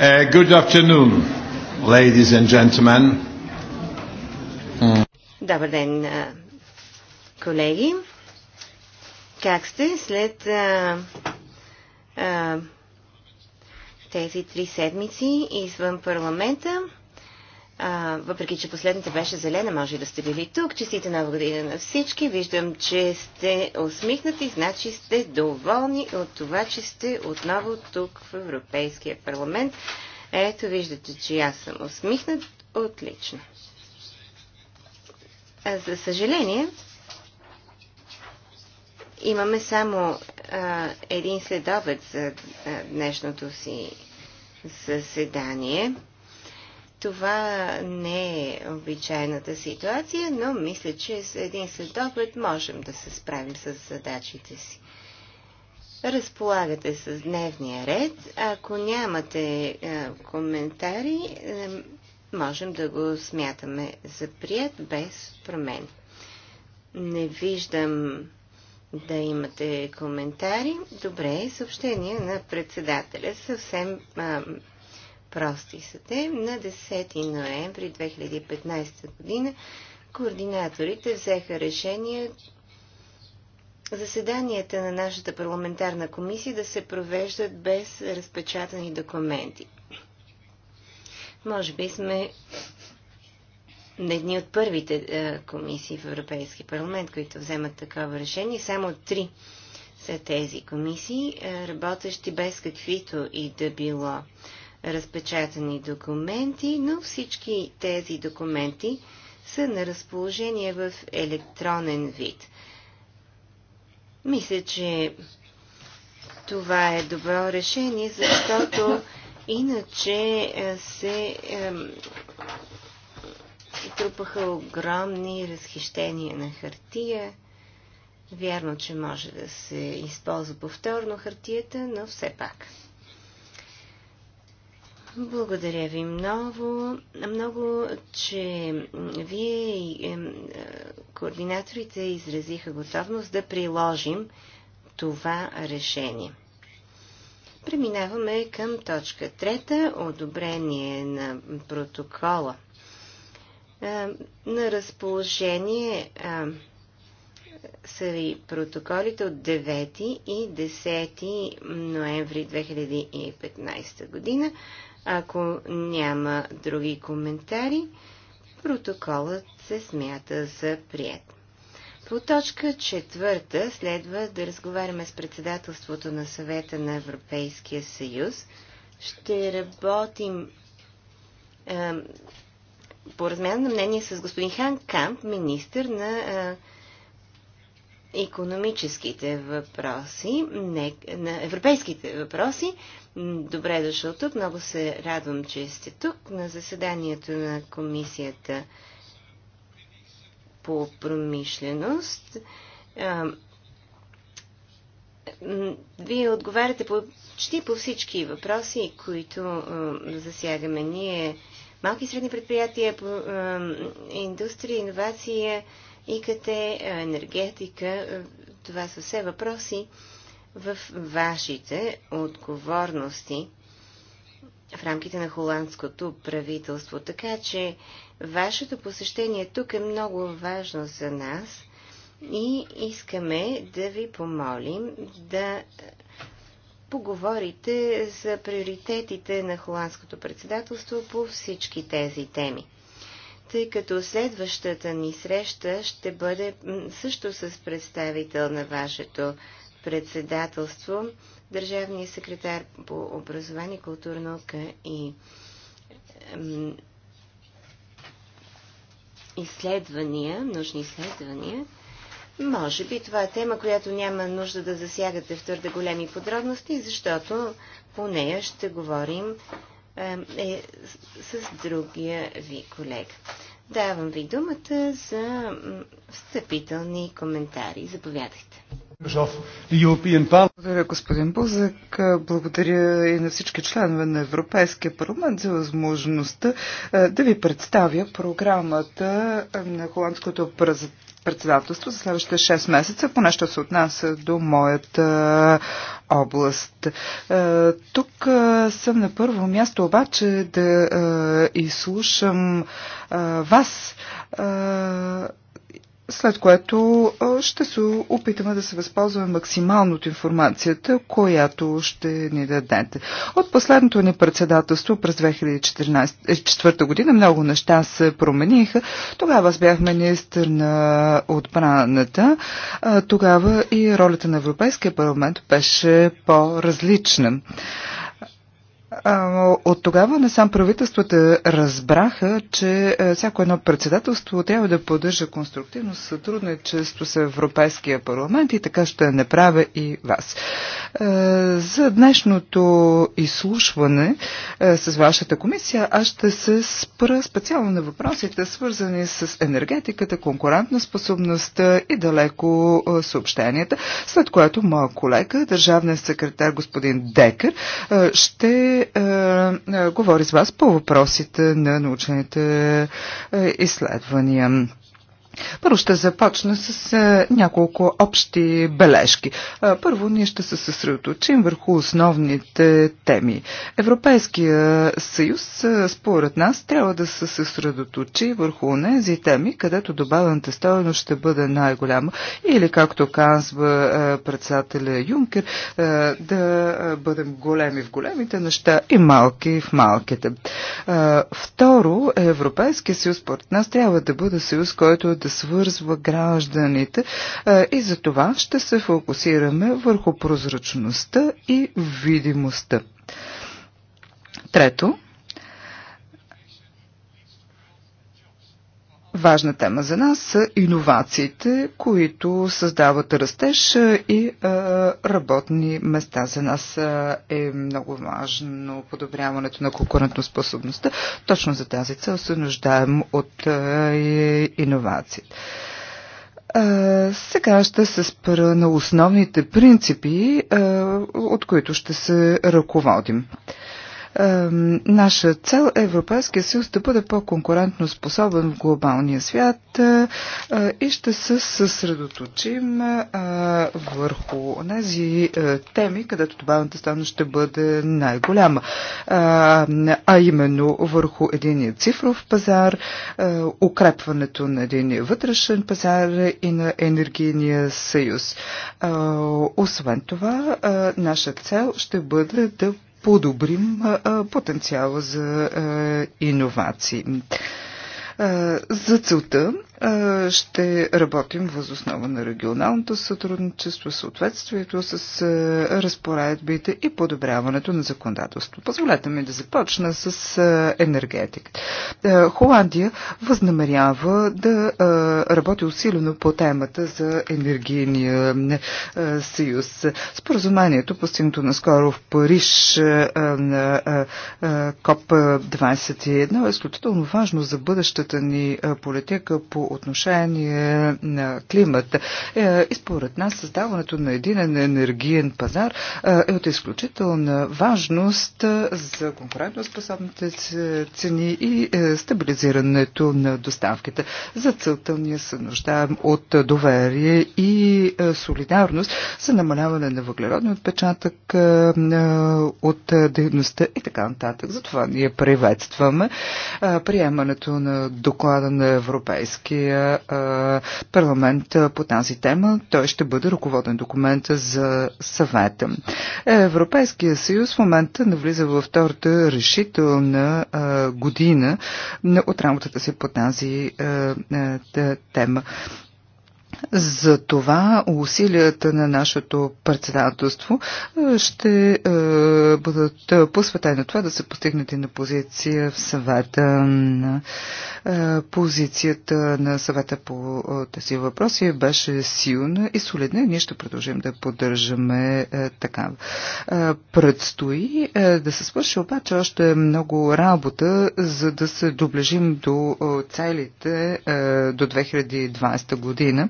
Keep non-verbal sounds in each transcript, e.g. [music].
Uh, good afternoon, ladies and gentlemen. Добър ден, колеги. Как сте след а, а, тези три седмици извън парламента? А, въпреки, че последната беше зелена, може да сте били тук. Честите нова година на всички. Виждам, че сте усмихнати, значи сте доволни от това, че сте отново тук в Европейския парламент. Ето, виждате, че аз съм усмихнат. Отлично. А, за съжаление, имаме само а, един следобед за а, днешното си заседание. Това не е обичайната ситуация, но мисля, че с един следобед можем да се справим с задачите си. Разполагате с дневния ред. Ако нямате е, коментари, е, можем да го смятаме за прият без промен. Не виждам да имате коментари. Добре, съобщение на председателя. Съвсем е, Прости са те. На 10 ноември 2015 година координаторите взеха решение заседанията на нашата парламентарна комисия да се провеждат без разпечатани документи. Може би сме на едни от първите е, комисии в Европейски парламент, които вземат такова решение. Само три са тези комисии, е, работещи без каквито и да било разпечатани документи, но всички тези документи са на разположение в електронен вид. Мисля, че това е добро решение, защото иначе е, се е, трупаха огромни разхищения на хартия. Вярно, че може да се използва повторно хартията, но все пак. Благодаря ви много, много, че вие и е, координаторите изразиха готовност да приложим това решение. Преминаваме към точка трета – одобрение на протокола. Е, на разположение е, са и протоколите от 9 и 10 ноември 2015 година. Ако няма други коментари, протоколът се смята за прият. По точка четвърта следва да разговаряме с председателството на съвета на Европейския съюз. Ще работим е, по размяна на мнение с господин Хан Камп, министр на е, економическите въпроси, не, на европейските въпроси. Добре е дошъл тук. Много се радвам, че сте тук на заседанието на комисията по промишленост. Вие отговаряте почти по всички въпроси, които засягаме. Ние малки и средни предприятия, индустрия, иновация, ИКТ, енергетика. Това са все въпроси, в вашите отговорности в рамките на холандското правителство. Така че вашето посещение тук е много важно за нас и искаме да ви помолим да поговорите за приоритетите на холандското председателство по всички тези теми. Тъй като следващата ни среща ще бъде също с представител на вашето председателство, държавния секретар по образование, култура, наука и изследвания, научни изследвания, може би това е тема, която няма нужда да засягате в твърде големи подробности, защото по нея ще говорим е, с другия ви колега. Давам ви думата за встъпителни коментари. Заповядайте. Благодаря, господин Бузък. Благодаря и на всички членове на Европейския парламент за възможността е, да ви представя програмата на холандското председателство за следващите 6 месеца, поне що се отнася до моята област. Тук съм на първо място обаче да изслушам вас след което ще се опитаме да се възползваме максимално от информацията, която ще ни дадете. От последното ни председателство през 2014 година много неща се промениха. Тогава аз бях министр на отбраната. Тогава и ролята на Европейския парламент беше по-различна. От тогава сам правителствата разбраха, че е, всяко едно председателство трябва да поддържа конструктивно сътрудничество с Европейския парламент и така ще направя и вас. Е, за днешното изслушване е, с вашата комисия аз ще се спра специално на въпросите, свързани с енергетиката, конкурентна способността и далеко съобщенията, след което моя колега, държавният секретар господин Декър, ще е, е, говори с вас по въпросите на научните е, изследвания. Първо ще започна с а, е, няколко общи бележки. А, е, първо ние ще се съсредоточим върху основните теми. Европейския съюз, а, е, според нас, трябва да се съсредоточи върху тези теми, където добавената стоеност ще бъде най-голяма. Или, както казва председателя Юнкер, а, да бъдем големи в големите неща и малки в малките. А, второ, Европейския съюз, според нас, трябва да бъде съюз, който да да свързва гражданите и за това ще се фокусираме върху прозрачността и видимостта. Трето, Важна тема за нас са иновациите, които създават растеж и а, е, работни места. За нас е, е много важно подобряването на конкурентоспособността. Точно за тази цел се нуждаем от е, иновации. иновациите. Сега ще се спра на основните принципи, а, от които ще се ръководим. А, наша цел е Европейския съюз да бъде по-конкурентно способен в глобалния свят е, е, и ще се съсредоточим е, върху тези теми, където добавената стойност ще бъде най-голяма, а именно върху единия цифров пазар, укрепването на единия вътрешен пазар и на енергийния съюз. Освен това, наша цел ще бъде да подобрим потенциала за иновации. За целта е, ще работим въз основа на регионалното сътрудничество, съответствието с е, разпоредбите и подобряването на законодателство. Позволете ми да започна с е, енергетиката. Холандия възнамерява да работи усилено по темата за енергийния съюз. Споразумението, постигнато наскоро в Париж на КОП-21, е изключително важно за бъдещата ни политика по отношение на климата. Е, и според нас създаването на един енергиен пазар е, е от изключителна важност е, за конкурентоспособните цени и стабилизирането на доставките. За целта ние се нуждаем от доверие и солидарност за намаляване на въглеродния отпечатък от дейността и така нататък. Затова ние приветстваме приемането на доклада на Европейски Европейския парламент по тази тема. Той ще бъде ръководен документ за съвета. Европейския съюз в момента навлиза във втората решителна година от работата си по тази тема. За това усилията на нашето председателство е, ще е, бъдат е, посветени на това да се постигнете на позиция в съвета на е, позицията на съвета по е, тези въпроси беше силна и солидна. Ние ще продължим да поддържаме е, така. Предстои да се свърши обаче още много работа, за да се доближим до целите до 2020 година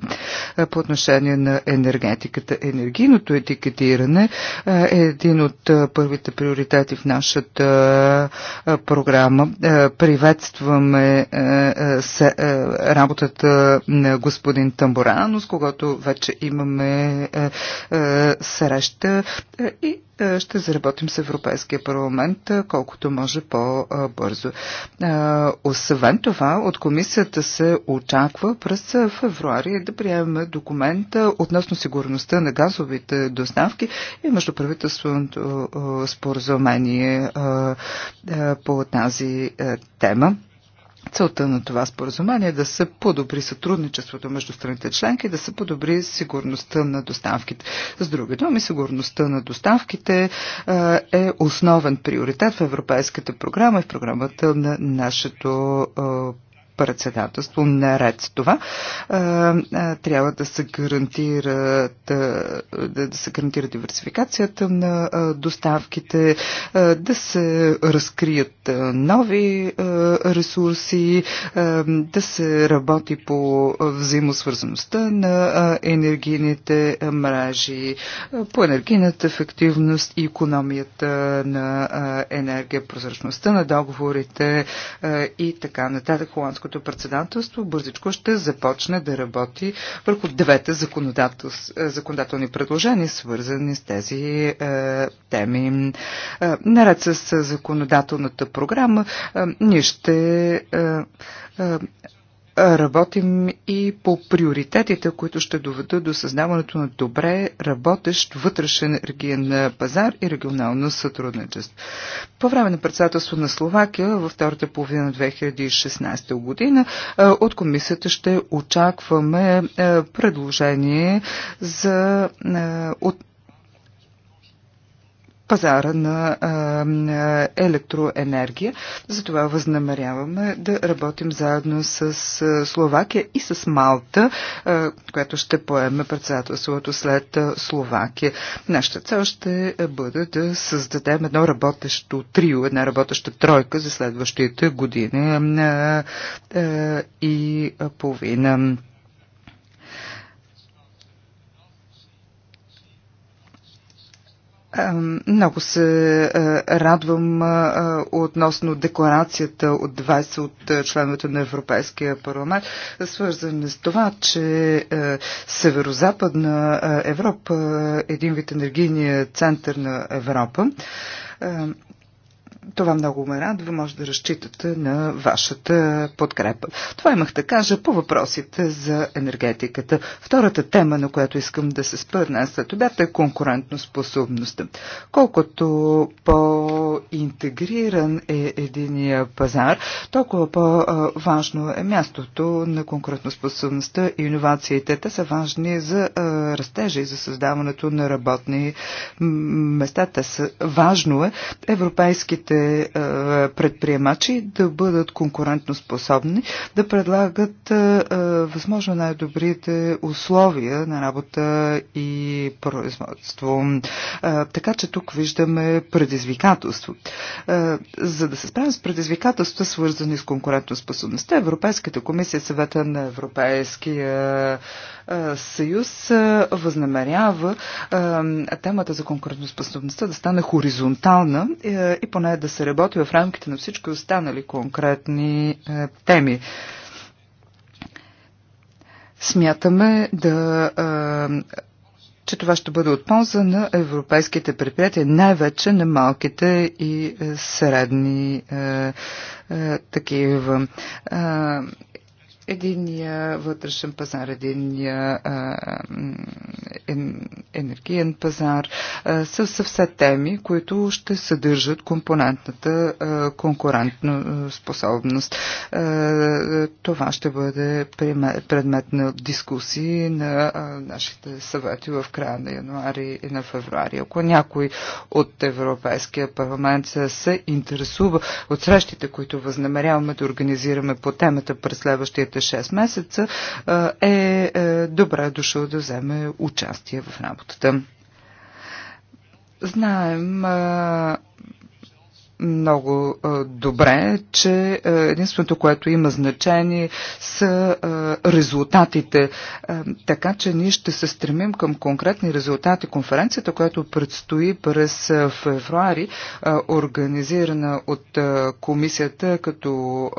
е, по отношение на енергетиката. Енергийното етикетиране е, е един от е, първите приоритети в нашата програма. Приветстваме работата на господин Тамборано, с когато вече имаме среща и е, ще заработим с Европейския парламент е, колкото може по-бързо. Е, освен това, от комисията се очаква през февруари да приемем документа относно сигурността на газовите доставки и междуправителственото споразумение по тази тема. Целта на това споразумение е да се подобри сътрудничеството между страните членки и да се подобри сигурността на доставките. С други думи, сигурността на доставките е, е основен приоритет в Европейската програма и в програмата на нашето е, председателство. Наред с това трябва да се гарантира да, да се гарантира диверсификацията на доставките, да се разкрият нови ресурси, да се работи по взаимосвързаността на енергийните мрежи, по енергийната ефективност и економията на енергия, прозрачността на договорите и така нататък. Холандско Белгийското председателство бързичко ще започне да работи върху двете е, законодателни предложения, свързани с тези е, теми. Е, наред с е, законодателната програма, е, ние ще. Е, е, Работим и по приоритетите, които ще доведат до създаването на добре работещ вътрешен енергиен пазар и регионално сътрудничество. По време на председателство на Словакия във втората половина на 2016 година от комисията ще очакваме предложение за от пазара на електроенергия. Затова възнамеряваме да работим заедно с Словакия и с Малта, която ще поеме председателството след Словакия. Нашата цел ще бъде да създадем едно работещо трио, една работеща тройка за следващите години и половина. Много се радвам относно декларацията от 20 от членовете на Европейския парламент, свързана с това, че Северо-Западна Европа е един вид енергийния център на Европа това много ме радва. Може да разчитате на вашата подкрепа. Това имах да кажа по въпросите за енергетиката. Втората тема, на която искам да се спърна след обята е конкурентно способността. Колкото по интегриран е единия пазар, толкова по-важно е мястото на конкурентоспособността и иновациите. Те са важни за растежа и за създаването на работни места. Те са важно е европейските предприемачи да бъдат конкурентоспособни, да предлагат възможно най-добрите условия на работа и производство. Така че тук виждаме предизвикателство законодателство. Е, за да се справим с предизвикателства, свързани с конкурентоспособността, Европейската комисия, съвета на Европейския е, съюз е, възнамерява темата за конкурентоспособността да стане хоризонтална и поне да се работи в рамките на всички останали конкретни теми смятаме да че това ще бъде от полза на европейските предприятия, най-вече на малките и е, средни е, е, такива. Е, единия вътрешен пазар, единия енергиен пазар, са, са теми, които ще съдържат компонентната конкурентна способност. Това ще бъде предмет на дискусии на нашите съвети в края на януари и на февруари. Ако някой от Европейския парламент се интересува от срещите, които възнамеряваме да организираме по темата през следващите следващите 6 месеца е, е добре дошъл да вземе участие в работата. Знаем много добре, че единственото, което има значение са резултатите. Така че ние ще се стремим към конкретни резултати. Конференцията, която предстои през февруари, организирана от комисията като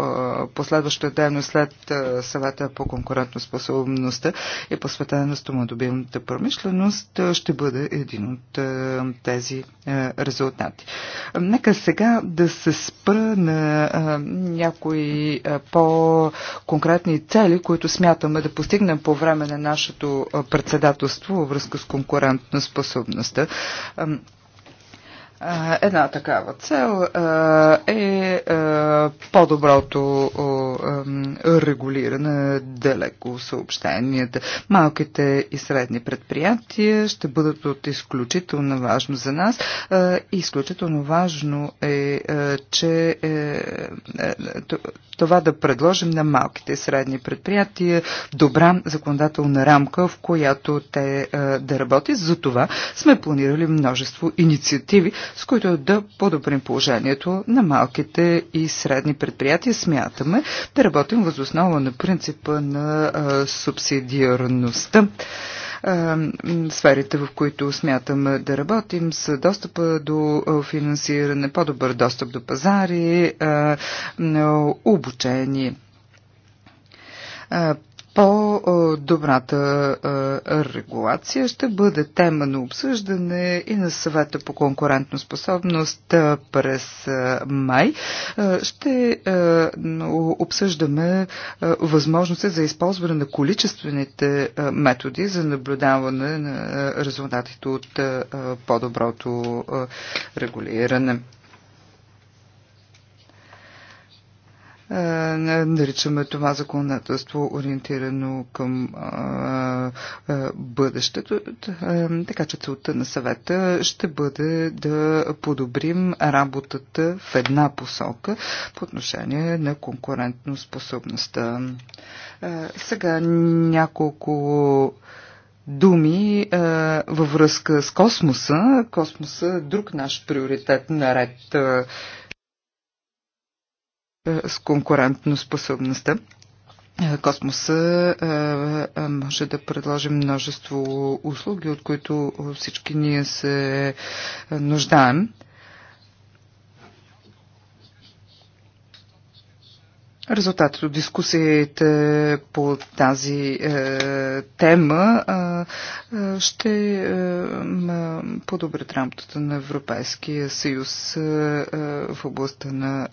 последваща дейност след съвета по конкурентоспособността и посветена на стомодобилната промишленост, ще бъде един от тези резултати. Нека сега да се спра на а, някои по-конкретни цели, които смятаме да постигнем по време на нашето председателство във връзка с конкурентна способността. А, Една такава цел е по-доброто регулиране далеко съобщенията. Малките и средни предприятия ще бъдат от изключително важно за нас. Изключително важно е, че е, е, това да предложим на малките и средни предприятия добра законодателна рамка, в която те да работят. За това сме планирали множество инициативи, с които да подобрим положението на малките и средни предприятия. Смятаме да работим възоснова на принципа на субсидиарността сферите, в които смятам да работим, са достъпа до финансиране, по-добър достъп до пазари, обучение по-добрата регулация ще бъде тема на обсъждане и на съвета по способност през май. Ще обсъждаме възможности за използване на количествените методи за наблюдаване на резултатите от по-доброто регулиране. Е, наричаме това законодателство ориентирано към бъдещето. Е, така че целта на съвета ще бъде да подобрим работата в една посока по отношение на конкурентно способността. Е, сега няколко думи а, е, във връзка с космоса. Космоса е друг наш приоритет наред а, е, с конкурентно способността. Е, Космоса е, може да предложи множество услуги, от които всички ние се нуждаем. Резултатът от дискусиите по тази е, тема е, е ще е, подобрят рамката на Европейския съюз е, е, в областта на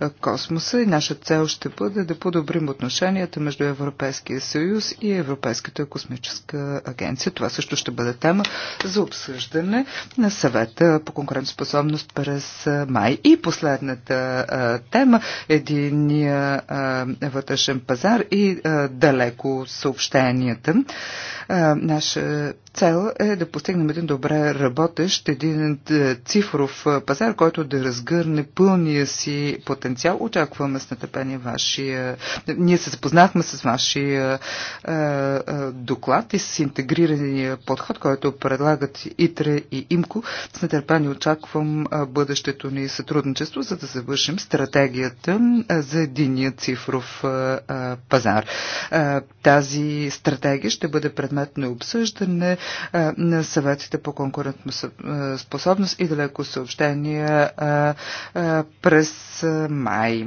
е, космоса и наша цел ще бъде да подобрим отношенията между Европейския съюз и Европейската космическа агенция. Това също ще бъде тема за обсъждане на съвета по конкурентоспособност през май. И последната е, тема, единия е, вътрешен пазар и е, далеко съобщенията. Е, Наша Цел е да постигнем един добре работещ, един е, цифров е, пазар, който да разгърне пълния си потенциал. Очакваме с нетърпение вашия... Ние се запознахме с вашия е, е, доклад и с интегрирания подход, който предлагат ИТРЕ и ИМКО. С нетърпение очаквам е, бъдещето ни сътрудничество, за да завършим стратегията за единия цифров е, пазар. Е, тази стратегия ще бъде предмет на обсъждане е, на съветите по способност и далеко съобщения е, е, през май.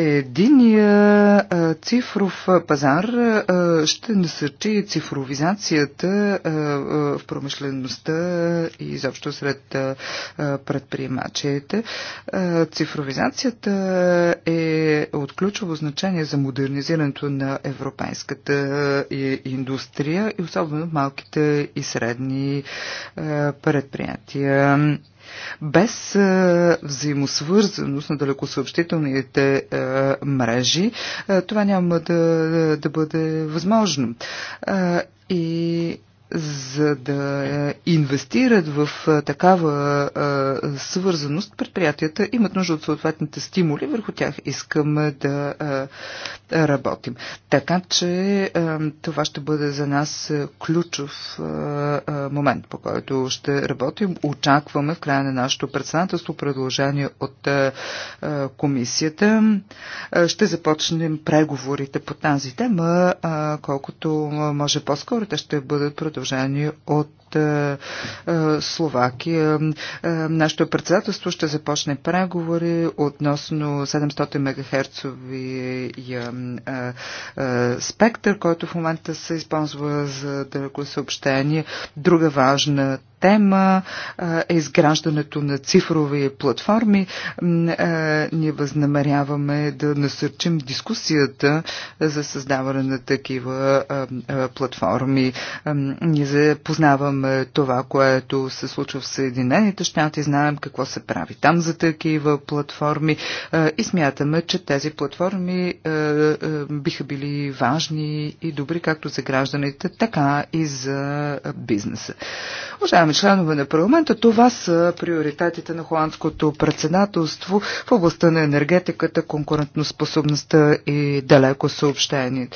Единия цифров пазар ще насърчи цифровизацията в промишлеността и изобщо сред предприемачите. Цифровизацията е от ключово значение за модернизирането на европейската индустрия и особено малките и средни предприятия. Без е, взаимосвързаност на далекосъобщителните е, мрежи е, това няма да, да бъде възможно. И за да е, инвестират в е, такава е, свързаност, предприятията имат нужда от съответните стимули, върху тях искаме да работим. Така че това ще бъде за нас ключов момент, по който ще работим. Очакваме в края на нашето председателство предложение от комисията. Ще започнем преговорите по тази тема, колкото може по-скоро те ще бъдат продължени съдържание от е, е, Словакия. Е, нашето председателство ще започне преговори относно 700 МГц спектър, който в момента се използва за далекосъобщение. Друга важна тема е изграждането на цифрови платформи. Ние възнамеряваме да насърчим дискусията за създаване на такива платформи. Ние познаваме разгледаме това, което се случва в Съединените щати, знаем какво се прави там за такива платформи и смятаме, че тези платформи биха били важни и добри както за гражданите, така и за бизнеса. Уважаеми членове на парламента, това са приоритетите на холандското председателство в областта на енергетиката, конкурентоспособността и далеко съобщение.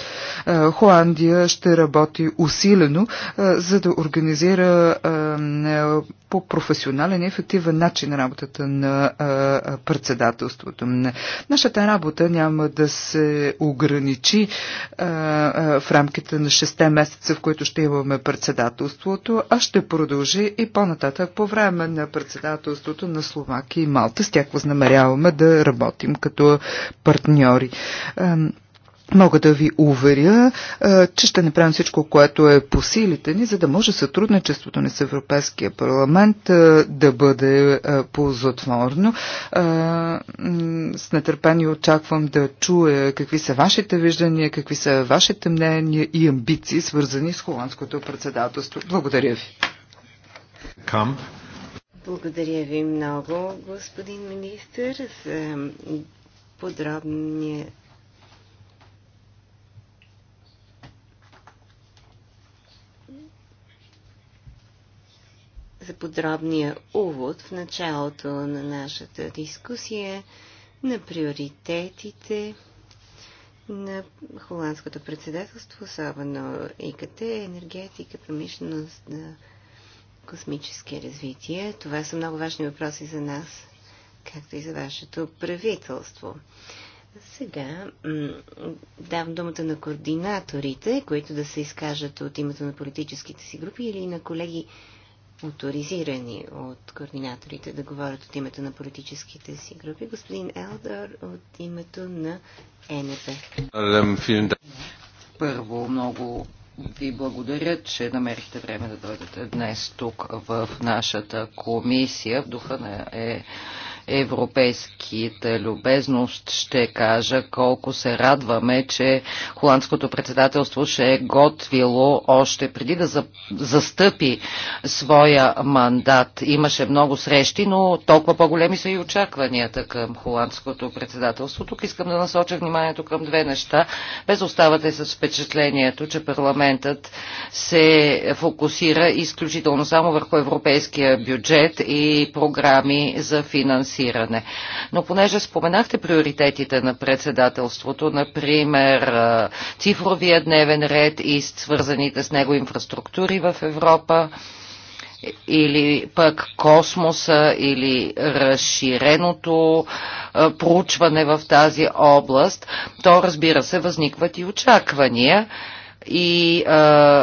Холандия ще работи усилено, за да организира организира е, по професионален и ефективен начин работата на председателството. Нашата работа няма да се ограничи в рамките на 6 месеца, в които ще имаме председателството, а ще продължи и по-нататък по време на председателството на Словакия и Малта. С тях възнамеряваме да работим като партньори. Мога да ви уверя, че ще направим всичко, което е по силите ни, за да може сътрудничеството ни с Европейския парламент да бъде ползотворно. С нетърпение очаквам да чуя какви са вашите виждания, какви са вашите мнения и амбиции, свързани с холандското председателство. Благодаря ви. Камп. Благодаря ви много, господин министр, за подробния за подробния увод в началото на нашата дискусия на приоритетите на холандското председателство, особено ИКТ, енергетика, промишленост, на космически развитие. Това са много важни въпроси за нас, както и за вашето правителство. Сега давам думата на координаторите, които да се изкажат от името на политическите си групи или на колеги, авторизирани от координаторите да говорят от името на политическите си групи. Господин Елдър от името на ЕНП. Първо, много ви благодаря, че намерихте време да дойдете днес тук в нашата комисия в духа на е европейските любезност ще кажа колко се радваме, че холандското председателство ще е готвило още преди да застъпи своя мандат. Имаше много срещи, но толкова по-големи са и очакванията към холандското председателство. Тук искам да насоча вниманието към две неща, без оставате с впечатлението, че парламентът се фокусира изключително само върху европейския бюджет и програми за финансиране финансиране. Но понеже споменахте приоритетите на председателството, например цифровия дневен ред и свързаните с него инфраструктури в Европа, или пък космоса или разширеното а, проучване в тази област, то разбира се възникват и очаквания и а,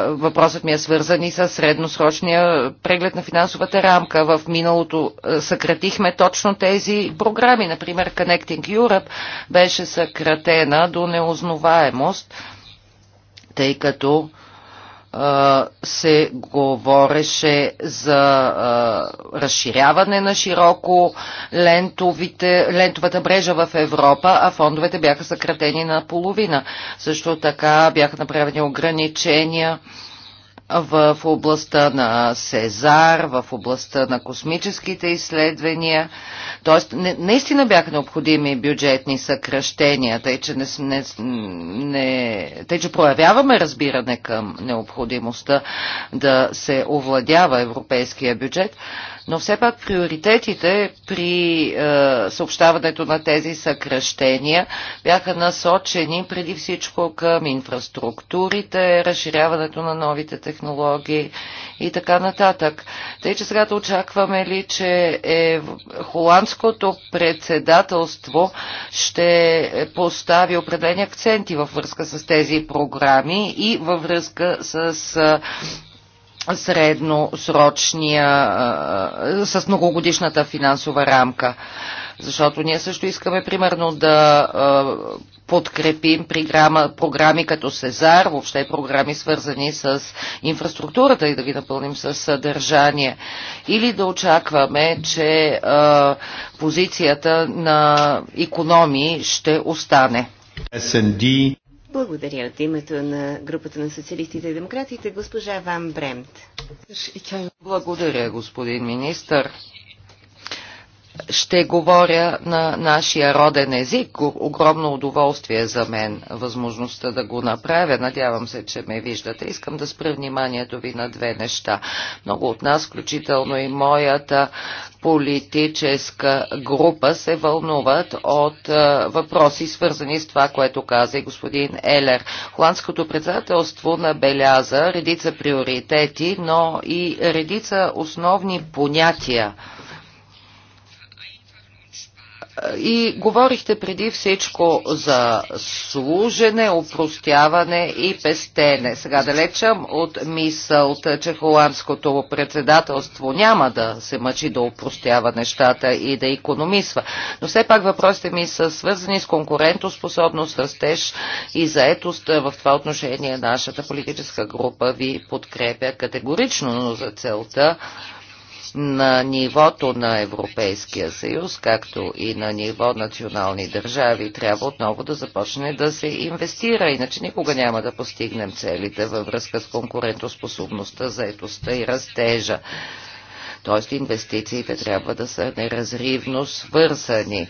въпросът ми е свързан и с средносрочния преглед на финансовата рамка. В миналото съкратихме точно тези програми. Например, Connecting Europe беше съкратена до неознаваемост, тъй като а, се говореше за разширяване на широко лентовите, лентовата брежа в Европа, а фондовете бяха съкратени на половина. Също така бяха направени ограничения в областта на Сезар, в областта на космическите изследвания. Тоест, не, наистина бяха необходими бюджетни съкръщения, тъй че, не, не, не, тъй, че проявяваме разбиране към необходимостта да се овладява европейския бюджет, но все пак приоритетите при е, съобщаването на тези съкръщения бяха насочени преди всичко към инфраструктурите, разширяването на новите технологии и така нататък. Тъй, че сега да очакваме ли, че е, холандското председателство ще постави определени акценти във връзка с тези програми и във връзка с е, средносрочния, с многогодишната финансова рамка. Защото ние също искаме, примерно, да подкрепим програма, програми като Сезар, въобще програми свързани с инфраструктурата и да ги напълним с съдържание. Или да очакваме, че а, позицията на економии ще остане. SND. Благодаря от името на групата на социалистите и демократите, госпожа Ван Бремт. Благодаря, господин министър ще говоря на нашия роден език. Огромно удоволствие за мен възможността да го направя. Надявам се, че ме виждате. Искам да спра вниманието ви на две неща. Много от нас, включително и моята политическа група, се вълнуват от е, въпроси, свързани с това, което каза и господин Елер. Холандското председателство набеляза редица приоритети, но и редица основни понятия и говорихте преди всичко за служене, упростяване и пестене. Сега далечам от мисълта, че холандското председателство няма да се мъчи да упростява нещата и да економисва. Но все пак въпросите ми са свързани с конкурентоспособност, растеж и заетост. В това отношение нашата политическа група ви подкрепя категорично, но за целта на нивото на Европейския съюз, както и на ниво национални държави, трябва отново да започне да се инвестира, иначе никога няма да постигнем целите във връзка с конкурентоспособността, заетостта и растежа. Тоест инвестициите трябва да са неразривно свързани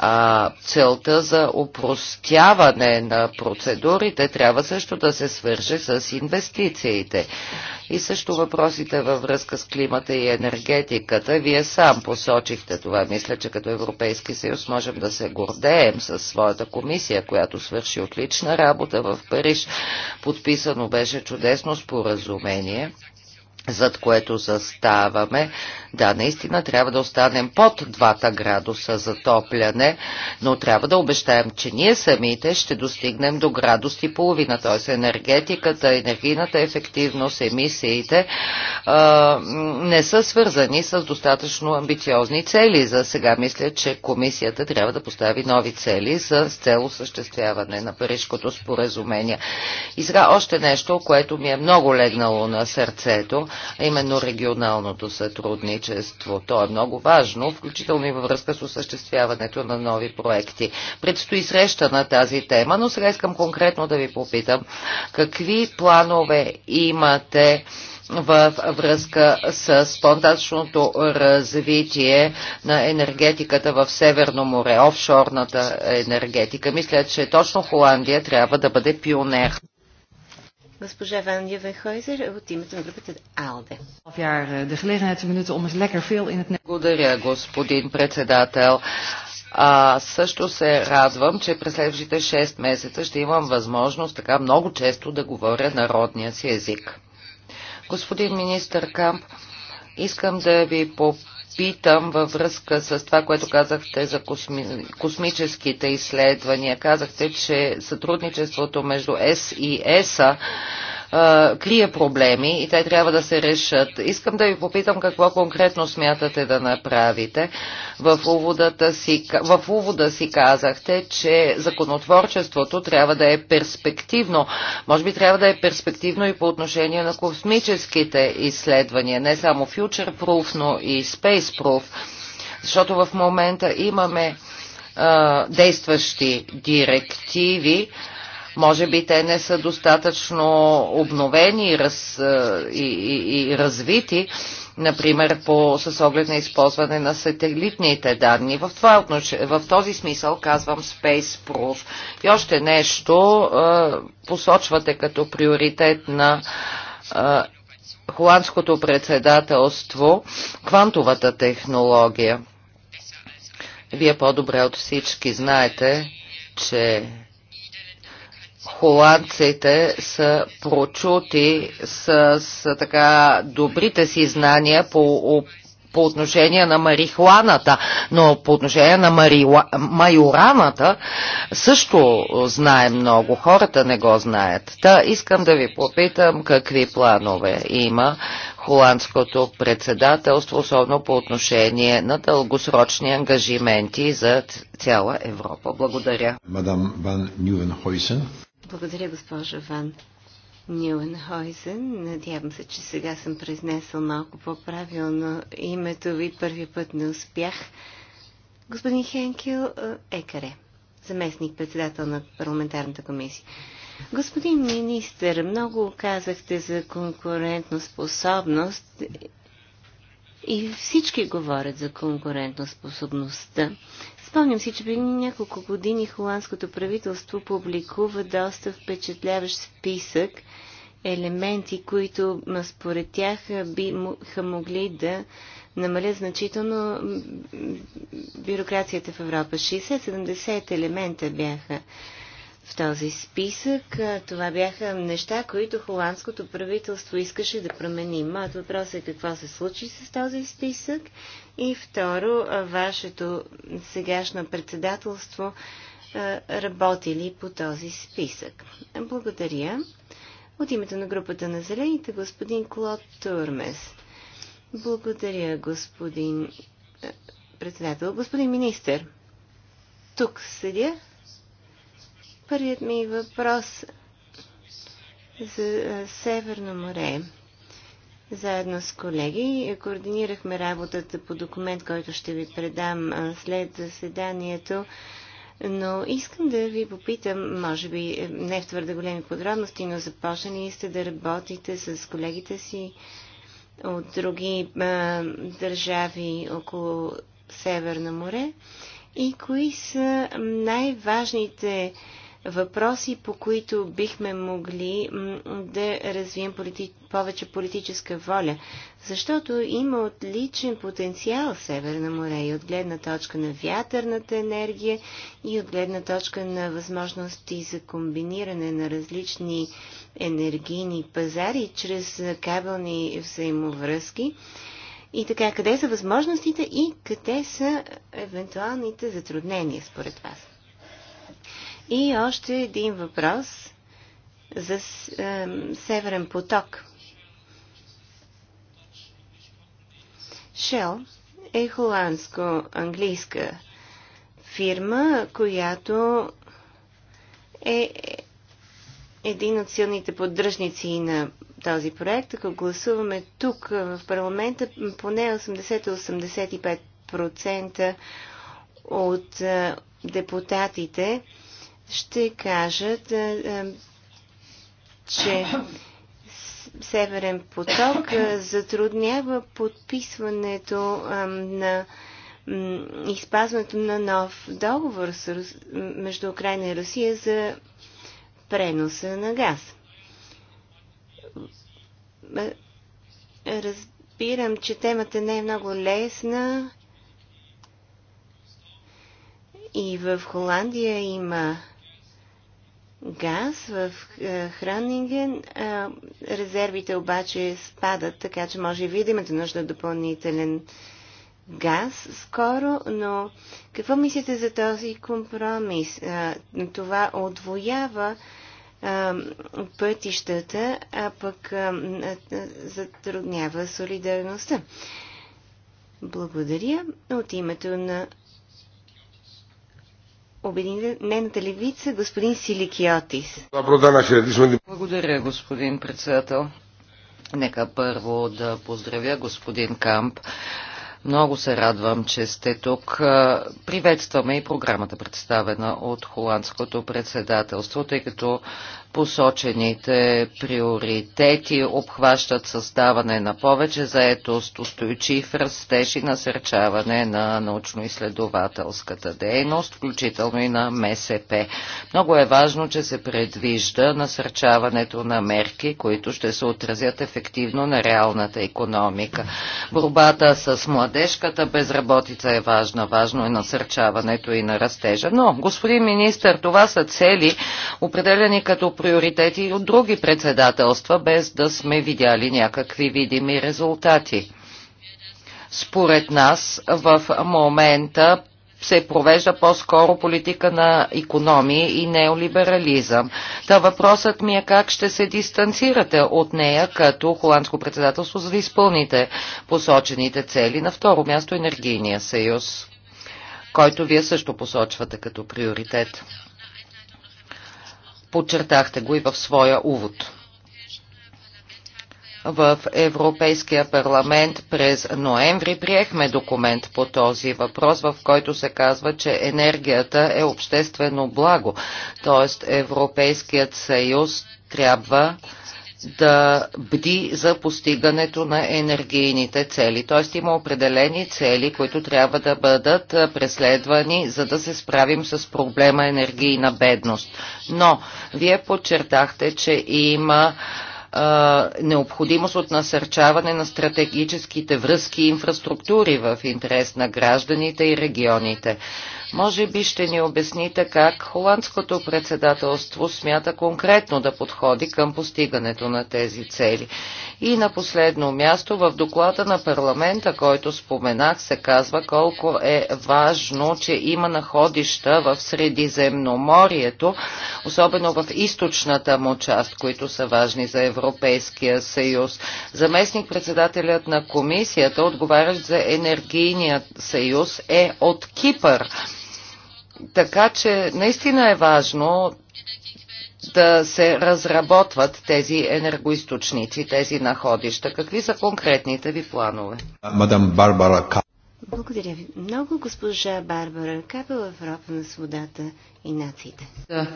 а, целта за упростяване на процедурите трябва също да се свърже с инвестициите. И също въпросите във връзка с климата и енергетиката. Вие сам посочихте това. Мисля, че като Европейски съюз можем да се гордеем с своята комисия, която свърши отлична работа в Париж. Подписано беше чудесно споразумение зад което заставаме. Да, наистина трябва да останем под 2 градуса затопляне, но трябва да обещаем, че ние самите ще достигнем до градус и половина, т.е. енергетиката, енергийната ефективност, емисиите а, не са свързани с достатъчно амбициозни цели. За сега мисля, че комисията трябва да постави нови цели за цел осъществяване на Парижкото споразумение. И сега още нещо, което ми е много легнало на сърцето именно регионалното сътрудничество. То е много важно, включително и във връзка с осъществяването на нови проекти. Предстои среща на тази тема, но сега искам конкретно да ви попитам какви планове имате в връзка с спонтанчното развитие на енергетиката в Северно море, офшорната енергетика. Мисля, че точно Холандия трябва да бъде пионер госпожа Ван Ювенхойзер от името на групата АЛДЕ. Eh, Благодаря, господин председател. А, също се радвам, че през следващите 6 месеца ще имам възможност така много често да говоря народния си език. Господин министър Камп, искам да ви попитам Питам във връзка с това, което казахте за косми... космическите изследвания. Казахте, че сътрудничеството между ЕС и ЕСА крие проблеми и те трябва да се решат. Искам да ви попитам какво конкретно смятате да направите. В увода си, в увода си казахте, че законотворчеството трябва да е перспективно. Може би трябва да е перспективно и по отношение на космическите изследвания, не само future proof, но и space proof. Защото в момента имаме действащи директиви, може би те не са достатъчно обновени и, раз, и, и, и развити, например по, с оглед на използване на сателитните данни. В, това, в този смисъл казвам Space Proof. И още нещо посочвате като приоритет на холандското председателство квантовата технология. Вие по-добре от всички знаете, че холандците са прочути с, с така добрите си знания по по отношение на марихуаната, но по отношение на марила, майораната също знае много. Хората не го знаят. Та искам да ви попитам какви планове има холандското председателство, особено по отношение на дългосрочни ангажименти за цяла Европа. Благодаря. Мадам Ван Нювенхойсен. Благодаря, госпожа Ван Нюенхойзен. Надявам се, че сега съм произнесъл малко по-правилно името ви. Първи път не успях. Господин Хенкел е, Екаре, заместник председател на парламентарната комисия. Господин министър, много казахте за конкурентна способност и всички говорят за конкурентоспособността. Спомням си, че преди няколко години холандското правителство публикува доста впечатляващ списък елементи, които според тях биха могли да намалят значително бюрокрацията в Европа. 60-70 елемента бяха в този списък. Това бяха неща, които холандското правителство искаше да промени. Моят въпрос е какво се случи с този списък и второ, вашето сегашно председателство работи ли по този списък. Благодаря. От името на групата на зелените, господин Клод Турмес. Благодаря, господин председател. Господин министр, тук седя. Първият ми въпрос за е, Северно море. Заедно с колеги координирахме работата по документ, който ще ви предам след заседанието. Но искам да ви попитам, може би е, не в твърде големи подробности, но започнали сте да работите с колегите си от други а, държави около Северно море и кои са най-важните а, въпроси, по които бихме могли да развием полити... повече политическа воля. Защото има отличен потенциал Северна море и от гледна точка на вятърната енергия и от гледна точка на възможности за комбиниране на различни енергийни пазари чрез кабелни взаимовръзки. И така, къде са възможностите и къде са евентуалните затруднения според вас? И още един въпрос за Северен поток. Shell е холандско-английска фирма, която е един от силните поддръжници на този проект. Ако гласуваме тук е, в парламента, поне 80-85% от е, депутатите ще кажат, е, е, че Северен поток е, затруднява подписването на изпазването на нов договор между Украина и Русия за преноса на газ. Разбирам, че темата не е много лесна. И в Холандия има газ в е, Хранинген. Е, резервите обаче спадат, така че може и вие да имате нужда допълнителен газ скоро, но какво мислите за този компромис? Е, това отвоява пътищата, а пък затруднява солидарността. Благодаря от името на Обединената левица, господин Силикиотис. Благодаря, господин председател. Нека първо да поздравя господин Камп. Много се радвам, че сте тук. Приветстваме и програмата, представена от Холандското председателство, тъй като Посочените приоритети обхващат създаване на повече заетост, устойчив растеж и насърчаване на научно-изследователската дейност, включително и на МСП. Много е важно, че се предвижда насърчаването на мерки, които ще се отразят ефективно на реалната економика. Борбата с младежката безработица е важна. Важно е насърчаването и на растежа. Но, господин министр, това са цели, определени като приоритети и от други председателства, без да сме видяли някакви видими резултати. Според нас в момента се провежда по-скоро политика на економии и неолиберализъм. Та въпросът ми е как ще се дистанцирате от нея като холандско председателство, за да изпълните посочените цели. На второ място енергийния съюз, който вие също посочвате като приоритет. Подчертахте го и в своя увод. В Европейския парламент през ноември приехме документ по този въпрос, в който се казва, че енергията е обществено благо, т.е. Европейският съюз трябва да бди за постигането на енергийните цели. Т.е. има определени цели, които трябва да бъдат преследвани, за да се справим с проблема енергийна бедност. Но вие подчертахте, че има необходимост от насърчаване на стратегическите връзки и инфраструктури в интерес на гражданите и регионите. Може би ще ни обясните как холандското председателство смята конкретно да подходи към постигането на тези цели. И на последно място в доклада на парламента, който споменах, се казва колко е важно, че има находища в Средиземноморието, особено в източната му част, които са важни за Европейския съюз. Заместник председателят на комисията, отговарящ за енергийният съюз, е от Кипър. Така че наистина е важно да се разработват тези енергоисточници, тези находища. Какви са конкретните ви планове? Мадам Барбара Капел. Благодаря ви много, госпожа Барбара Капел, Европа на свободата и нациите. Да.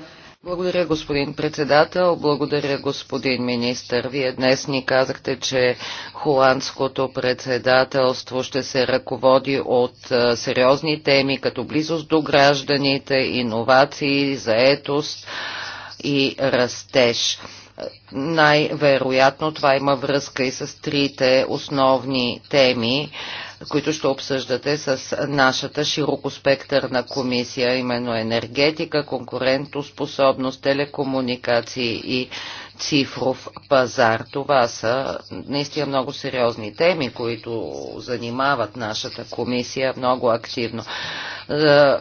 Благодаря, господин председател. Благодаря, господин министър. Вие днес ни казахте, че холандското председателство ще се ръководи от е, сериозни теми, като близост до гражданите, иновации, заетост и растеж. Най-вероятно това има връзка и с трите основни теми които ще обсъждате с нашата широкоспектърна комисия, именно енергетика, конкурентоспособност, телекомуникации и цифров пазар. Това са наистина много сериозни теми, които занимават нашата комисия много активно. Е,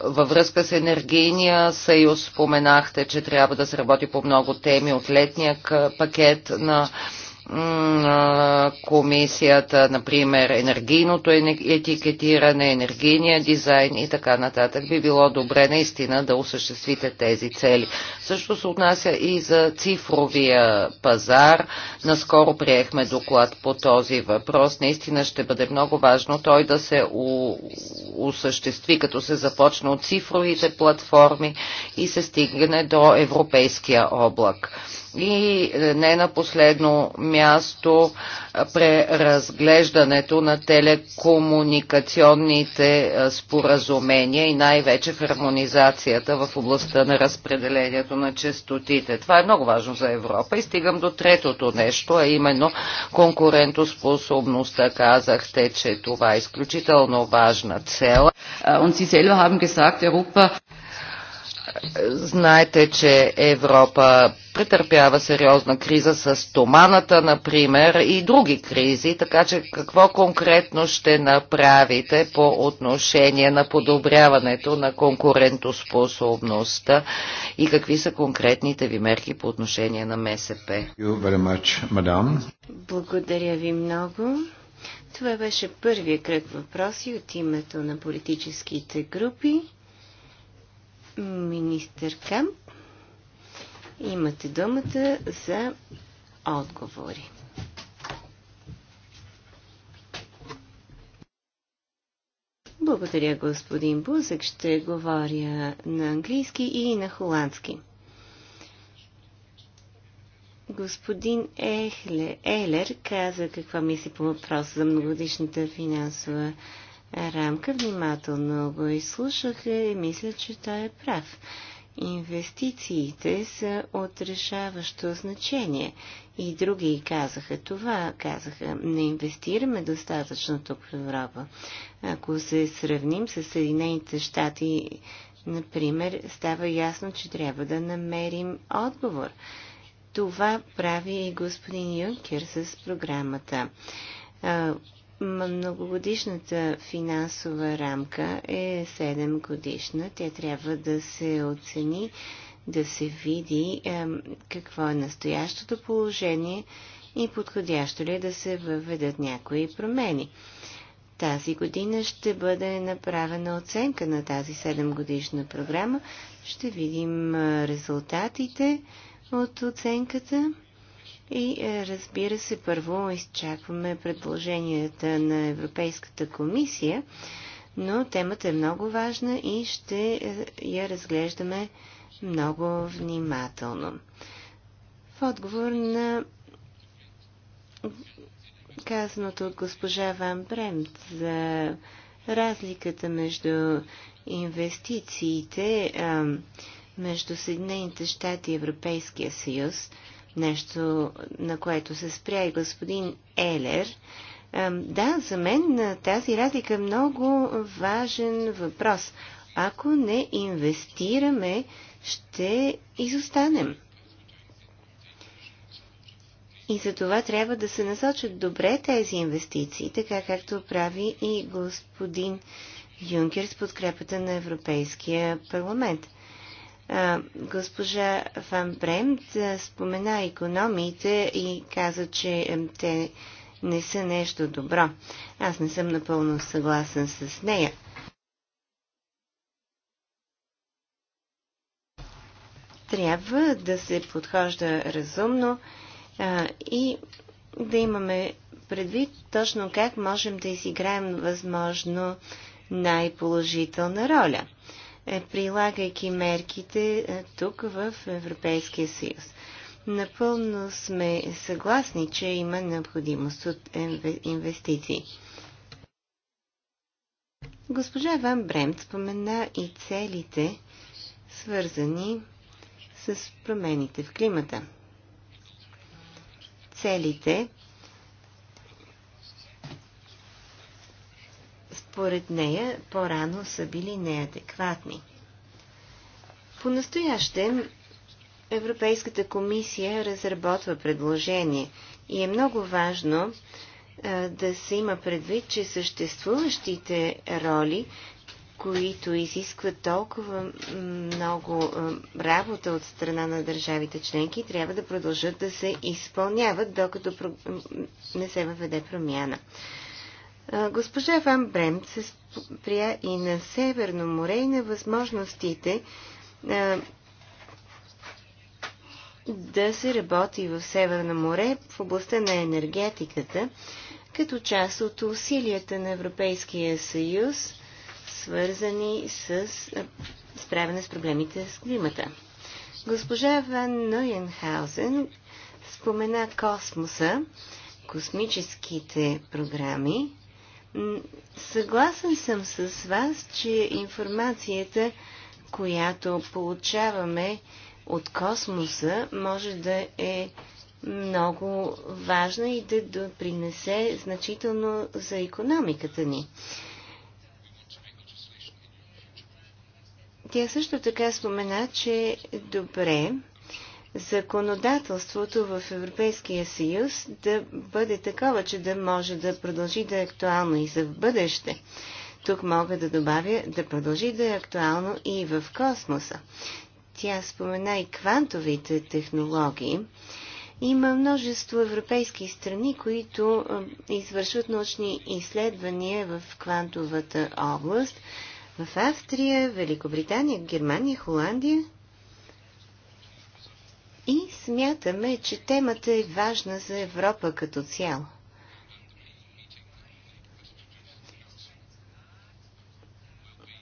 във връзка с енергийния съюз споменахте, че трябва да се работи по много теми от летния пакет на комисията, например, енергийното етикетиране, енергийния дизайн и така нататък. Би било добре наистина да осъществите тези цели. Също се отнася и за цифровия пазар. Наскоро приехме доклад по този въпрос. Наистина ще бъде много важно той да се осъществи, като се започне от цифровите платформи и се стигне до европейския облак. И е, не на последно място е, преразглеждането на телекомуникационните е, споразумения и най-вече хармонизацията в областта на разпределението на частотите. Това е много важно за Европа и стигам до третото нещо, а именно конкурентоспособността. Казахте, че това е изключително важна цел. Und Sie selber haben gesagt, Europa Знаете, че Европа претърпява сериозна криза с томаната, например, и други кризи, така че какво конкретно ще направите по отношение на подобряването на конкурентоспособността и какви са конкретните ви мерки по отношение на МСП? Благодаря ви много. Това беше първият кръг въпроси от името на политическите групи. Министър Камп, имате думата за отговори. Благодаря, господин Бузък. Ще говоря на английски и на холандски. Господин Ехле, Елер каза каква мисли по въпроса за многодишната финансова рамка. Внимателно го изслушаха и мисля, че той е прав. Инвестициите са от решаващо значение. И други казаха това, казаха, не инвестираме достатъчно тук в Европа. Ако се сравним с Съединените щати, например, става ясно, че трябва да намерим отговор. Това прави и господин Юнкер с програмата Многогодишната финансова рамка е 7 годишна. Тя трябва да се оцени, да се види е, какво е настоящото положение и подходящо ли е да се въведат някои промени. Тази година ще бъде направена оценка на тази 7 годишна програма. Ще видим резултатите от оценката. И е, разбира се, първо изчакваме предложенията на Европейската комисия, но темата е много важна и ще е, я разглеждаме много внимателно. В отговор на казаното от госпожа Ван Бремт за разликата между инвестициите между Съединените щати и Европейския съюз, нещо, на което се спря и господин Елер. Да, за мен тази разлика е много важен въпрос. Ако не инвестираме, ще изостанем. И за това трябва да се насочат добре тези инвестиции, така както прави и господин Юнкер с подкрепата на Европейския парламент – Госпожа Фан Бремт спомена економиите и каза, че те не са нещо добро. Аз не съм напълно съгласен с нея. Трябва да се подхожда разумно а, и да имаме предвид точно как можем да изиграем възможно най-положителна роля – е, прилагайки мерките е, тук в Европейския съюз. Напълно сме съгласни, че има необходимост от инвестиции. Госпожа Ван Бремт спомена и целите, свързани с промените в климата. Целите, според нея по-рано са били неадекватни. По-настоящем Европейската комисия разработва предложение и е много важно а, да се има предвид, че съществуващите роли, които изискват толкова много а, работа от страна на държавите членки, трябва да продължат да се изпълняват, докато не се въведе промяна. Госпожа Ван Бремт се спря и на Северно море и на възможностите а, да се работи в Северно море в областта на енергетиката, като част от усилията на Европейския съюз, свързани с справяне с проблемите с климата. Госпожа Ван Нойенхаузен спомена космоса, космическите програми Съгласен съм с вас, че информацията, която получаваме от космоса, може да е много важна и да допринесе значително за економиката ни. Тя също така спомена, че е добре законодателството в Европейския съюз да бъде такова, че да може да продължи да е актуално и за в бъдеще. Тук мога да добавя да продължи да е актуално и в космоса. Тя спомена и квантовите технологии. Има множество европейски страни, които извършват научни изследвания в квантовата област. В Австрия, Великобритания, Германия, Холандия – и смятаме, че темата е важна за Европа като цяло.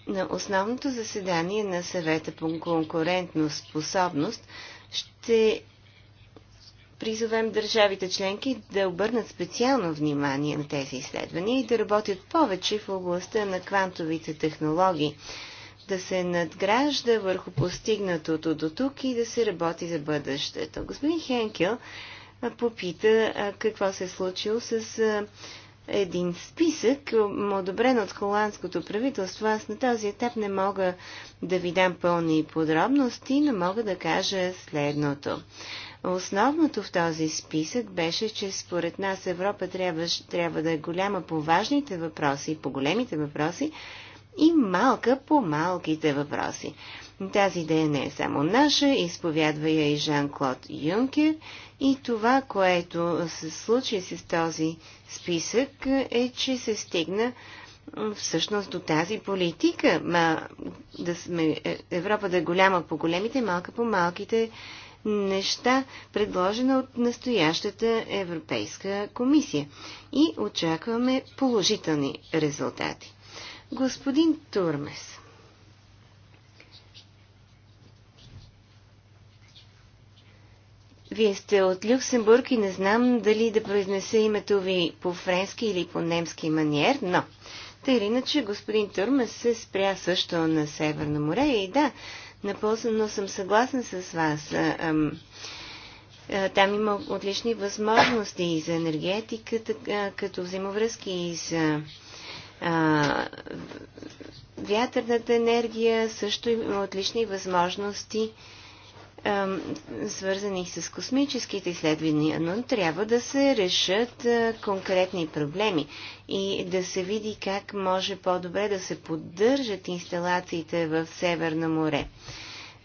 На основното заседание на съвета по конкурентно способност ще призовем държавите членки да обърнат специално внимание на тези изследвания и да работят повече в областта на квантовите технологии, да се надгражда върху постигнатото до тук и да се работи за бъдещето. Господин Хенкел попита какво се е случило с един списък, одобрен от холандското правителство. Аз на този етап не мога да ви дам пълни подробности, но мога да кажа следното. Основното в този списък беше, че според нас Европа трябва, трябва да е голяма по важните въпроси, по големите въпроси, и малка по малките въпроси. Тази идея не е само наша, изповядва я и Жан-Клод Юнкер и това, което се случи с този списък е, че се стигна всъщност до тази политика. Ма, да сме, е, Европа да е голяма по големите, малка по малките неща, предложена от настоящата Европейска комисия. И очакваме положителни резултати. Господин Турмес. Вие сте от Люксембург и не знам дали да произнеса името ви по френски или по немски маниер, но тъй или иначе господин Турмес се спря също на Северно море и да, напълно съм съгласна с вас. там има отлични възможности и за енергетиката, като взаимовръзки и за а, вятърната енергия също има отлични възможности, а, свързани с космическите изследвания, но трябва да се решат а, конкретни проблеми и да се види как може по-добре да се поддържат инсталациите в Северно море.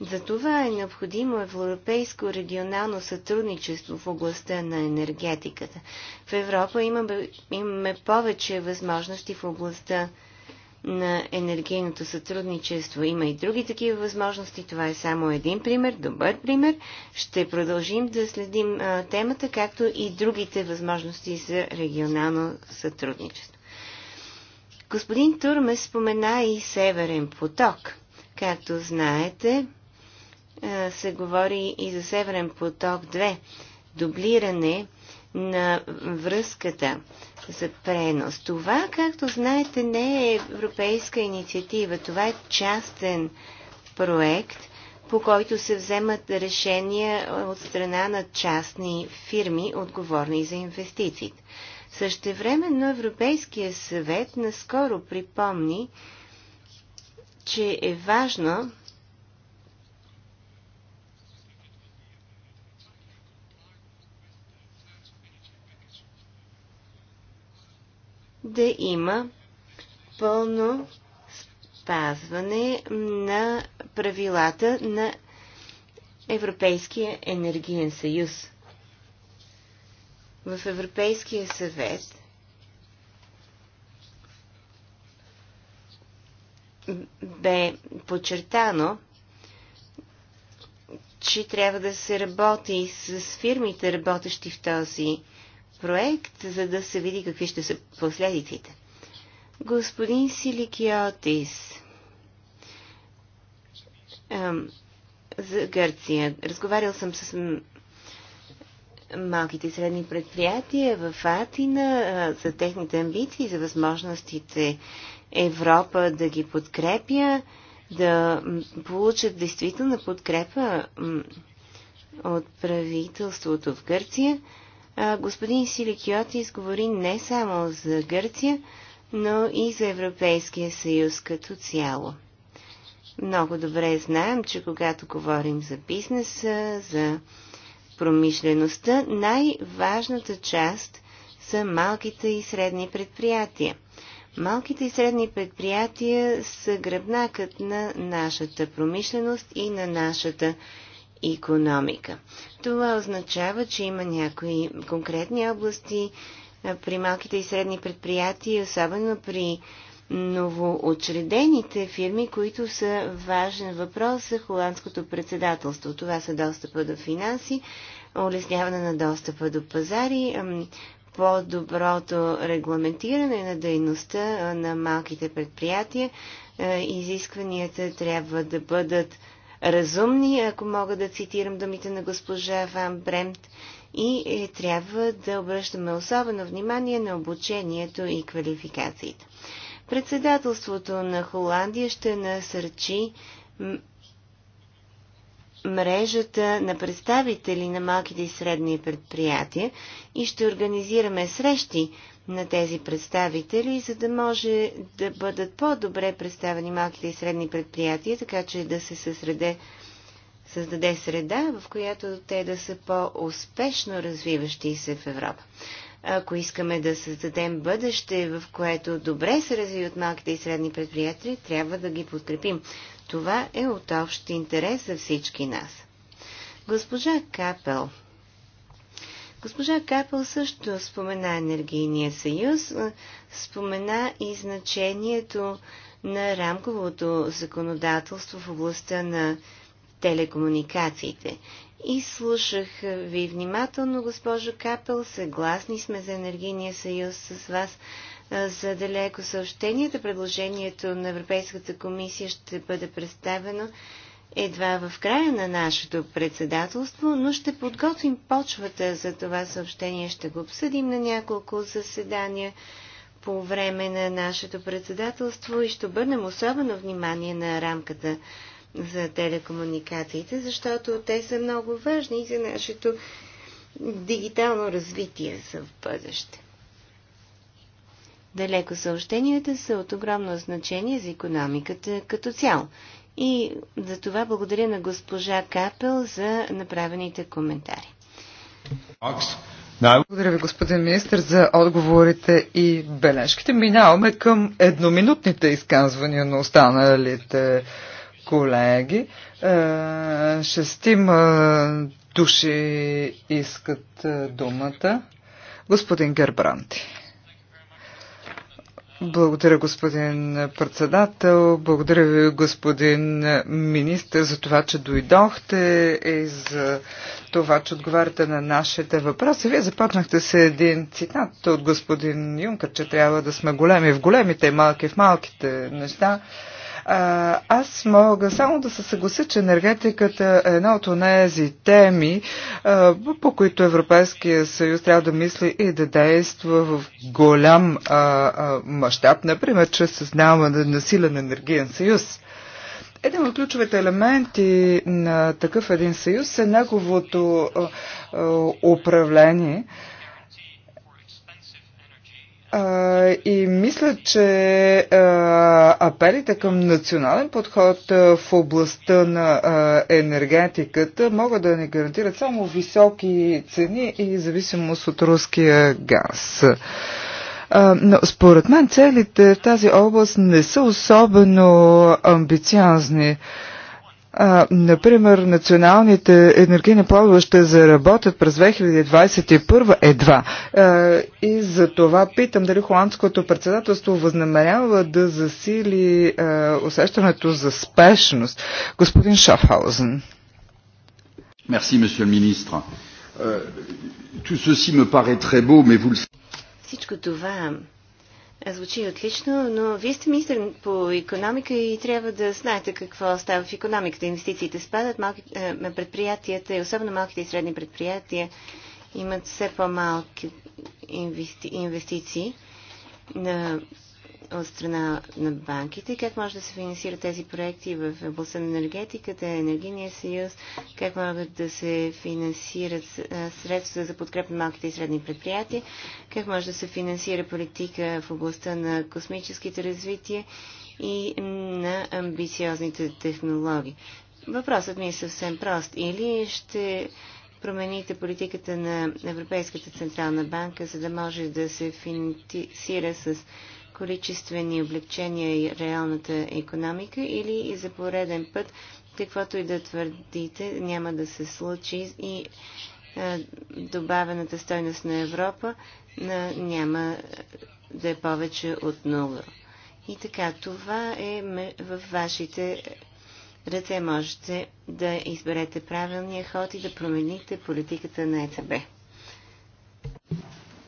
Затова е необходимо европейско регионално сътрудничество в областта на енергетиката. В Европа имаме, имаме повече възможности в областта на енергийното сътрудничество. Има и други такива възможности. Това е само един пример, добър пример. Ще продължим да следим а, темата, както и другите възможности за регионално сътрудничество. Господин Турме спомена и Северен поток. Както знаете, е, се говори и за Северен поток 2. Дублиране на връзката за пренос. Това, както знаете, не е европейска инициатива. Това е частен проект, по който се вземат решения от страна на частни фирми, отговорни за инвестициите. Същевременно Европейския съвет наскоро припомни, че е важно да има пълно спазване на правилата на Европейския енергиен съюз. В Европейския съвет бе подчертано, че трябва да се работи с фирмите, работещи в този проект, за да се види какви ще са последиците. Господин Силикиотис за Гърция. Разговарял съм с малките и средни предприятия в Атина за техните амбиции, за възможностите Европа да ги подкрепя, да получат действителна подкрепа от правителството в Гърция господин Силикиот изговори не само за Гърция, но и за Европейския съюз като цяло. Много добре знаем, че когато говорим за бизнеса, за промишлеността, най-важната част са малките и средни предприятия. Малките и средни предприятия са гръбнакът на нашата промишленост и на нашата економика. Това означава, че има някои конкретни области при малките и средни предприятия, особено при новоочредените фирми, които са важен въпрос за холандското председателство. Това са достъпа до финанси, улесняване на достъпа до пазари, по-доброто регламентиране на дейността на малките предприятия. Изискванията трябва да бъдат разумни, ако мога да цитирам думите на госпожа Ван Бремт, и е, трябва да обръщаме особено внимание на обучението и квалификациите. Председателството на Холандия ще насърчи мрежата на представители на малките и средни предприятия и ще организираме срещи на тези представители, за да може да бъдат по-добре представени малките и средни предприятия, така че да се съсреде, създаде среда, в която те да са по-успешно развиващи се в Европа. Ако искаме да създадем бъдеще, в което добре се развиват малките и средни предприятия, трябва да ги подкрепим. Това е от общ интерес за всички нас. Госпожа Капел Госпожа Капел също спомена енергийния съюз, спомена и значението на рамковото законодателство в областта на телекомуникациите. И слушах ви внимателно, госпожо Капел, съгласни сме за енергийния съюз с вас за далеко съобщенията. Предложението на Европейската комисия ще бъде представено едва в края на нашето председателство, но ще подготвим почвата за това съобщение. Ще го обсъдим на няколко заседания по време на нашето председателство и ще обърнем особено внимание на рамката за телекомуникациите, защото те са много важни и за нашето дигитално развитие за в бъдеще. Далеко съобщенията са от огромно значение за економиката като цяло и за това благодаря на госпожа Капел за направените коментари. Благодаря ви, господин министр, за отговорите и бележките. Минаваме към едноминутните изказвания на останалите колеги. Е, шестима души искат е, думата. Господин Гербранти. Благодаря, господин председател. Благодаря ви, господин министр, за това, че дойдохте и за това, че отговаряте на нашите въпроси. Вие започнахте с един цитат от господин Юнкър, че трябва да сме големи в големите и малки в малките неща. А, аз мога само да се съглася, че енергетиката е една от тези теми, а, по които Европейския съюз трябва да мисли и да действа в голям а, а, мащаб, например, чрез съзнаване на силен енергиен съюз. Един от ключовите елементи на такъв един съюз е неговото управление. А, и мисля, че апелите към национален подход в областта на енергетиката могат да ни гарантират само високи цени и зависимост от руския газ. Но според мен целите в тази област не са особено амбициозни. А, например, националните енергийни планове ще заработят през 2021 едва. А, и за това питам дали холандското председателство възнамерява да засили а, усещането за спешност. Господин Шафхаузен. Мерси, monsieur министр. ministre. Euh, tout ceci me paraît très beau, mais vous le... savez. Е, звучи отлично, но вие сте министр по економика и трябва да знаете какво става в економиката. Инвестициите спадат, малки, е, предприятията и особено малките и средни предприятия имат все по-малки инвести, инвестиции. На от страна на банките, как може да се финансират тези проекти в областта на енергетиката, енергийния съюз, как могат да се финансират средства за подкреп на малките и средни предприятия, как може да се финансира политика в областта на космическите развития и на амбициозните технологии. Въпросът ми е съвсем прост. Или ще промените политиката на Европейската централна банка, за да може да се финансира с количествени облегчения и реалната економика или и за пореден път, каквото и да твърдите, няма да се случи и е, добавената стойност на Европа на, няма да е повече от нула. И така, това е в вашите ръце. Можете да изберете правилния ход и да промените политиката на ЕЦБ.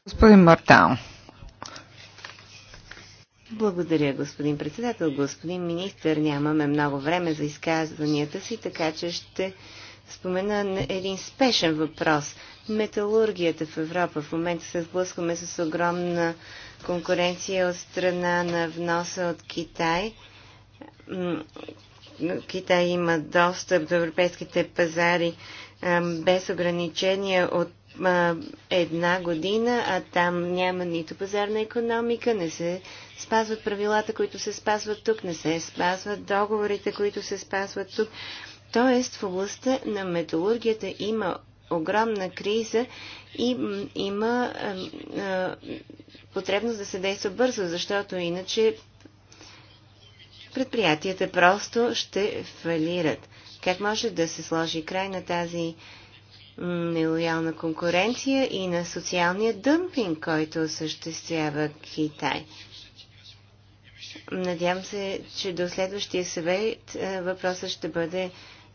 Господин Мартал. Благодаря, господин председател. Господин министр, нямаме много време за изказванията си, така че ще спомена един спешен въпрос. Металургията в Европа. В момента се сблъскваме с огромна конкуренция от страна на вноса от Китай. Китай има достъп до европейските пазари без ограничения от една година, а там няма нито пазарна економика, не се спазват правилата, които се спазват тук, не се спазват договорите, които се спазват тук. Тоест, в областта на металургията има огромна криза и има а, а, потребност да се действа бързо, защото иначе предприятията просто ще фалират. Как може да се сложи край на тази нелоялна конкуренция и на социалния дъмпинг, който осъществява Китай? Надявам се, че до следващия съвет е, въпросът ще бъде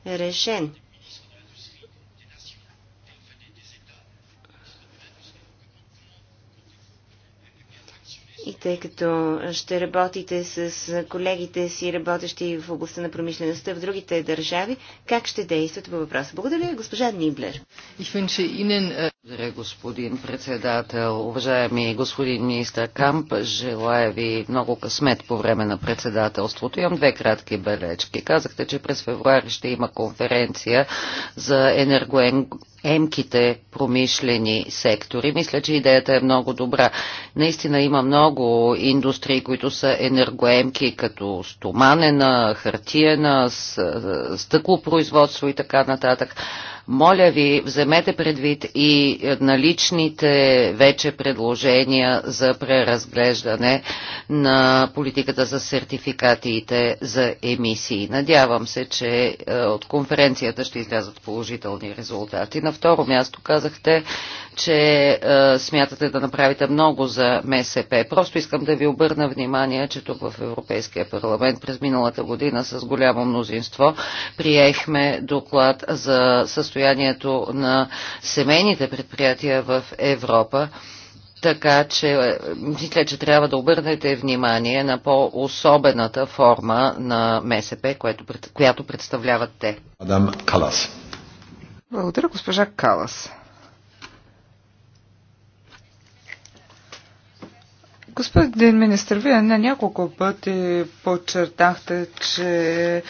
решен. И тъй като ще работите с колегите си, работещи в областта на промишлеността в другите държави, как ще действате по въпроса? Благодаря, госпожа Ниблер. Äh, Благодаря, господин председател. Уважаеми господин министър Камп, желая ви много късмет по време на председателството. Имам две кратки бележки. Казахте, че през февруари ще има конференция за енергоен емките промишлени сектори. Мисля, че идеята е много добра. Наистина има много индустрии, които са енергоемки, като стоманена, хартиена, стъклопроизводство и така нататък. Моля ви, вземете предвид и е, наличните вече предложения за преразглеждане на политиката за сертификатите за емисии. Надявам се, че е, от конференцията ще излязат положителни резултати. На второ място казахте, че е, смятате да направите много за МСП. Просто искам да ви обърна внимание, че тук в Европейския парламент през миналата година с голямо мнозинство приехме доклад за състояние състоянието на семейните предприятия в Европа. Така че е, мисля, че трябва да обърнете внимание на по-особената форма на МСП, което, която представляват те. Калас. Благодаря, госпожа Калас. Господин министр, вие на няколко пъти подчертахте, че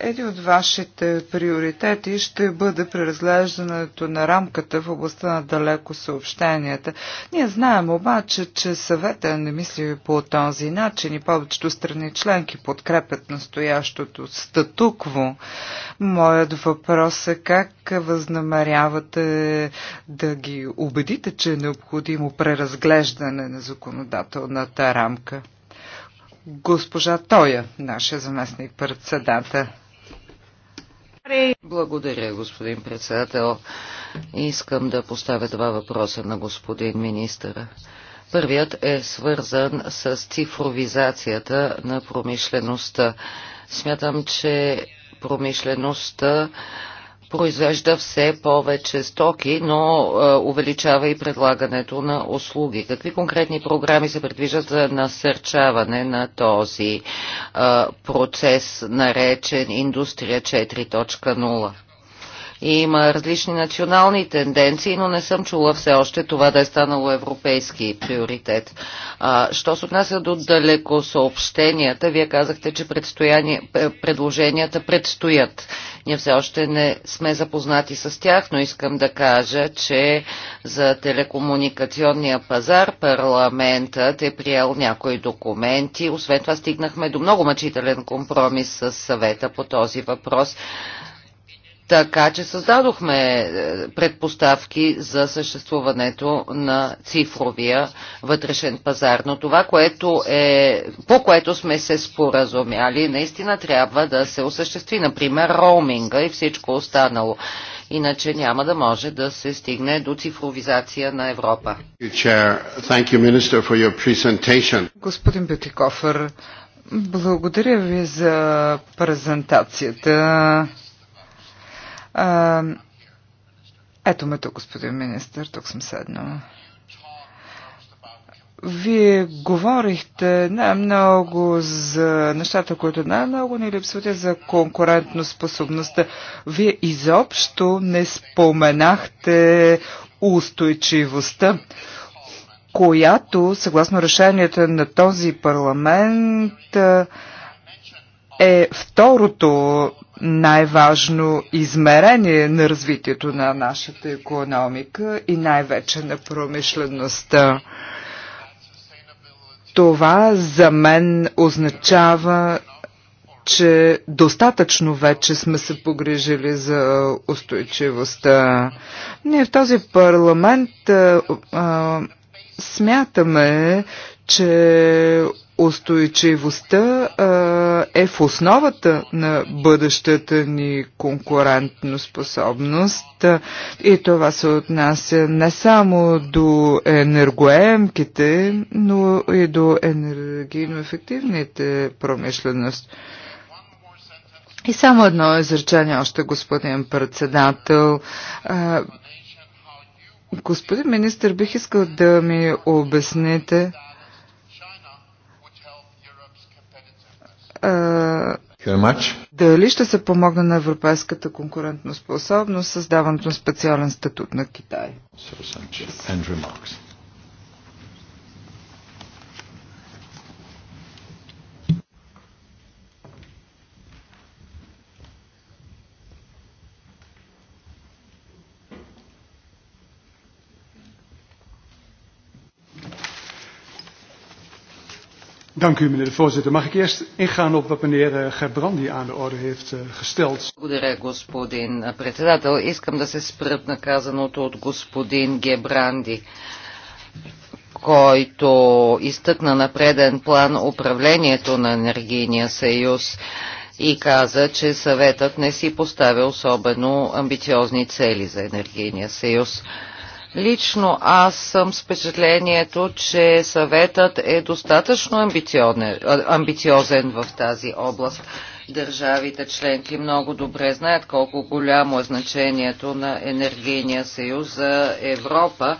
един от вашите приоритети ще бъде преразглеждането на рамката в областта на далеко съобщенията. Ние знаем обаче, че съвета не мисли по този начин и повечето страни членки подкрепят настоящото статукво. Моят въпрос е как възнамерявате да ги убедите, че е необходимо преразглеждане на законодателството? законодателната рамка. Госпожа Тоя, нашия заместник председател. Благодаря, господин председател. Искам да поставя два въпроса на господин министъра. Първият е свързан с цифровизацията на промишлеността. Смятам, че промишлеността произвежда все повече стоки, но е, увеличава и предлагането на услуги. Какви конкретни програми се предвиждат за насърчаване на този е, процес, наречен индустрия 4.0? Има различни национални тенденции, но не съм чула все още това да е станало европейски приоритет. А, що се отнася до далеко съобщенията, вие казахте, че е, предложенията предстоят. Ние все още не сме запознати с тях, но искам да кажа, че за телекомуникационния пазар парламентът е приел някои документи. Освен това стигнахме до много мъчителен компромис с съвета по този въпрос. Така че създадохме е, предпоставки за съществуването на цифровия вътрешен пазар. Но това, което е, по което сме се споразумяли, наистина трябва да се осъществи, например, роуминга и всичко останало. Иначе няма да може да се стигне до цифровизация на Европа. Господин Бютикофър, благодаря ви за презентацията. А, ето ме тук, господин министр, тук съм седнала. Вие говорихте най-много за нещата, които най-много ни липсвате за конкурентно способността. Вие изобщо не споменахте устойчивостта, която, съгласно решението на този парламент, е второто най-важно измерение на развитието на нашата економика и най-вече на промишлеността. Това за мен означава, че достатъчно вече сме се погрижили за устойчивостта. Ние в този парламент а, а, смятаме, че устойчивостта е в основата на бъдещата ни конкурентно способност и това се отнася не само до енергоемките, но и до енергийно ефективните промишленост. И само едно изречение още, господин председател. Господин министр, бих искал да ми обясните дали ще се помогне на европейската конкурентоспособност създаването на специален статут на Китай? Е so, Dank u, meneer de voorzitter. Mag ik eerst ingaan op wat meneer eh, Gerbrandi aan de orde heeft eh, gesteld? Благодаря, господин председател. Искам да се спрат на казаното от господин Гебранди, който изтъкна на преден план управлението на енергийния съюз и каза, че съветът не си поставя особено амбициозни цели за енергийния съюз. Лично аз съм с впечатлението, че съветът е достатъчно амбициозен в тази област. Държавите членки много добре знаят колко голямо е значението на енергийния съюз за Европа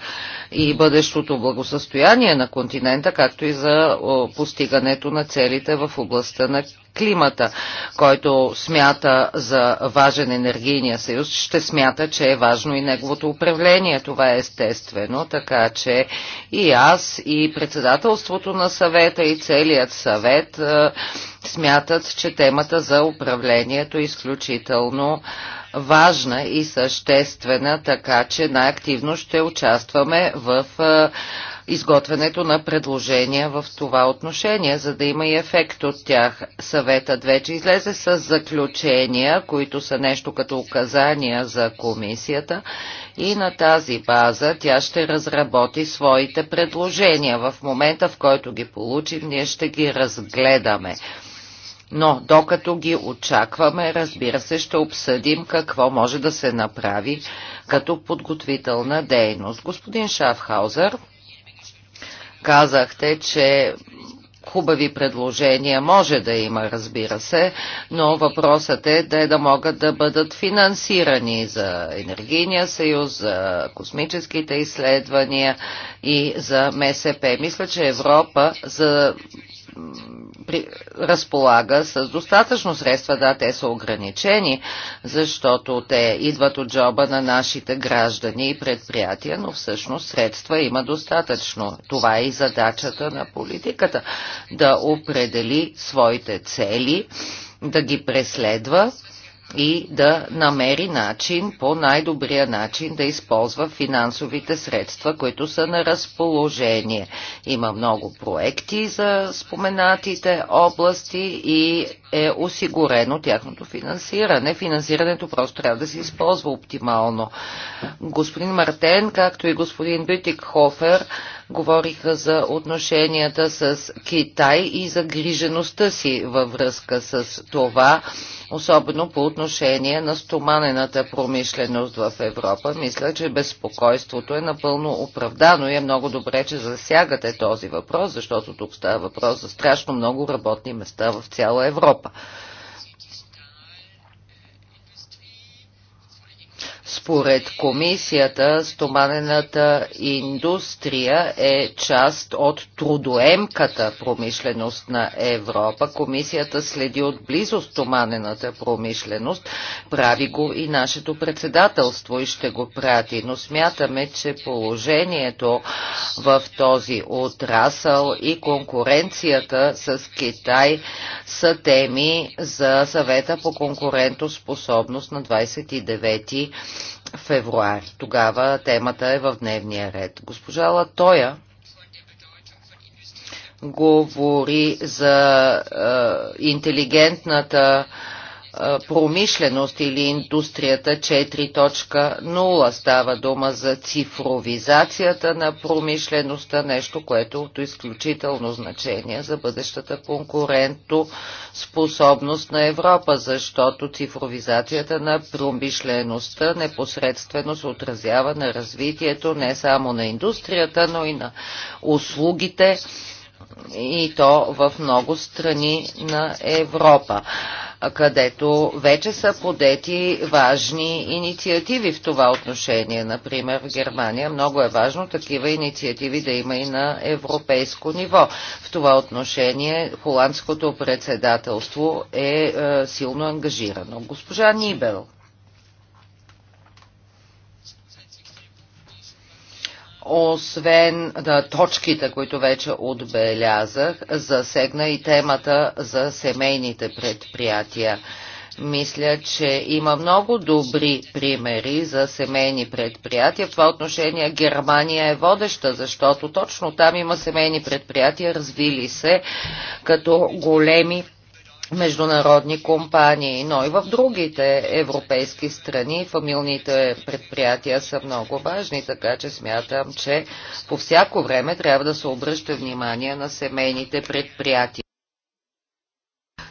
и бъдещото благосъстояние на континента, както и за постигането на целите в областта на климата, който смята за важен енергийния съюз, ще смята, че е важно и неговото управление. Това е естествено, така че и аз, и председателството на съвета, и целият съвет е, смятат, че темата за управлението е изключително важна и съществена, така че най-активно ще участваме в изготвянето на предложения в това отношение, за да има и ефект от тях. Съветът вече излезе с заключения, които са нещо като указания за комисията и на тази база тя ще разработи своите предложения. В момента, в който ги получим, ние ще ги разгледаме. Но докато ги очакваме, разбира се, ще обсъдим какво може да се направи като подготвителна дейност. Господин Шафхаузер, казахте, че хубави предложения може да има, разбира се, но въпросът е да, е да могат да бъдат финансирани за Енергийния съюз, за космическите изследвания и за МСП. Мисля, че Европа за при, разполага с достатъчно средства. Да, те са ограничени, защото те идват от джоба на нашите граждани и предприятия, но всъщност средства има достатъчно. Това е и задачата на политиката да определи своите цели, да ги преследва и да намери начин, по най-добрия начин да използва финансовите средства, които са на разположение. Има много проекти за споменатите области и е осигурено тяхното финансиране. Финансирането просто трябва да се използва оптимално. Господин Мартен, както и господин Бютик Хофер, говориха за отношенията с Китай и загрижеността си във връзка с това, особено по отношение на стоманената промишленост в Европа. Мисля, че безпокойството е напълно оправдано и е много добре, че засягате този въпрос, защото тук става въпрос за страшно много работни места в цяла Европа. Според комисията, стоманената индустрия е част от трудоемката промишленост на Европа. Комисията следи отблизо стоманената промишленост. Прави го и нашето председателство и ще го прати. Но смятаме, че положението в този отрасъл и конкуренцията с Китай са теми за съвета по конкурентоспособност на 29 февруари. Тогава темата е в дневния ред. Госпожа Латоя говори за е, интелигентната промишленост или индустрията 4.0. Става дума за цифровизацията на промишлеността, нещо, което е от изключително значение за бъдещата конкурентно способност на Европа, защото цифровизацията на промишлеността непосредствено се отразява на развитието не само на индустрията, но и на услугите, и то в много страни на Европа, където вече са подети важни инициативи в това отношение. Например, в Германия много е важно такива инициативи да има и на европейско ниво. В това отношение холандското председателство е, е силно ангажирано. Госпожа Нибел. освен да, точките, които вече отбелязах, засегна и темата за семейните предприятия. Мисля, че има много добри примери за семейни предприятия. В това отношение Германия е водеща, защото точно там има семейни предприятия, развили се като големи международни компании, но и в другите европейски страни фамилните предприятия са много важни, така че смятам, че по всяко време трябва да се обръща внимание на семейните предприятия.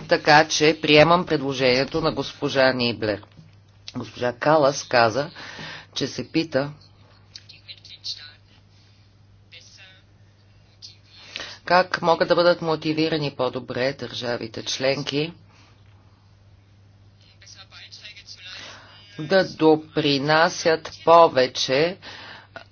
Така че приемам предложението на госпожа Ниблер. Госпожа Калас каза, че се пита Как могат да бъдат мотивирани по-добре държавите членки да допринасят повече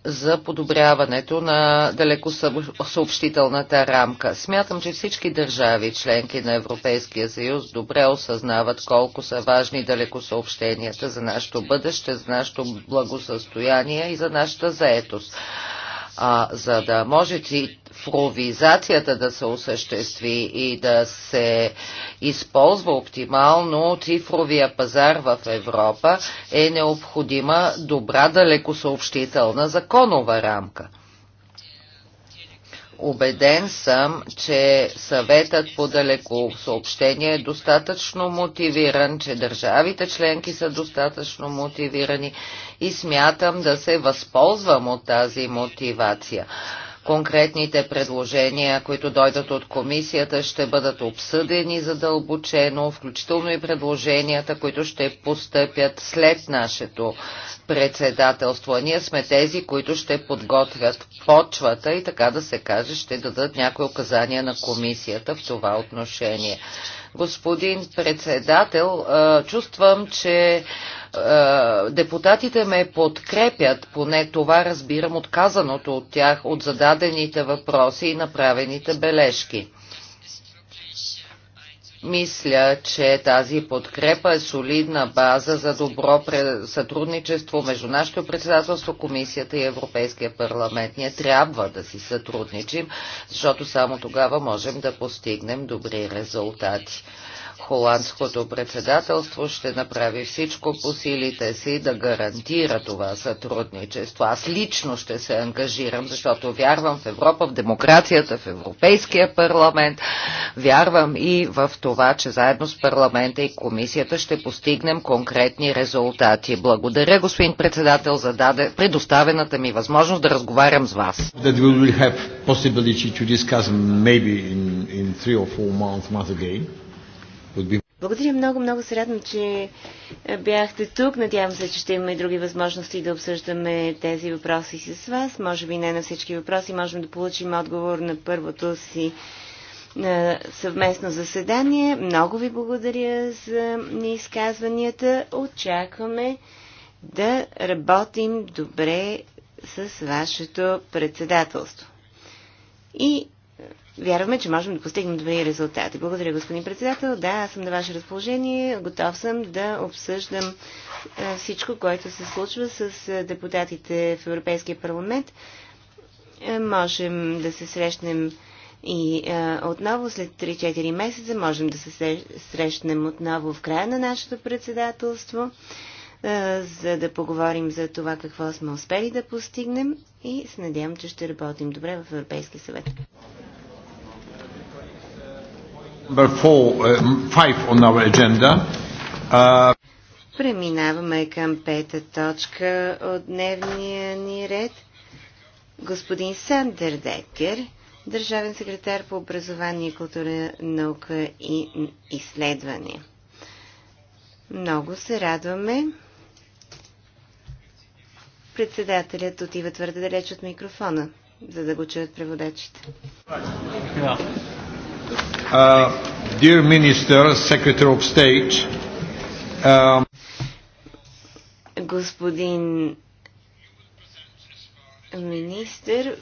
за подобряването на далекосъобщителната рамка. Смятам, че всички държави, членки на Европейския съюз, добре осъзнават колко са важни далекосъобщенията за нашето бъдеще, за нашето благосъстояние и за нашата заетост. А за да може цифровизацията да се осъществи и да се използва оптимално цифровия пазар в Европа, е необходима добра далекосъобщителна законова рамка. Обеден съм, че съветът по далеко съобщение е достатъчно мотивиран, че държавите членки са достатъчно мотивирани и смятам да се възползвам от тази мотивация. Конкретните предложения, които дойдат от комисията, ще бъдат обсъдени задълбочено, включително и предложенията, които ще постъпят след нашето председателство. Ние сме тези, които ще подготвят почвата и така да се каже, ще дадат някои указания на комисията в това отношение. Господин председател, чувствам, че депутатите ме подкрепят, поне това разбирам отказаното от тях, от зададените въпроси и направените бележки. Мисля, че тази подкрепа е солидна база за добро сътрудничество между нашето председателство, комисията и Европейския парламент. Ние трябва да си сътрудничим, защото само тогава можем да постигнем добри резултати. Холандското председателство ще направи всичко по силите си да гарантира това сътрудничество. Аз лично ще се ангажирам, защото вярвам в Европа, в демокрацията, в Европейския парламент. Вярвам и в това, че заедно с парламента и комисията ще постигнем конкретни резултати. Благодаря, господин председател, за даде предоставената ми възможност да разговарям с вас. Благодаря много, много се радвам, че е, бяхте тук. Надявам се, че ще имаме и други възможности да обсъждаме тези въпроси с вас. Може би не на всички въпроси. Можем да получим отговор на първото си на е, съвместно заседание. Много ви благодаря за изказванията. Очакваме да работим добре с вашето председателство. И вярваме, че можем да постигнем добри резултати. Благодаря, господин председател. Да, аз съм на ваше разположение. Готов съм да обсъждам е, всичко, което се случва с е, депутатите в Европейския парламент. Е, можем да се срещнем и отново след 3-4 месеца можем да се срещнем отново в края на нашето председателство, за да поговорим за това какво сме успели да постигнем и се надявам, че ще работим добре в Европейския съвет. Uh, uh, Преминаваме към пета точка от дневния ни ред. Господин Сандер Декер, държавен секретар по образование, култура, наука и изследване. Много се радваме. Председателят отива твърде далеч от микрофона, за да го чуят преводачите. Yeah. Uh, dear Minister, Secretary of State, um, Господин министр,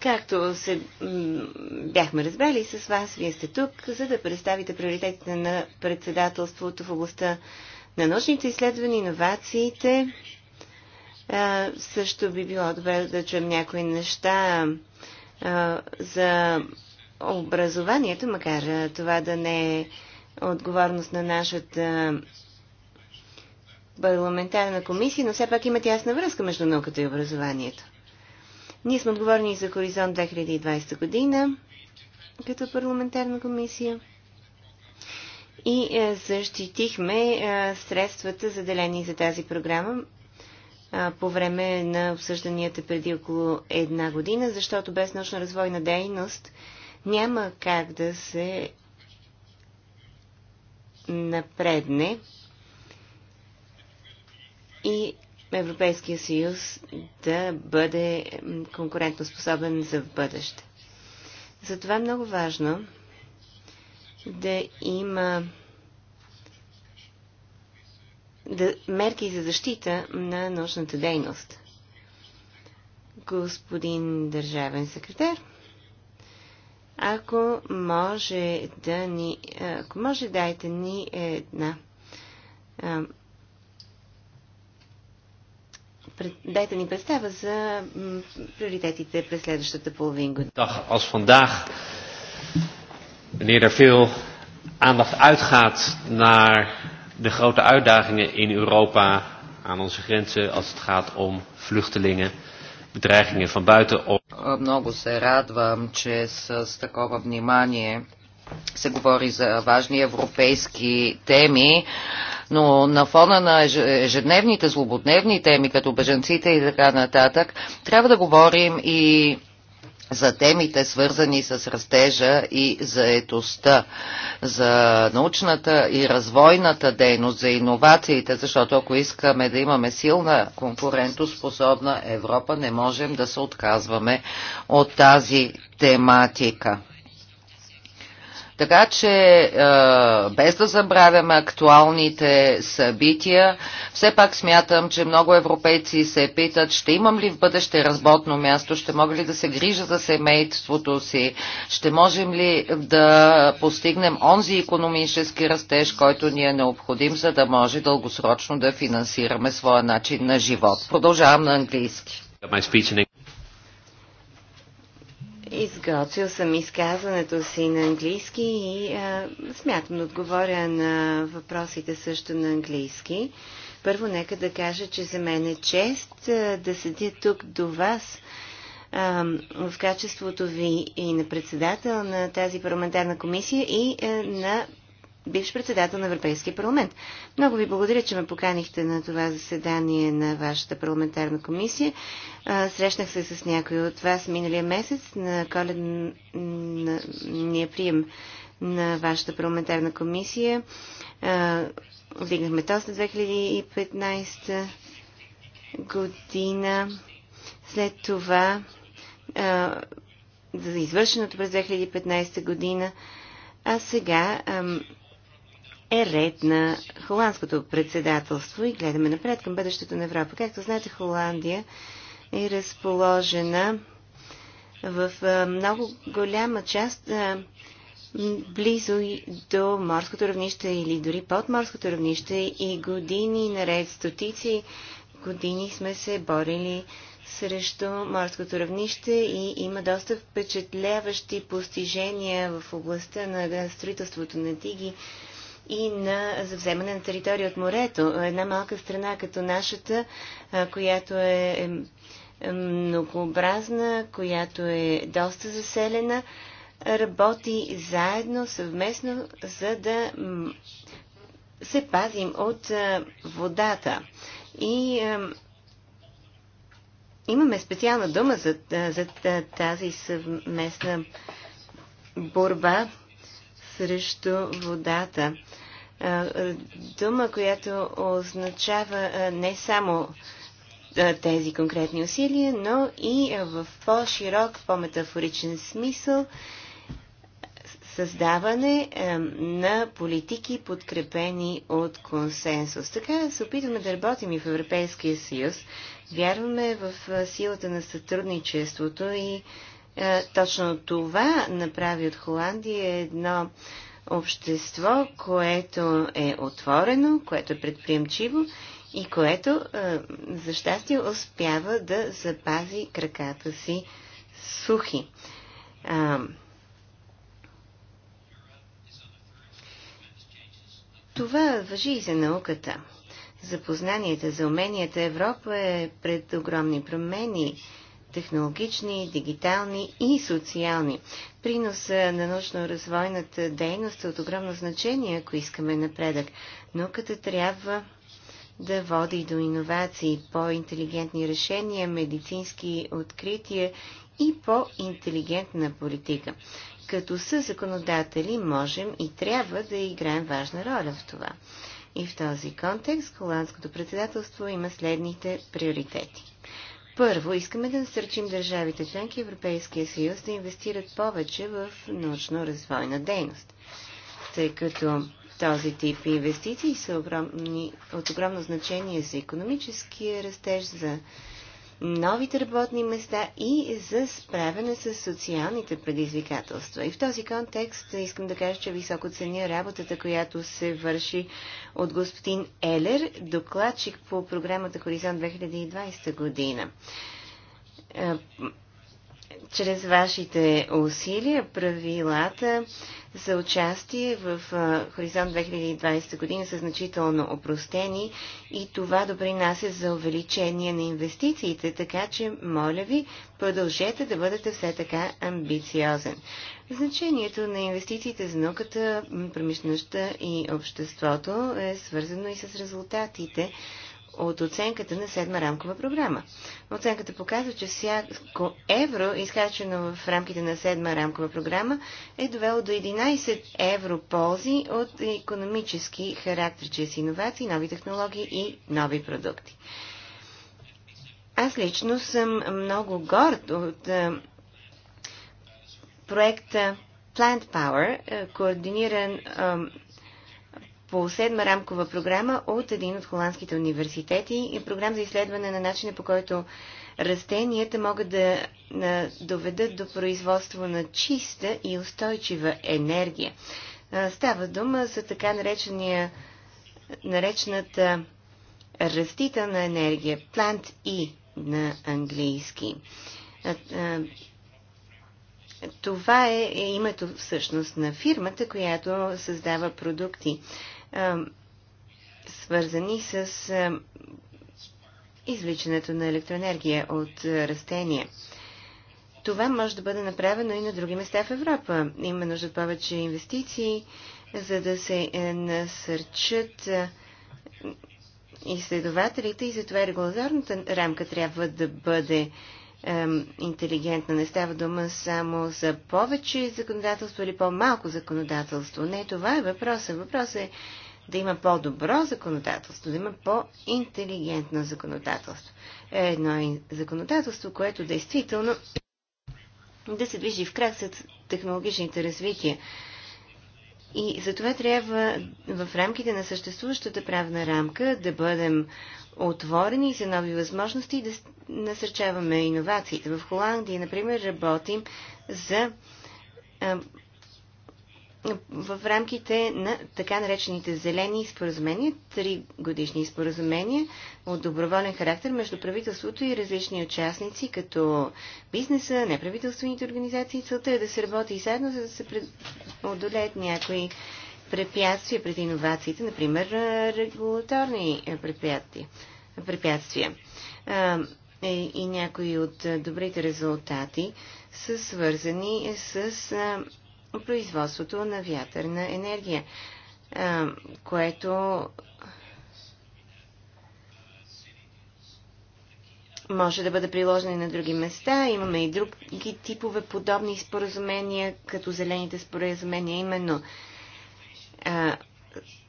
както се бяхме разбрали с вас, вие сте тук, за да представите приоритетите на председателството в областта на научните изследвания, иновациите. Също би било добре да чуем някои неща за образованието, макар това да не е отговорност на нашата парламентарна комисия, но все пак имат ясна връзка между науката и образованието. Ние сме отговорни за Хоризонт 2020 година като парламентарна комисия и защитихме средствата заделени за тази програма по време на обсъжданията преди около една година, защото без научно-развойна дейност – няма как да се напредне и Европейския съюз да бъде конкурентоспособен за в бъдеще. Затова е много важно да има да, мерки за защита на научната дейност. Господин държавен секретар. Ако може да ни, ако може дайте ни една дайте ни представа за приоритетите през следващата половин година. Dag als vandaag, wanneer er veel aandacht uitgaat naar de grote uitdagingen in Europa aan onze grenzen als het gaat om vluchtelingen. Много се радвам, че с такова внимание се говори за важни европейски теми, но на фона на ежедневните, злободневни теми, като беженците и така нататък, трябва да говорим и за темите, свързани с растежа и заетостта, за научната и развойната дейност, за иновациите, защото ако искаме да имаме силна конкурентоспособна Европа, не можем да се отказваме от тази тематика. Така че, е, без да забравяме актуалните събития, все пак смятам, че много европейци се питат, ще имам ли в бъдеще разботно място, ще мога ли да се грижа за семейството си, ще можем ли да постигнем онзи економически растеж, който ни е необходим, за да може дългосрочно да финансираме своя начин на живот. Продължавам на английски. Изготвил съм изказването си на английски и а, смятам да отговоря на въпросите също на английски. Първо, нека да кажа, че за мен е чест а, да седя тук до вас а, в качеството ви и на председател на тази парламентарна комисия и а, на бивш председател на Европейския парламент. Много ви благодаря, че ме поканихте на това заседание на вашата парламентарна комисия. Срещнах се с някой от вас миналия месец на коледния прием на вашата парламентарна комисия. Вдигнахме тост на 2015 година. След това за извършеното през 2015 година. А сега ам, е ред на холандското председателство и гледаме напред към бъдещето на Европа. Както знаете, Холандия е разположена в много голяма част близо до морското равнище или дори под морското равнище и години наред, стотици години сме се борили срещу морското равнище и има доста впечатляващи постижения в областта на строителството на диги, и на завземане на територия от морето. Една малка страна като нашата, която е, е многообразна, която е доста заселена, работи заедно, съвместно, за да се пазим от водата. И имаме специална дума за, за тази съвместна борба срещу водата. Дума, която означава не само тези конкретни усилия, но и в по-широк, по-метафоричен смисъл създаване на политики, подкрепени от консенсус. Така се опитваме да работим и в Европейския съюз. Вярваме в силата на сътрудничеството и е, точно това направи от Холандия едно общество, което е отворено, което е предприемчиво и което, е, за щастие, успява да запази краката си сухи. Е, това въжи и за науката. За познанията, за уменията Европа е пред огромни промени технологични, дигитални и социални. Приноса на научно-развойната дейност е от огромно значение, ако искаме напредък. Науката трябва да води до иновации, по-интелигентни решения, медицински открития и по-интелигентна политика. Като са законодатели можем и трябва да играем важна роля в това. И в този контекст холандското председателство има следните приоритети. Първо, искаме да насърчим държавите членки Европейския съюз да инвестират повече в научно-развойна дейност, тъй като този тип инвестиции са огромни, от огромно значение за економическия растеж, за новите работни места и за справяне с социалните предизвикателства. И в този контекст искам да кажа, че високо ценя работата, която се върши от господин Елер, докладчик по програмата Хоризонт 2020 година е, чрез вашите усилия правилата за участие в Хоризонт 2020 година са значително опростени и това допринася за увеличение на инвестициите, така че, моля ви, продължете да бъдете все така амбициозен. Значението на инвестициите за науката, промишлеността и обществото е свързано и с резултатите от оценката на седма рамкова програма. Оценката показва, че всяко евро, изхарчено в рамките на седма рамкова програма, е довело до 11 евро ползи от економически характер, чрез иновации, нови технологии и нови продукти. Аз лично съм много горд от проекта Plant Power, координиран по седма рамкова програма от един от холандските университети и програм за изследване на начина по който растенията могат да доведат до производство на чиста и устойчива енергия. Става дума за така наречения, наречената растителна енергия, plant E на английски. Това е, е името всъщност на фирмата, която създава продукти свързани с извличането на електроенергия от растения. Това може да бъде направено и на други места в Европа. Има нужда повече инвестиции, за да се е, насърчат изследователите и затова регулаторната рамка трябва да бъде интелигентна. Не става дума само за повече законодателство или по-малко законодателство. Не, това е въпросът. Въпросът е да има по-добро законодателство, да има по-интелигентно законодателство. Е законодателство, което действително да се движи в крак с технологичните развития. И затова трябва в рамките на съществуващата правна рамка да бъдем отворени за нови възможности и да насърчаваме иновациите. В Холандия, например, работим за в рамките на така наречените зелени споразумения, три годишни споразумения от доброволен характер между правителството и различни участници, като бизнеса, неправителствените организации. Целта е да се работи и заедно, за да се преодолеят някои препятствия пред иновациите, например регулаторни препятствия. Е, и някои от добрите резултати са свързани с производството на вятърна енергия, което може да бъде приложено и на други места. Имаме и други типове подобни споразумения, като зелените споразумения, именно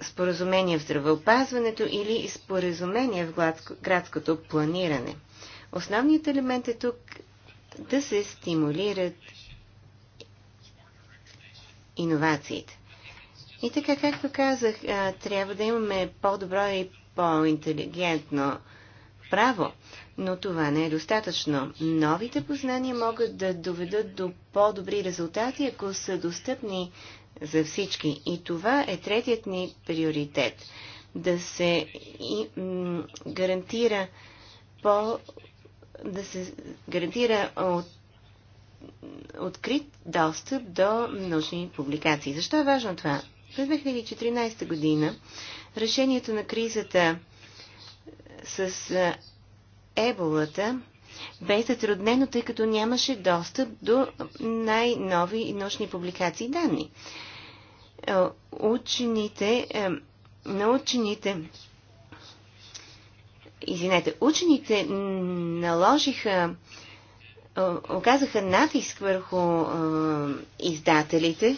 споразумения в здравеопазването или споразумения в градското планиране. Основният елемент е тук да се стимулират иновациите. И така, както казах, трябва да имаме по-добро и по-интелигентно право, но това не е достатъчно. Новите познания могат да доведат до по-добри резултати, ако са достъпни за всички. И това е третият ни приоритет да се и, гарантира по да се гарантира от открит достъп до научни публикации. Защо е важно това? През 2014 година решението на кризата е, с е, еболата бе затруднено, тъй като нямаше достъп до най-нови научни публикации и данни. Е, учените, на учените, извинете, учените наложиха оказаха натиск върху издателите е,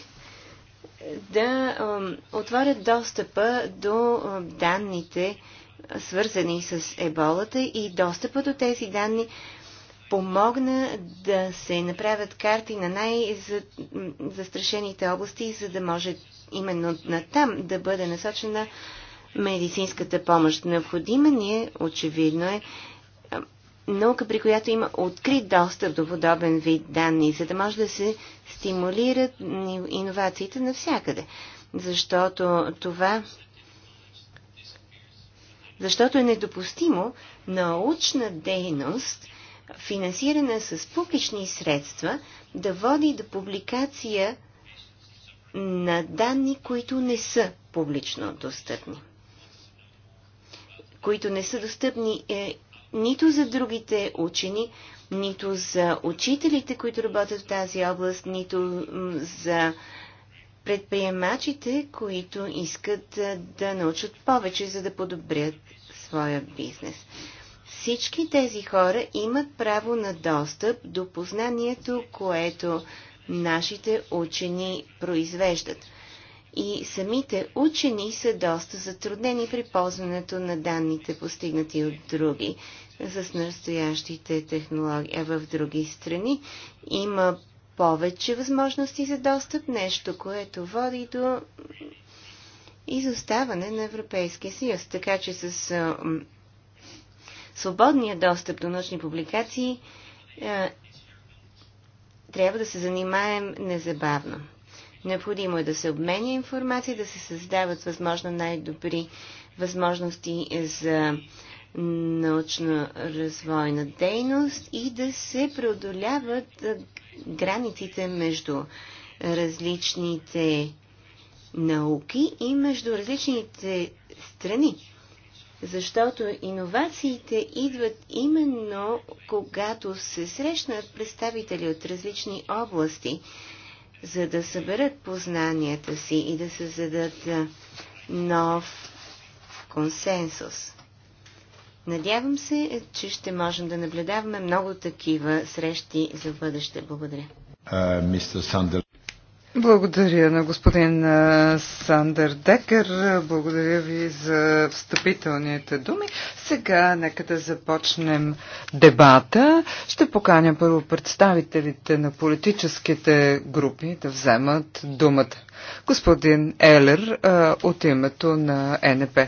да отворят достъпа до данните, свързани с еболата и достъпа до тези данни помогна да се направят карти на най-застрашените области, за да може именно на там да бъде насочена медицинската помощ. Необходима ни е, очевидно е, наука, при която има открит достъп до подобен вид данни, за да може да се стимулират иновациите навсякъде. Защото това защото е недопустимо научна дейност, финансирана с публични средства, да води до публикация на данни, които не са публично достъпни. Които не са достъпни е, нито за другите учени, нито за учителите, които работят в тази област, нито за предприемачите, които искат да научат повече, за да подобрят своя бизнес. Всички тези хора имат право на достъп до познанието, което нашите учени произвеждат и самите учени са доста затруднени при ползването на данните, постигнати от други с настоящите технологии. А в други страни има повече възможности за достъп, нещо, което води до изоставане на Европейския съюз. Така че с свободния достъп до научни публикации трябва да се занимаем незабавно. Необходимо е да се обменя информация, да се създават възможно най-добри възможности за научно-развойна дейност и да се преодоляват границите между различните науки и между различните страни. Защото иновациите идват именно когато се срещнат представители от различни области за да съберат познанията си и да създадат нов консенсус. Надявам се, е, че ще можем да наблюдаваме много такива срещи за бъдеще. Благодаря. Мистер uh, благодаря на господин Сандър Декер. Благодаря ви за встъпителните думи. Сега нека да започнем дебата. Ще поканя първо представителите на политическите групи да вземат думата. Господин Елер от името на НП.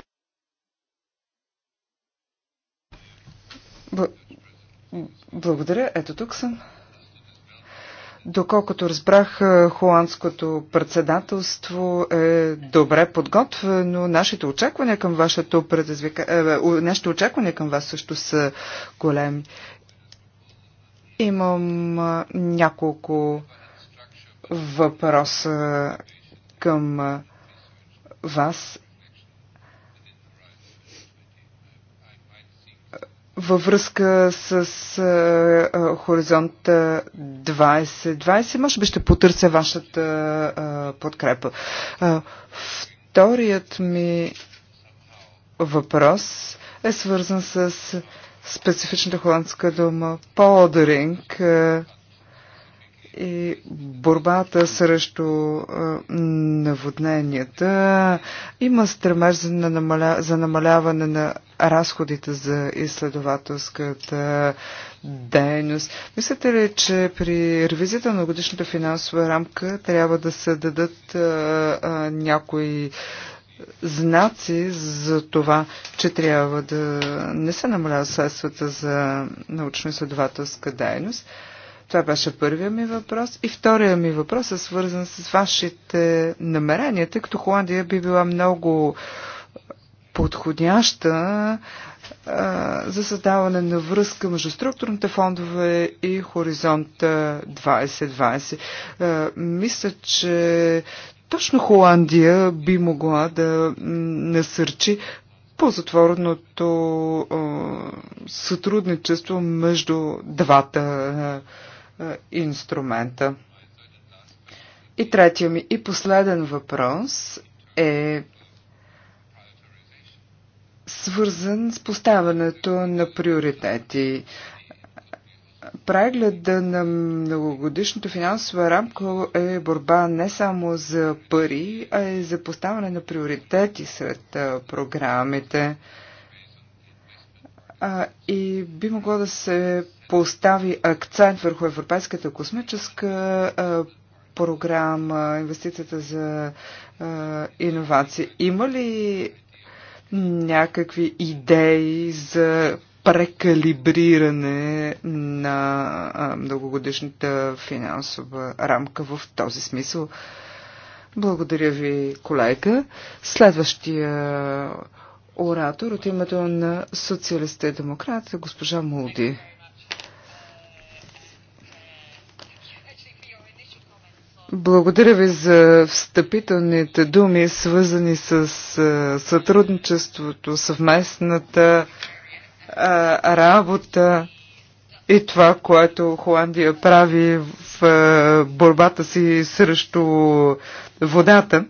Благодаря. Ето тук съм. Доколкото разбрах, е, холандското председателство е добре подготвено. Нашите очаквания към, вашето предизвика... Е, нашите очаквания към вас също са големи. Имам е, няколко въпроса към вас. във връзка с а, а, Хоризонт 2020, може би ще потърся вашата а, подкрепа. А, вторият ми въпрос е свързан с специфичната холандска дума «подеринг», и борбата срещу наводненията. Има стремеж за, намаля, за намаляване на разходите за изследователската дейност. Мислите ли, че при ревизията на годишната финансова рамка трябва да се дадат а, а, някои знаци за това, че трябва да не се намаляват средствата за научно-изследователска дейност? Това беше първия ми въпрос. И втория ми въпрос е свързан с вашите намерения, тъй като Холандия би била много подходяща а, за създаване на връзка между структурните фондове и хоризонт 2020. А, мисля, че точно Холандия би могла да насърчи по-затворното сътрудничество между двата е, инструмента. И третия ми и последен въпрос е свързан с поставянето на приоритети. Прегледа на многогодишната финансова рамка е борба не само за пари, а и за поставяне на приоритети сред е, програмите. и би могло да се постави акцент върху Европейската космическа програма, инвестицията за иновации. Има ли някакви идеи за прекалибриране на многогодишната финансова рамка в този смисъл. Благодаря ви, колега. Следващия оратор от името на социалиста и демократ е госпожа Молди. Благодаря ви за встъпителните думи, свързани с сътрудничеството, съвместната работа и това, което Холандия прави в борбата си срещу водата.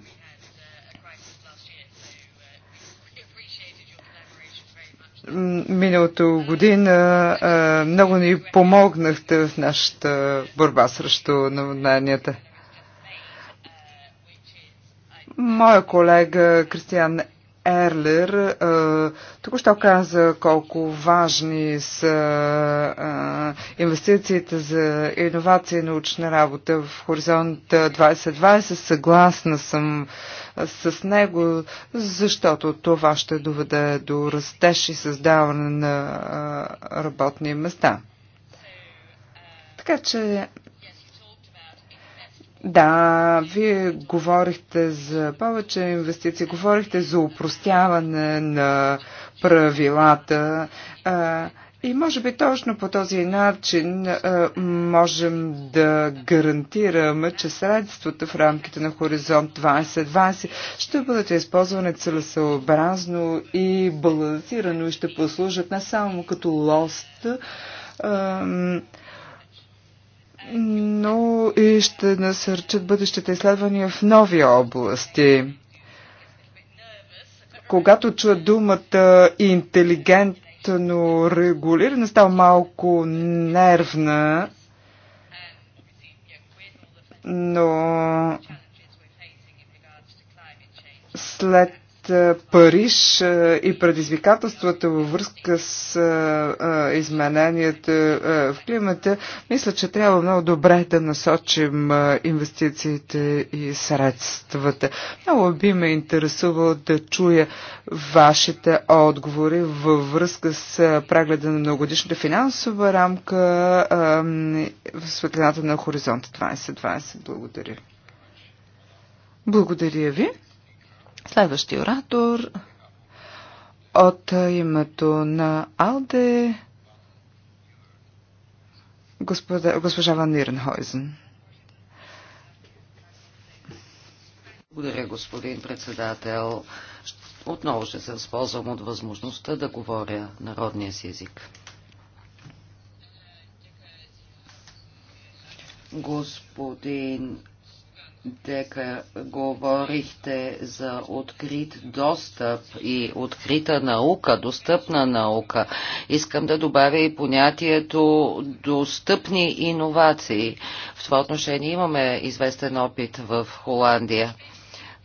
миналото година много ни помогнахте в нашата борба срещу наводненията. Моя колега Кристиан Ерлер е, току-що каза колко важни са е, инвестициите за иновация и научна работа в Хоризонт 2020. Съгласна съм е, с него, защото това ще доведе до растеж и създаване на работни места. Така че да, вие говорихте за повече инвестиции, говорихте за упростяване на правилата. А, и може би точно по този начин а, можем да гарантираме, че средствата в рамките на Хоризонт 2020 ще бъдат използвани целесообразно и балансирано и ще послужат не само като лост, а, но и ще насърчат бъдещите изследвания в нови области. Когато чуя думата интелигентно регулиране, става малко нервна, но след е, Париж е, и предизвикателствата във връзка с е, измененията в климата, мисля, че трябва много добре да насочим инвестициите и средствата. Много би ме интересувало да чуя вашите отговори във връзка с прегледа на многодишната финансова рамка в светлината на Хоризонт 2020. Благодаря. Благодаря ви. Следващия оратор от името на Алде господа, госпожа Ван Ниренхойзен. Благодаря, господин председател. Отново ще се възползвам от възможността да говоря народния си език. Господин дека говорихте за открит достъп и открита наука, достъпна наука. Искам да добавя и понятието достъпни иновации. В това отношение имаме известен опит в Холандия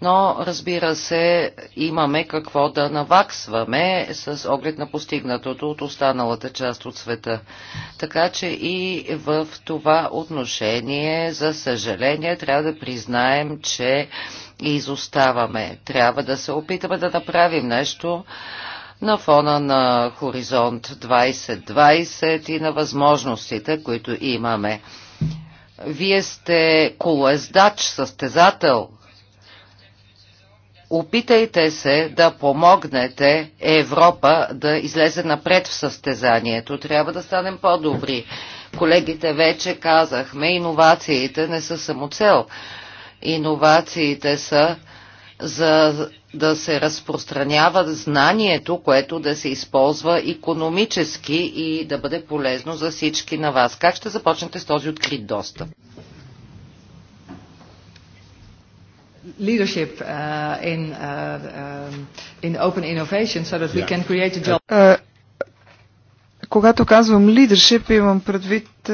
но разбира се, имаме какво да наваксваме с оглед на постигнатото от останалата част от света. Така че и в това отношение, за съжаление, трябва да признаем, че изоставаме. Трябва да се опитаме да направим нещо, на фона на Хоризонт 2020 и на възможностите, които имаме. Вие сте колоездач, състезател Опитайте се да помогнете Европа да излезе напред в състезанието. Трябва да станем по-добри. Колегите вече казахме, иновациите не са самоцел. Иновациите са за да се разпространява знанието, което да се използва економически и да бъде полезно за всички на вас. Как ще започнете с този открит достъп? leadership uh, in, uh, um, in open innovation so that we yeah. can create a uh, job. Uh, когато казвам лидершип, имам предвид е,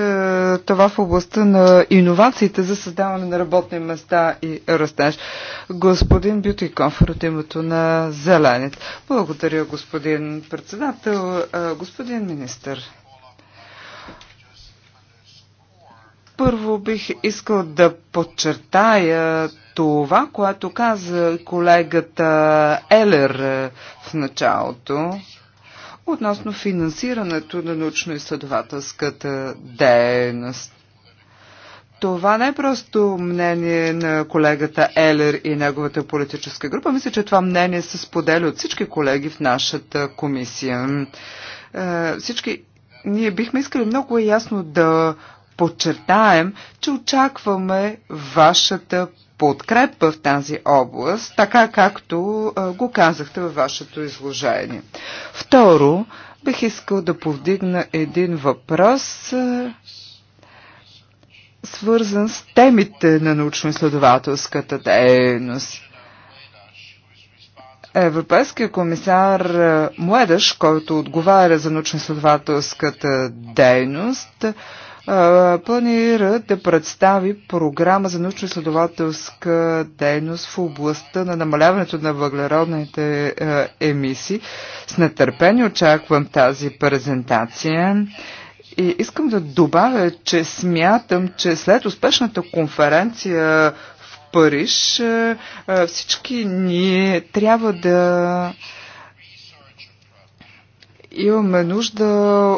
това в областта на иновациите за създаване на работни места и растеж. Господин Бютиков от името на Зеленит. Благодаря, господин председател, е, господин министр. Първо бих искал да подчертая това, което каза колегата Елер е, в началото, относно финансирането на научно-изследователската дейност. Това не е просто мнение на колегата Елер и неговата политическа група. Мисля, че това мнение се споделя от всички колеги в нашата комисия. Е, всички ние бихме искали много ясно да подчертаем, че очакваме вашата подкрепа в тази област, така както го казахте във вашето изложение. Второ, бих искал да повдигна един въпрос, свързан с темите на научно-изследователската дейност. Европейския комисар Младъж, който отговаря за научно-изследователската дейност, планира да представи програма за научно-изследователска дейност в областта на намаляването на въглеродните емисии. С нетърпение очаквам тази презентация. И искам да добавя, че смятам, че след успешната конференция в Париж всички ние трябва да имаме нужда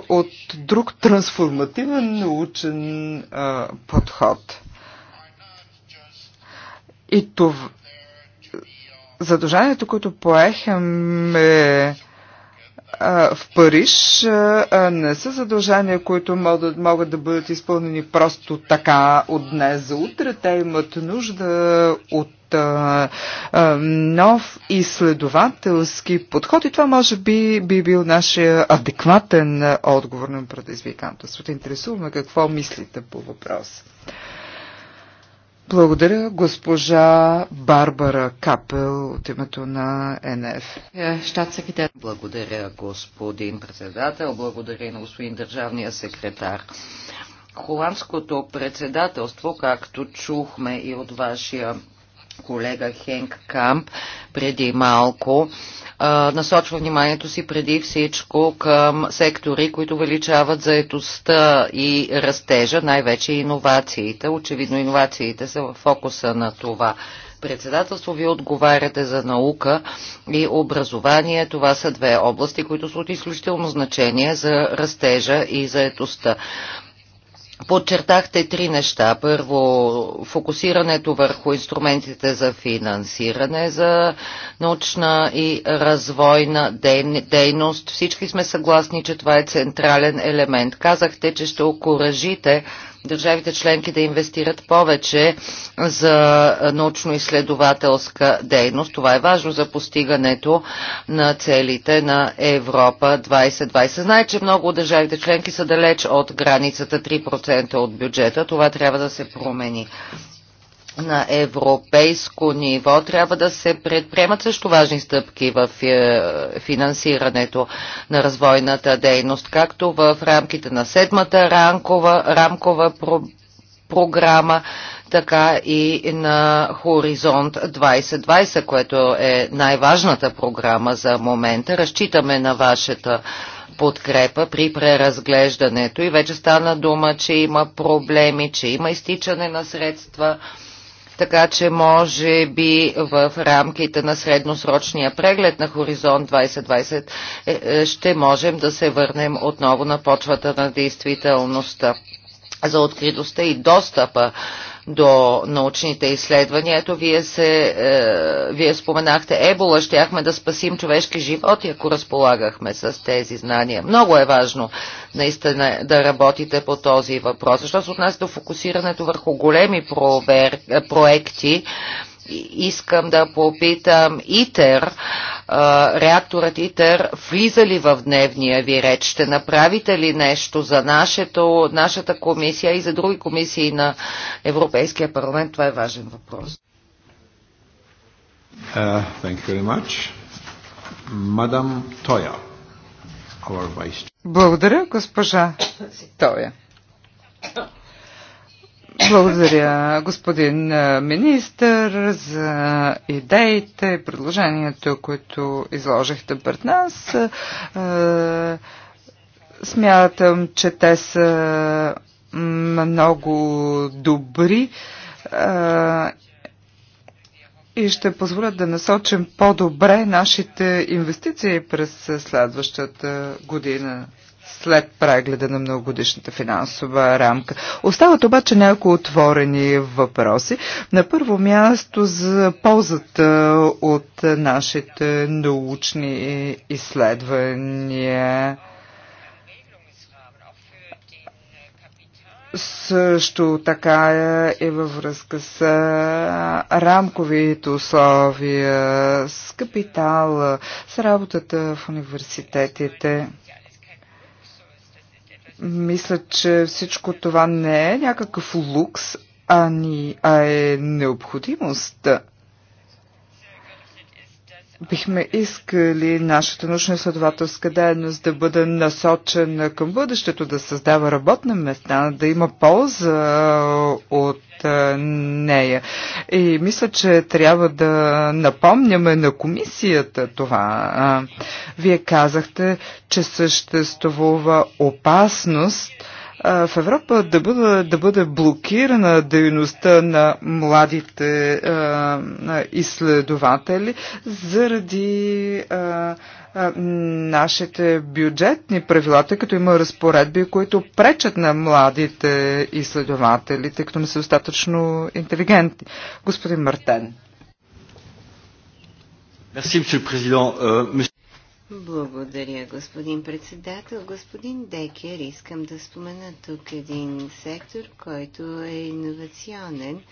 от друг трансформативен научен а, подход. И това, задължението, което поехаме в Париж, не са задължения, които могат, могат да бъдат изпълнени просто така от днес за утре. Те имат нужда от нов изследователски подход и това може би би бил нашия адекватен отговор на предизвикателството. Интересуваме какво мислите по въпроса. Благодаря госпожа Барбара Капел от името на НФ. Благодаря господин председател, благодаря и на господин държавния секретар. Холандското председателство, както чухме и от вашия колега Хенк Камп преди малко, насочва вниманието си преди всичко към сектори, които увеличават заетостта и растежа, най-вече иновациите. Очевидно иновациите са в фокуса на това председателство. Вие отговаряте за наука и образование. Това са две области, които са от изключително значение за растежа и заетостта. Подчертахте три неща. Първо, фокусирането върху инструментите за финансиране, за научна и развойна дейност. Всички сме съгласни, че това е централен елемент. Казахте, че ще окоръжите държавите членки да инвестират повече за научно-изследователска дейност. Това е важно за постигането на целите на Европа 2020. Знае, че много от държавите членки са далеч от границата 3% от бюджета. Това трябва да се промени на европейско ниво трябва да се предприемат също важни стъпки в е, финансирането на развойната дейност, както в рамките на седмата рамкова, рамкова про, програма, така и на Хоризонт 2020, което е най-важната програма за момента. Разчитаме на вашата подкрепа при преразглеждането и вече стана дума, че има проблеми, че има изтичане на средства така че може би в рамките на средносрочния преглед на Хоризонт 2020 е, е, ще можем да се върнем отново на почвата на действителността за откритостта и достъпа до научните изследвания. Ето, вие, се, е, вие споменахте Ебола, щяхме да спасим човешки животи, ако разполагахме с тези знания. Много е важно наистина да работите по този въпрос, защото от нас до фокусирането върху големи провер, е, проекти, искам да попитам ИТЕР, реакторът ИТЕР влиза ли в дневния ви реч? Ще направите ли нещо за нашето, нашата комисия и за други комисии на Европейския парламент? Това е важен въпрос. Uh, thank you very much. our vice. Благодаря, госпожа Тоя. Благодаря, господин министър, за идеите, предложението, които изложихте пред нас. Смятам, че те са много добри и ще позволят да насочим по-добре нашите инвестиции през следващата година след прегледа на многогодишната финансова рамка. Остават обаче някои отворени въпроси. На първо място за ползата от нашите научни изследвания. Също така е във връзка с рамковите условия, с капитала, с работата в университетите. Мисля, че всичко това не е някакъв лукс, а, ни, а е необходимост бихме искали нашата научно-изследователска дейност да бъде насочена към бъдещето, да създава работна места, да има полза от нея. И мисля, че трябва да напомняме на комисията това. Вие казахте, че съществува опасност в Европа да бъде, да бъде блокирана дейността на младите а, изследователи заради а, а, нашите бюджетни правила, тъй като има разпоредби, които пречат на младите изследователи, тъй като не са достатъчно интелигентни. Господин Мартен. Merci, monsieur благодаря, господин председател. Господин Декер, искам да спомена тук един сектор, който е иновационен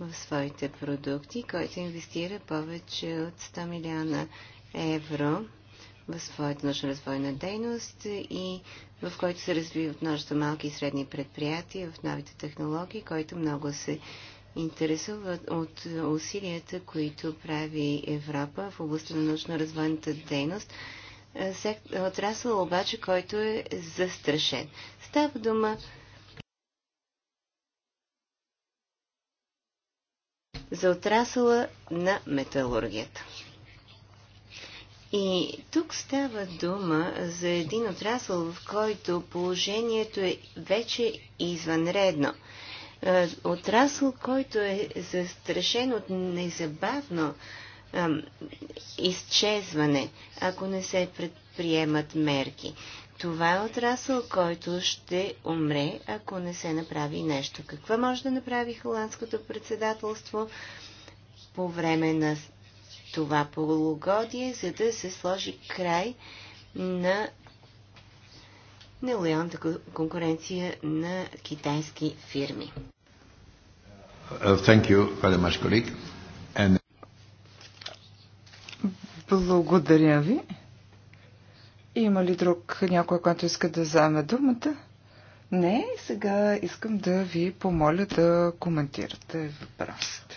в своите продукти, който инвестира повече от 100 милиона евро в своята научно-развойна дейност и в който се развиват множество малки и средни предприятия в новите технологии, който много се интересуват от усилията, които прави Европа в областта на научно-развойната дейност, е, отрасъл обаче, който е застрашен. Става дума за отрасъла на металургията. И тук става дума за един отрасъл, в който положението е вече извънредно. Е, отрасъл, който е застрашен от незабавно изчезване, ако не се предприемат мерки. Това е отрасъл, който ще умре, ако не се направи нещо. Какво може да направи холандското председателство по време на това полугодие, за да се сложи край на нелоялната конкуренция на китайски фирми. Uh, much, And... Благодаря ви. Има ли друг някой, който иска да вземе думата? Не, сега искам да ви помоля да коментирате въпросите.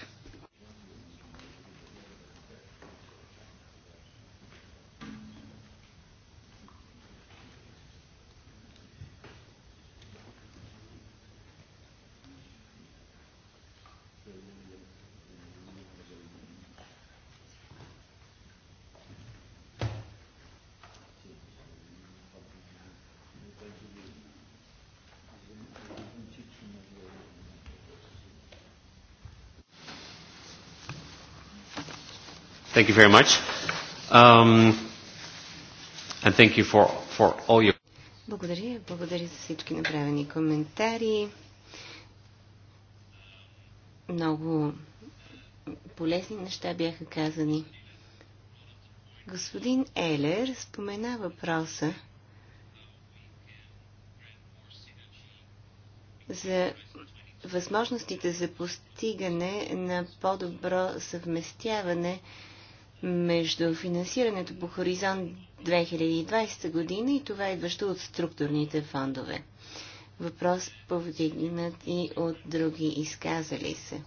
Thank you very much. Um, and thank you for, for all your... Благодаря. Благодаря за всички направени коментари. Много полезни неща бяха казани. Господин Елер спомена въпроса за възможностите за постигане на по-добро съвместяване между финансирането по хоризонт 2020 година и това идващо от структурните фондове. Въпрос повдигнат и от други изказали се.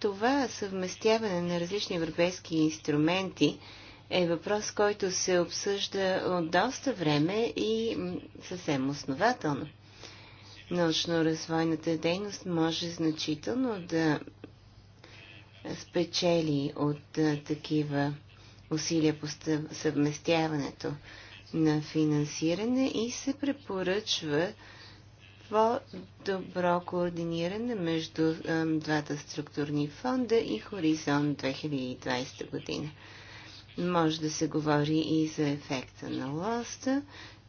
Това съвместяване на различни европейски инструменти е въпрос, който се обсъжда от доста време и съвсем основателно. Научно-развойната дейност може значително да спечели от а, такива усилия по съвместяването на финансиране и се препоръчва по-добро координиране между а, двата структурни фонда и Хоризонт 2020 година. Може да се говори и за ефекта на лоста,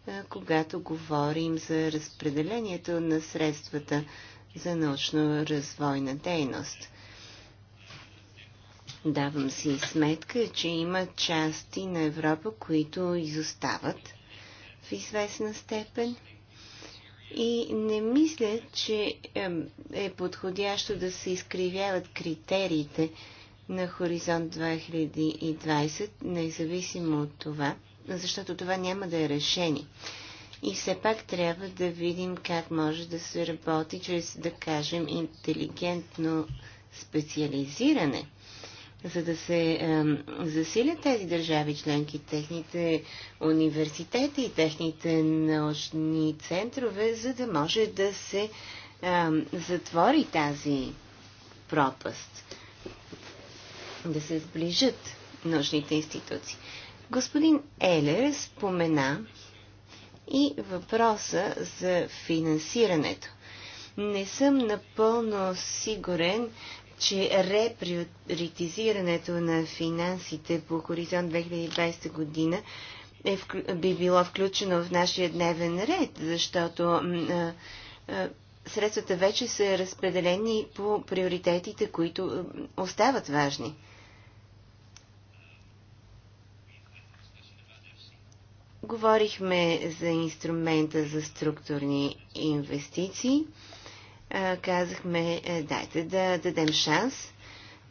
а, когато говорим за разпределението на средствата за научно-развойна дейност – Давам си сметка, че има части на Европа, които изостават в известна степен. И не мисля, че е подходящо да се изкривяват критериите на Хоризонт 2020, независимо от това, защото това няма да е решение. И все пак трябва да видим как може да се работи чрез, да кажем, интелигентно специализиране за да се засилят тези държави членки, техните университети и техните научни центрове, за да може да се затвори тази пропаст, да се сближат научните институции. Господин Елер спомена и въпроса за финансирането. Не съм напълно сигурен че реприоритизирането на финансите по Хоризонт 2020 година е, би било включено в нашия дневен ред, защото а, а, средствата вече са разпределени по приоритетите, които остават важни. Говорихме за инструмента за структурни инвестиции казахме, е, дайте да дадем шанс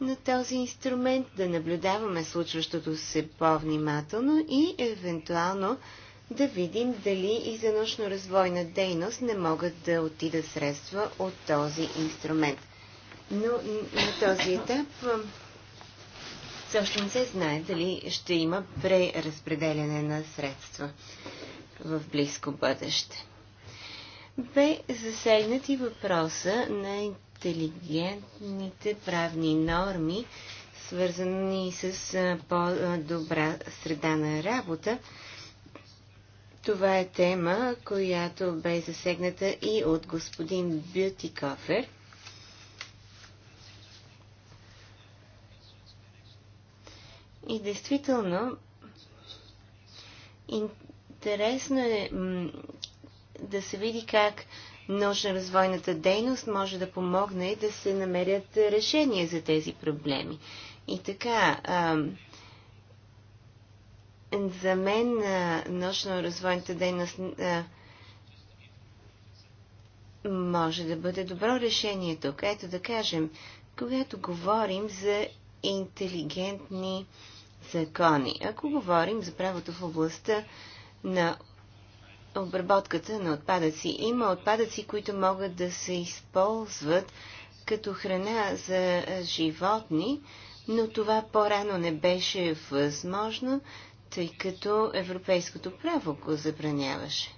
на този инструмент, да наблюдаваме случващото се по-внимателно и евентуално да видим дали и за научно-развойна дейност не могат да отидат средства от този инструмент. Но на този етап все още не се знае дали ще има преразпределяне на средства в близко бъдеще бе засегнат и въпроса на интелигентните правни норми, свързани с по-добра среда на работа. Това е тема, която бе засегната и от господин Бютикофер. И действително, интересно е да се види как научно-развойната дейност може да помогне да се намерят решения за тези проблеми. И така, а, за мен научно-развойната дейност а, може да бъде добро решение тук. Ето да кажем, когато говорим за интелигентни закони, ако говорим за правото в областта на обработката на отпадъци. Има отпадъци, които могат да се използват като храна за животни, но това по-рано не беше възможно, тъй като европейското право го забраняваше.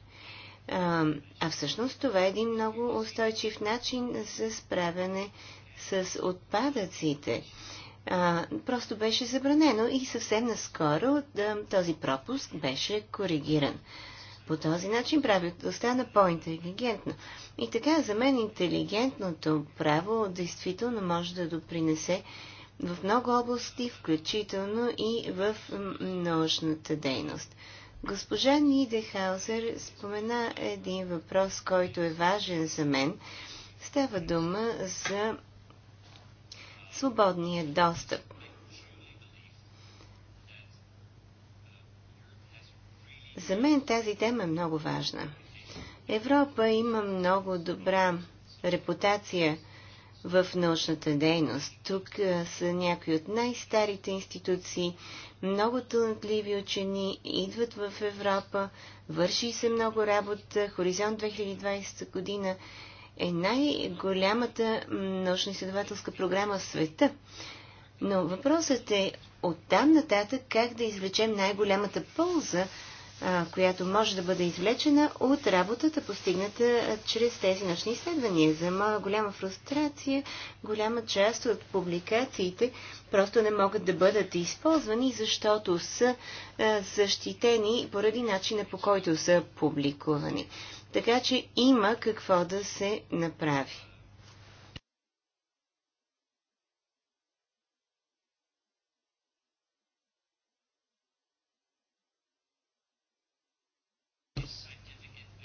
А, а всъщност това е един много устойчив начин за справяне с отпадъците. А, просто беше забранено и съвсем наскоро да, този пропуск беше коригиран. По този начин да на по интелигентно И така, за мен интелигентното право действително може да допринесе в много области, включително и в научната дейност. Госпожа Нидехаузер спомена един въпрос, който е важен за мен. Става дума за свободния достъп. За мен тази тема е много важна. Европа има много добра репутация в научната дейност. Тук са някои от най-старите институции, много талантливи учени идват в Европа, върши се много работа. Хоризонт 2020 година е най-голямата научно-изследователска програма в света. Но въпросът е оттам нататък как да извлечем най-голямата полза която може да бъде извлечена от работата, постигната чрез тези нощни изследвания. За моя голяма фрустрация, голяма част от публикациите просто не могат да бъдат използвани, защото са защитени поради начина по който са публикувани. Така че има какво да се направи.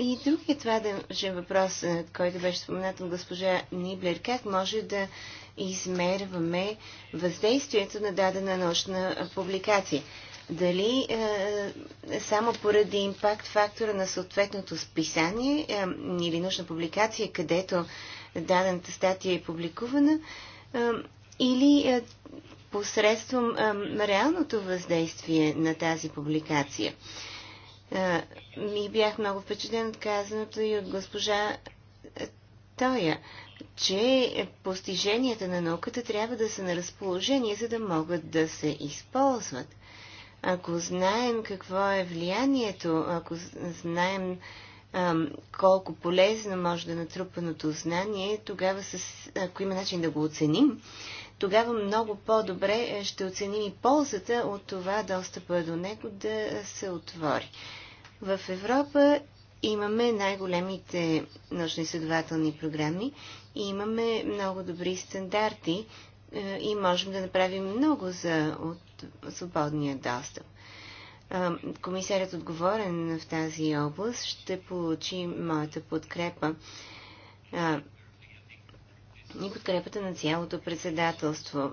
И другият е важен въпрос, е, който беше споменат от госпожа Ниблер, как може да измерваме въздействието на дадена научна публикация? Дали е, е, само поради импакт фактора на съответното списание е, или научна публикация, където дадената статия е публикувана, е, или е, посредством е, реалното въздействие на тази публикация? И бях много впечатлен от казаното и от госпожа Тоя, че постиженията на науката трябва да са на разположение, за да могат да се използват. Ако знаем какво е влиянието, ако знаем колко полезно може да натрупаното знание, тогава, с, ако има начин да го оценим, тогава много по-добре ще оценим и ползата от това достъпа до него да се отвори. В Европа имаме най-големите научно-изследователни програми и имаме много добри стандарти е, и можем да направим много за от свободния достъп. Е, комисарят отговорен в тази област ще получи моята подкрепа е, и подкрепата на цялото председателство.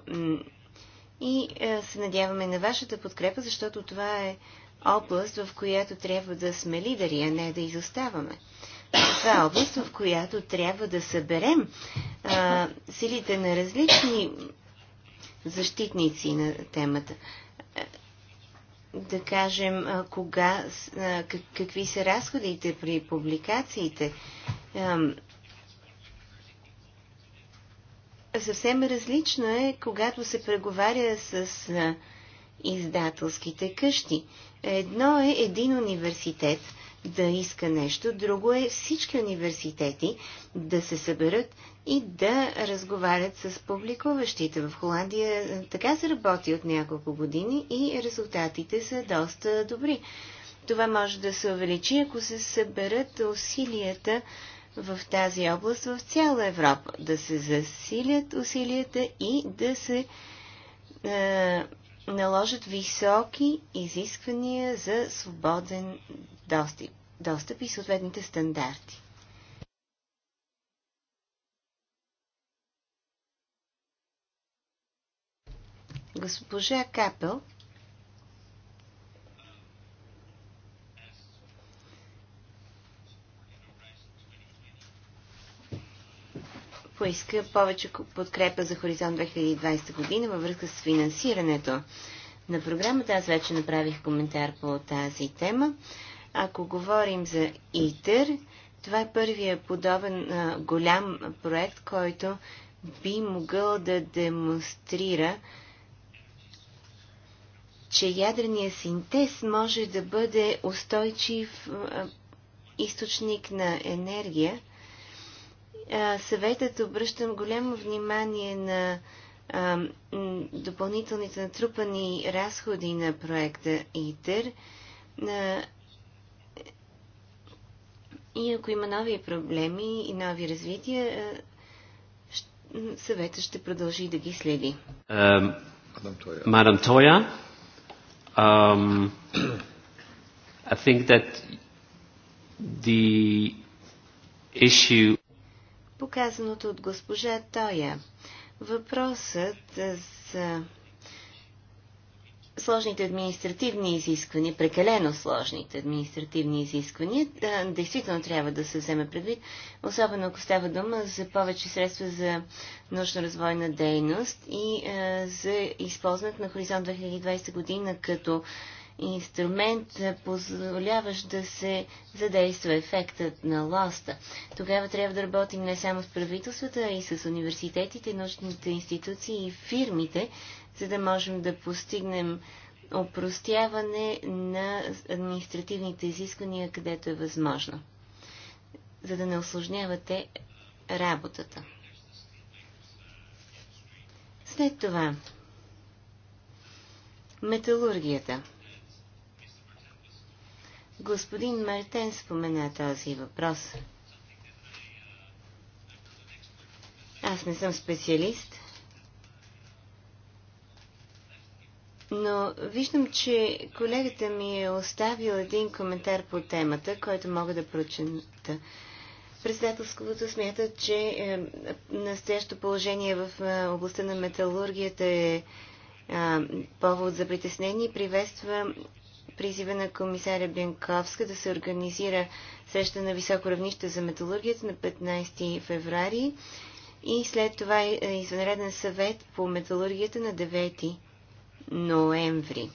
И се надяваме на вашата подкрепа, защото това е област, в която трябва да сме лидери, а не да изоставаме. Това е област, в която трябва да съберем а, силите на различни защитници на темата. Да кажем, а, кога, а, как, какви са разходите при публикациите. А, съвсем различно е, когато се преговаря с а, издателските къщи. А, Едно е един университет да иска нещо, друго е всички университети да се съберат и да разговарят с публикуващите. В Холандия е, така се работи от няколко години и резултатите са доста добри. Това може да се увеличи, ако се съберат усилията в тази област в цяла Европа. Да се засилят усилията и да се е, наложат високи изисквания за свободен достъп, достъп и съответните стандарти. Госпожа Капел поиска повече подкрепа за Хоризонт 2020 година във връзка с финансирането на програмата. Аз вече направих коментар по тази тема. Ако говорим за ИТЕР, това е първия подобен а, голям проект, който би могъл да демонстрира, че ядрения синтез може да бъде устойчив а, източник на енергия съветът обръщам голямо внимание на а, допълнителните натрупани разходи на проекта ИТЕР. На... И ако има нови проблеми и нови развития, съветът ще продължи да ги следи. Мадам Тоя, um, I think that the issue казаното от госпожа Тоя. Въпросът за сложните административни изисквания, прекалено сложните административни изисквания, да, действително трябва да се вземе предвид, особено ако става дума за повече средства за научно-развойна дейност и за използването на Хоризонт 2020 година като инструмент, позволяващ да се задейства ефектът на лоста. Тогава трябва да работим не само с правителствата, а и с университетите, научните институции и фирмите, за да можем да постигнем опростяване на административните изисквания, където е възможно, за да не осложнявате работата. След това металургията – Господин Мартен спомена този въпрос. Аз не съм специалист, но виждам, че колегата ми е оставил един коментар по темата, който мога да прочета. Председателството смята, че е, настоящото положение в е, областта на металургията е, е повод за притеснение и приветства призива на комисаря Бенковска да се организира среща на високо равнище за металургията на 15 феврари и след това е, извънреден съвет по металургията на 9 ноември.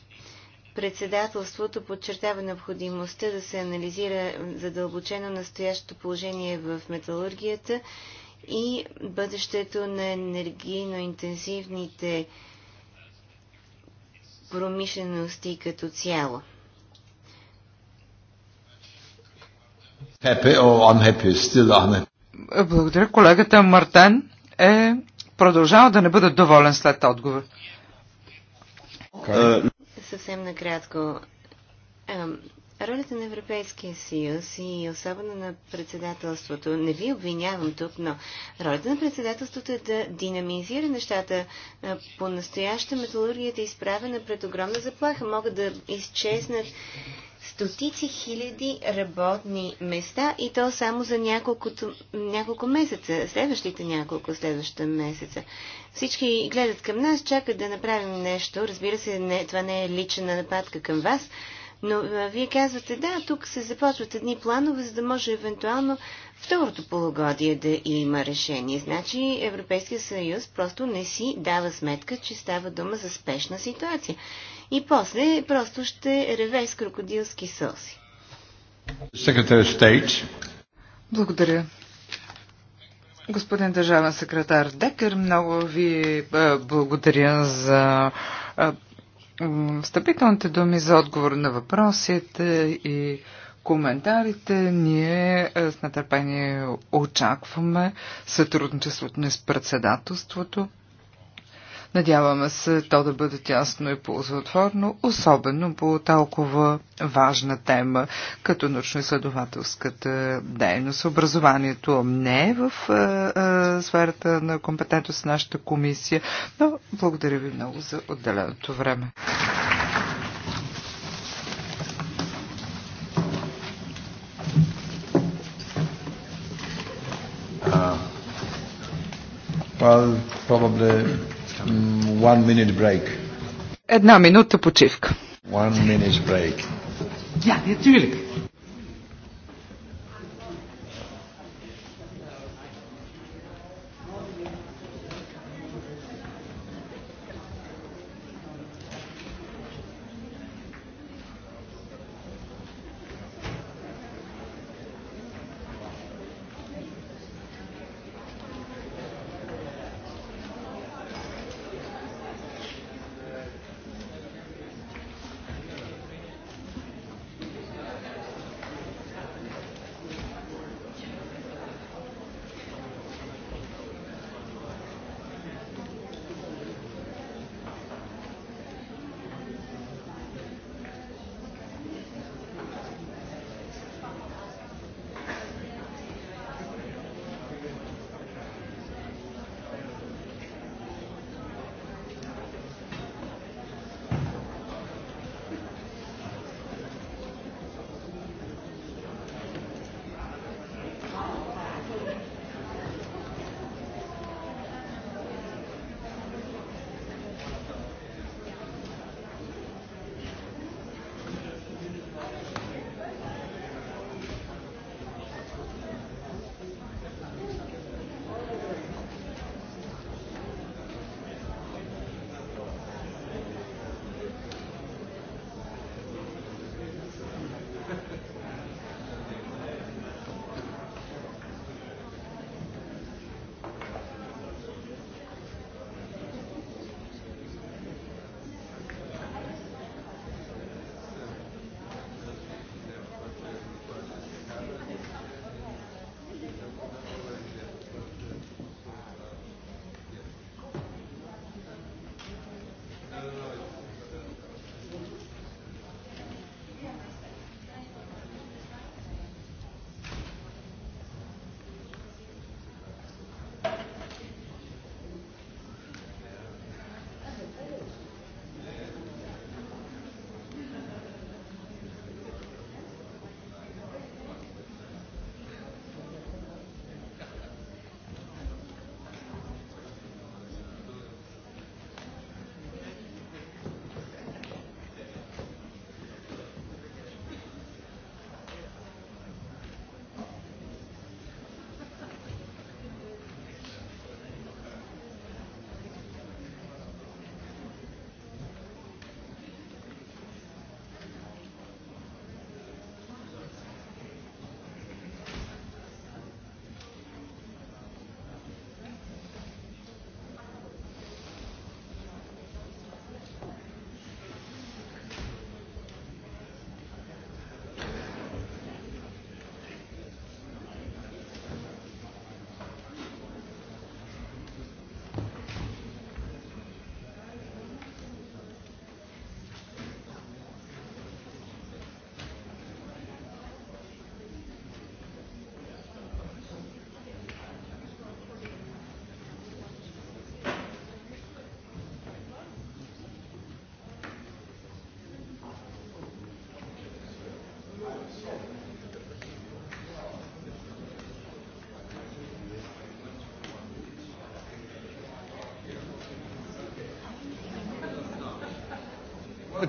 Председателството подчертава необходимостта да се анализира задълбочено настоящото положение в металургията и бъдещето на енергийно интензивните промишлености като цяло. Happy, oh, I'm still I'm Благодаря. Колегата Мартен е продължава да не бъде доволен след отговор. Okay. Съвсем накратко ролята на Европейския съюз и особено на председателството, не ви обвинявам тук, но ролята на председателството е да динамизира нещата. По настояща металургията е изправена пред огромна заплаха. Могат да изчезнат стотици хиляди работни места и то само за няколко месеца, следващите няколко следващите месеца. Всички гледат към нас, чакат да направим нещо. Разбира се, не, това не е лична нападка към вас, но а, вие казвате, да, тук се започват едни планове, за да може евентуално второто полугодие да има решение. Значи Европейския съюз просто не си дава сметка, че става дума за спешна ситуация. И после просто ще реве с крокодилски соси. Благодаря. Господин държавен секретар Декер, много ви благодаря за встъпителните думи за отговор на въпросите и коментарите. Ние е, с нетърпение очакваме сътрудничеството ни с председателството. Надяваме се то да бъде тясно и ползотворно, особено по толкова важна тема, като научно-изследователската дейност. Образованието не е в е, е, сферата на компетентност на нашата комисия, но благодаря ви много за отделеното време. well, probably One minute break. Една минута почивка. One minute break. Ja, natuurlijk.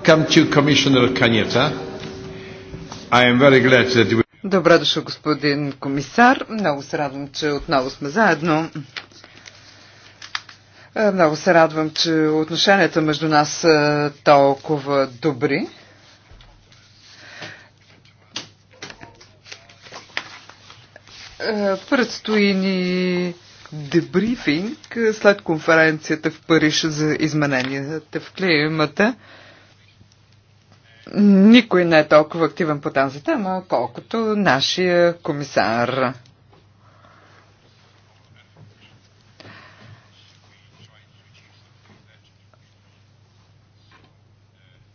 Welcome to Commissioner Kanyeta. I am very glad that we... Добре дошъл, господин комисар. Много се радвам, че отново сме заедно. Е, много се радвам, че отношенията между нас са толкова добри. Е, предстои ни дебрифинг след конференцията в Париж за измененията в климата никой не е толкова активен по тази тема, колкото нашия комисар.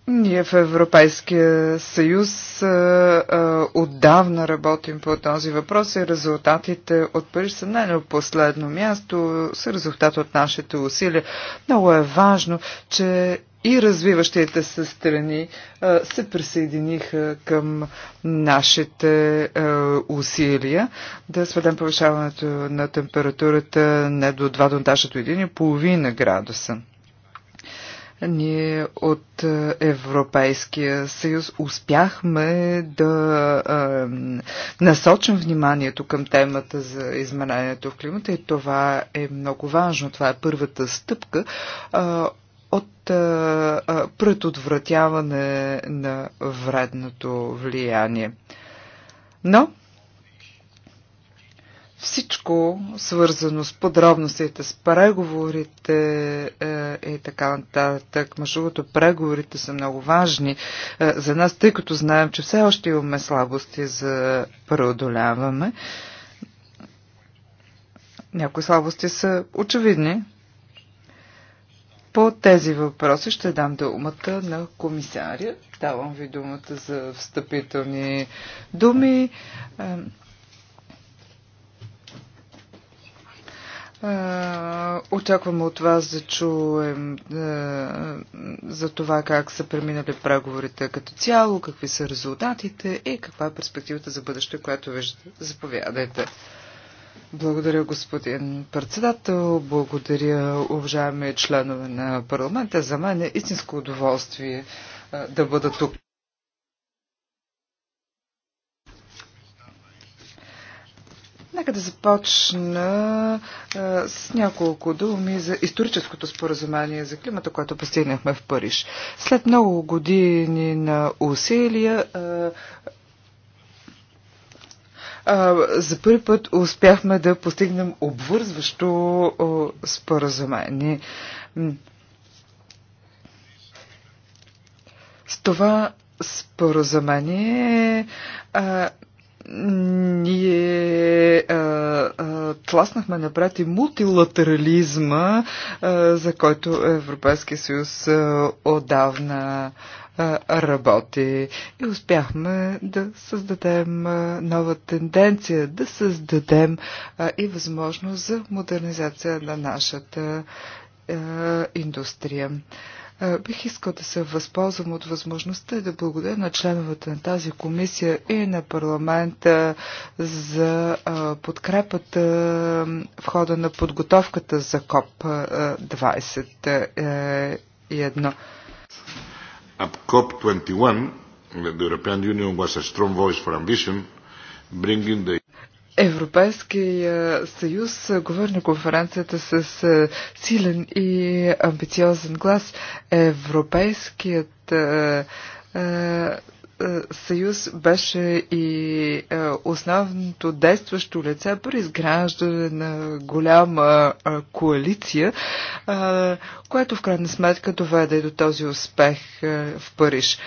Ние в Европейския съюз а, а, отдавна работим по този въпрос и резултатите от Париж са най последно място, са резултат от нашите усилия. Много е важно, че и развиващите се страни се присъединиха към нашите усилия да сведем повишаването на температурата не до 2, до даже до 1,5 градуса. Ние от Европейския съюз успяхме да е, насочим вниманието към темата за изменението в климата и това е много важно. Това е първата стъпка Е, от а, а, предотвратяване на вредното влияние. Но всичко свързано с подробностите, с преговорите е, и така нататък. Мъжовото преговорите са много важни е, за нас, тъй като знаем, че все още имаме слабости за преодоляваме. Някои слабости са очевидни, по тези въпроси ще дам думата на комисаря. Давам ви думата за встъпителни думи. Е, очакваме от вас да чуем е, за това как са преминали преговорите като цяло, какви са резултатите и каква е перспективата за бъдеще, която виждате. Заповядайте. Благодаря, господин председател. Благодаря, уважаеми членове на парламента. За мен е истинско удоволствие да бъда тук. Нека да започна а, с няколко думи за историческото споразумение за климата, което постигнахме в Париж. След много години на усилия а, за първи път успяхме да постигнем обвързващо споразумение. С това споразумение а, ние а, а, тласнахме напред и мултилатерализма, а, за който Европейския съюз а, отдавна работи. И успяхме да създадем нова тенденция, да създадем и възможност за модернизация на нашата индустрия. Бих искал да се възползвам от възможността и да благодаря на членовете на тази комисия и на парламента за подкрепата в хода на подготовката за КОП 21. At COP21, the European Union was a strong voice for ambition, bringing the Европейския е, съюз е, говори на конференцията с е, силен и амбициозен глас. Европейският е, съюз беше и е, основното действащо лице при изграждане на голяма е, коалиция, което в крайна сметка доведе до този успех в Париж.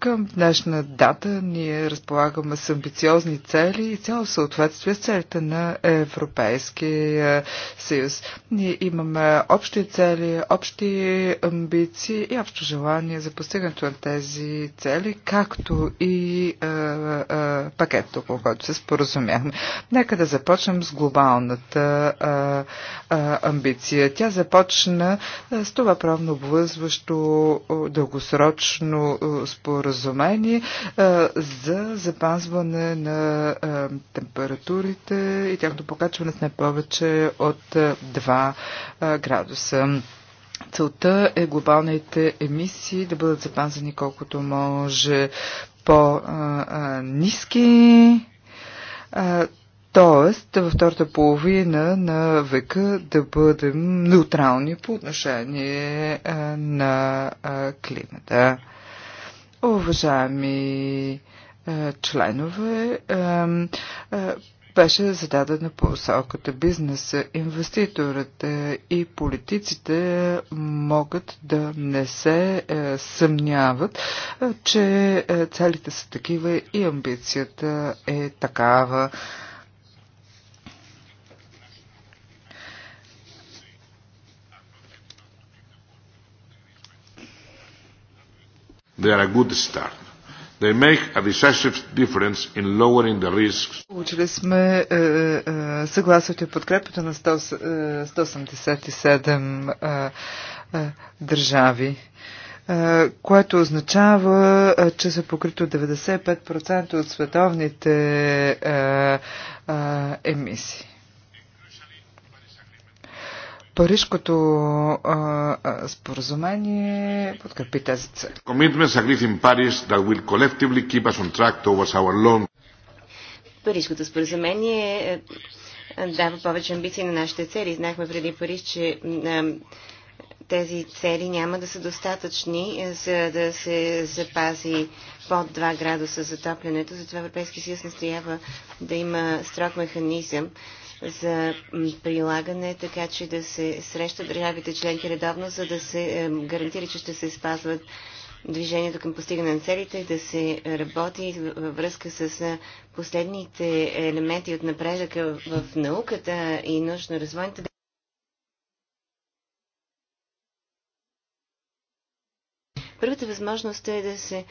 Към днешна дата ние разполагаме с амбициозни цели и цяло съответствие с целите на Европейския съюз. Ние имаме общи цели, общи амбиции и общо желание за постигането на тези цели, как както и а, а, пакетто, по който се споразумяхме. Нека да започнем с глобалната а, а, амбиция. Тя започна с това правно обвързващо дългосрочно споразумение а, за запазване на а, температурите и тяхното покачване с не повече от 2 а, градуса. Целта е глобалните емисии да бъдат запазени колкото може по-низки. Тоест, във втората половина на века да бъдем неутрални по отношение на климата. Уважаеми членове, беше зададена посоката. Бизнеса, инвеститорът е, и политиците могат да не се е, съмняват, е, че целите са такива и амбицията е такава. They are a good start. They make a decisive difference in lowering the risks. Получили сме е, е, съгласието и подкрепата на 187 е, държави което означава, че са покрито 95% от световните емисии. Парижкото а, а, споразумение подкрепи тази цел. Парижкото споразумение е, е, дава повече амбиции на нашите цели. Знахме преди Париж, че е, тези цели няма да са достатъчни, за да се запази под 2 градуса затоплянето. Затова Европейския съюз настоява да има строг механизъм за прилагане, така че да се срещат държавите членки редовно, за да се гарантира, че ще се спазват движението към постигане на целите и да се работи във връзка с последните елементи от напредъка в науката и научно-развойната Първата възможност е да се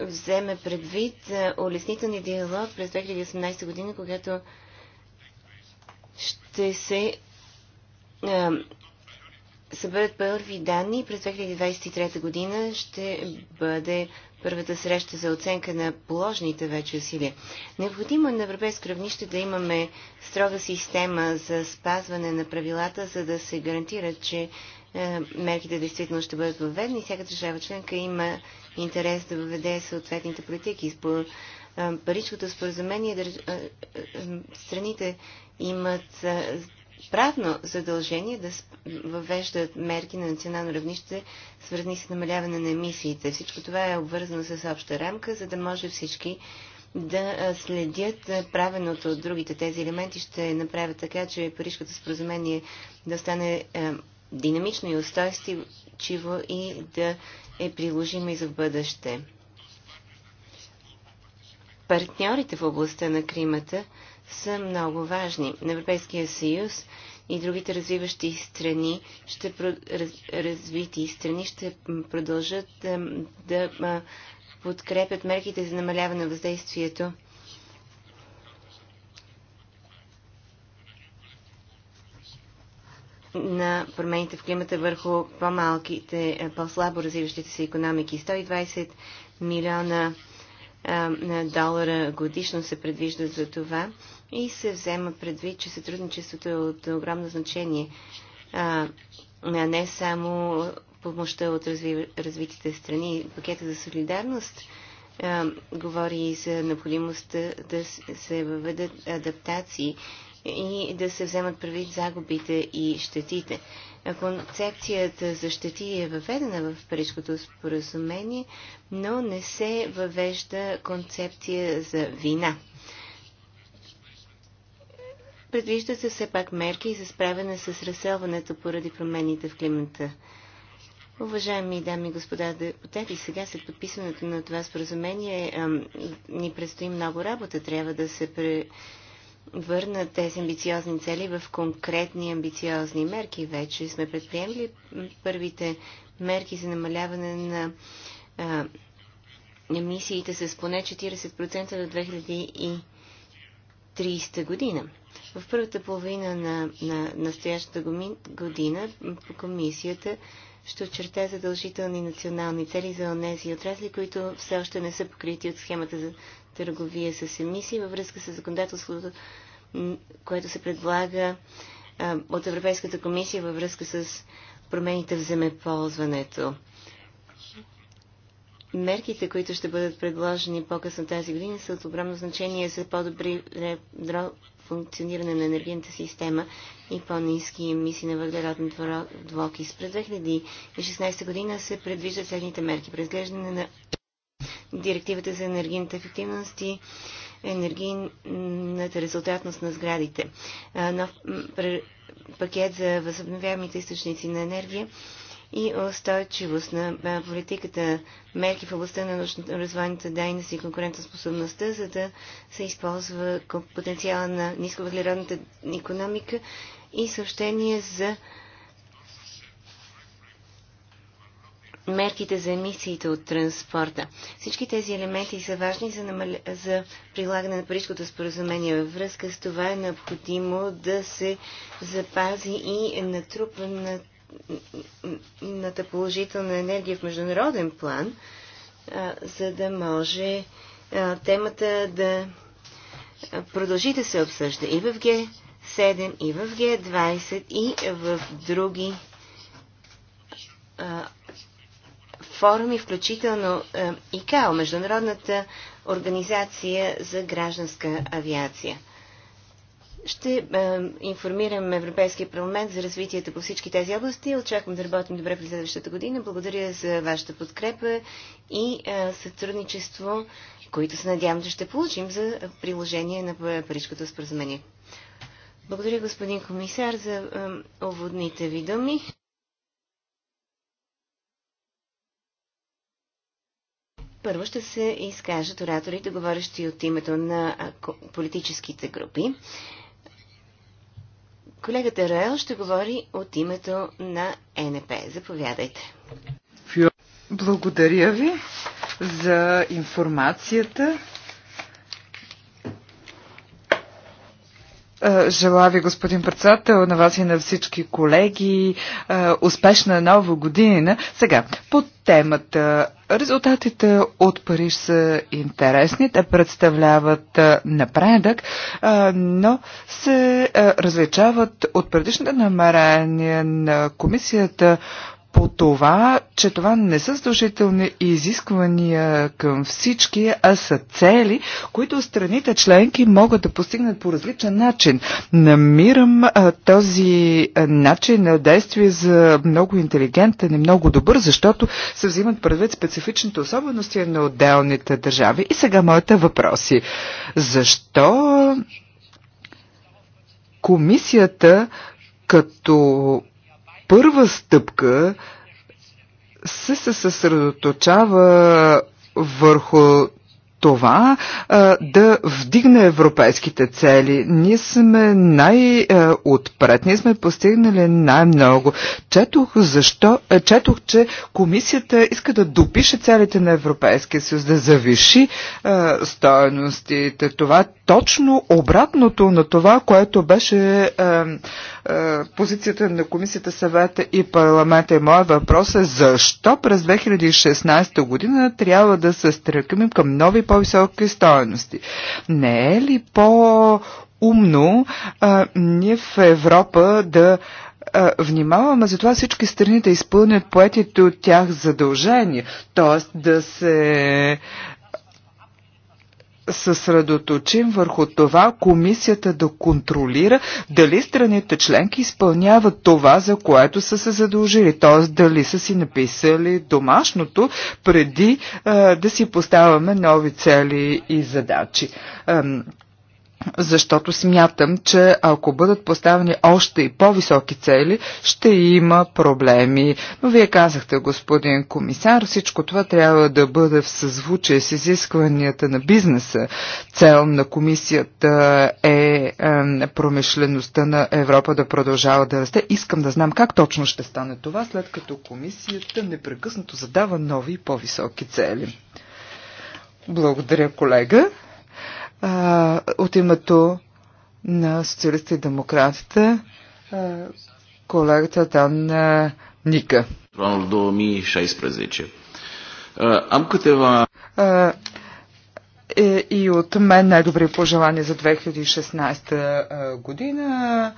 вземе предвид е, улеснителния диалог през 2018 година, когато ще се а, е, съберат първи данни. През 2023 година ще бъде първата среща за оценка на положните вече усилия. Необходимо е на европейско равнище да имаме строга система за спазване на правилата, за да се гарантира, че мерките действително ще бъдат въведени. Всяка държава членка има интерес да въведе съответните политики. По Парижското споразумение страните имат правно задължение да въвеждат мерки на национално равнище, свързани с намаляване на емисиите. Всичко това е обвързано с обща рамка, за да може всички да следят правеното от другите тези елементи, ще направят така, че Парижкото споразумение да стане динамично и устойчиво и да е приложимо и за в бъдеще. Партньорите в областта на климата са много важни. На Европейския съюз и другите развиващи страни ще раз, развити страни ще продължат да, да подкрепят мерките за намаляване на въздействието на промените в климата върху по-малките, е, по-слабо развиващите се економики. 120 милиона е, долара годишно се предвиждат за това и се взема предвид, че сътрудничеството е от огромно значение. Е, а, не само помощта от разви... развитите страни. Пакета за солидарност а, говори и за необходимостта да се въведат адаптации и да се вземат предвид загубите и щетите. Концепцията за щети е въведена в Парижското споразумение, но не се въвежда концепция за вина. Предвижда се все пак мерки за справяне с разселването поради промените в климата. Уважаеми дами и господа депутати, сега след подписването на това споразумение ни предстои много работа. Трябва да се пре върнат тези амбициозни цели в конкретни амбициозни мерки. Вече сме предприемли първите мерки за намаляване на а, емисиите с поне 40% до 2030 година. В първата половина на, на настоящата година комисията ще очерте задължителни национални цели за онези отрасли, които все още не са покрити от схемата за търговия с емисии във връзка с законодателството, което се предлага от Европейската комисия във връзка с промените в земеползването. Мерките, които ще бъдат предложени по-късно тази година, са от огромно значение за по-добри функциониране на енергийната система и по-низки емисии на въглероден двуокис. През 2016 година се предвиждат следните мерки. Презглеждане на директивата за енергийната ефективност и енергийната резултатност на сградите. Нов пакет за възобновяемите източници на енергия и устойчивост на политиката, мерки в областта на научно-развойната дейност и конкурентоспособността, за да се използва потенциала на нисковъглеродната економика и съобщение за мерките за емисиите от транспорта. Всички тези елементи са важни за, намаля... за прилагане на Парижското споразумение. Във връзка с това е необходимо да се запази и натрупаната на... положителна енергия в международен план, а, за да може а, темата да продължи да се обсъжда и в Г7, и в Г20, и в други форуми, включително е, ИКАО, Международната организация за гражданска авиация. Ще е, информирам Европейския парламент за развитието по всички тези области. Очаквам да работим добре през следващата година. Благодаря за вашата подкрепа и е, сътрудничество, които се надявам, че ще получим за приложение на Парижкото споразумение. Благодаря, господин комисар, за е, ви думи. Първо ще се изкажат ораторите, говорещи от името на политическите групи. Колегата Роел ще говори от името на НП. Заповядайте. Благодаря ви за информацията. Е, желая ви, господин председател, на вас и на всички колеги е, успешна нова година. Сега, по темата. Резултатите от Париж са интересни, те представляват е, напредък, но се различават от предишните намерения на комисията по това, че това не са задължителни изисквания към всички, а са цели, които страните членки могат да постигнат по различен начин. Намирам а, този а, начин на действие за много интелигентен и много добър, защото се взимат предвид специфичните особености на отделните държави. И сега моите въпроси. Защо комисията като първа стъпка се, се съсредоточава върху това а, да вдигне европейските цели. Ние сме най-отпред, ние сме постигнали най-много. Четох, защо, е, четох, че комисията иска да допише целите на Европейския съюз, да завиши а, стоеностите. Това е точно обратното на това, което беше а, е, позицията на комисията, съвета и парламента и моят въпрос е защо през 2016 година трябва да се стръкаме към нови по-високи стоености? Не е ли по-умно а, ние в Европа да внимаваме за това всички страни да изпълнят поетите от тях задължения, т.е. да се съсредоточим върху това комисията да контролира дали страните членки изпълняват това, за което са се задължили, т.е. дали са си написали домашното преди а, да си поставяме нови цели и задачи. А, защото смятам, че ако бъдат поставени още и по-високи цели, ще има проблеми. Но вие казахте, господин комисар, всичко това трябва да бъде в съзвучие с изискванията на бизнеса. Цел на комисията е, промишлеността на Европа да продължава да расте. Искам да знам как точно ще стане това, след като комисията непрекъснато задава нови и по-високи цели. Благодаря, колега а, от името на социалистите и демократите а, колегата Дан Ника. 2016. Am câteva... И от мен най-добри пожелания за 2016 година.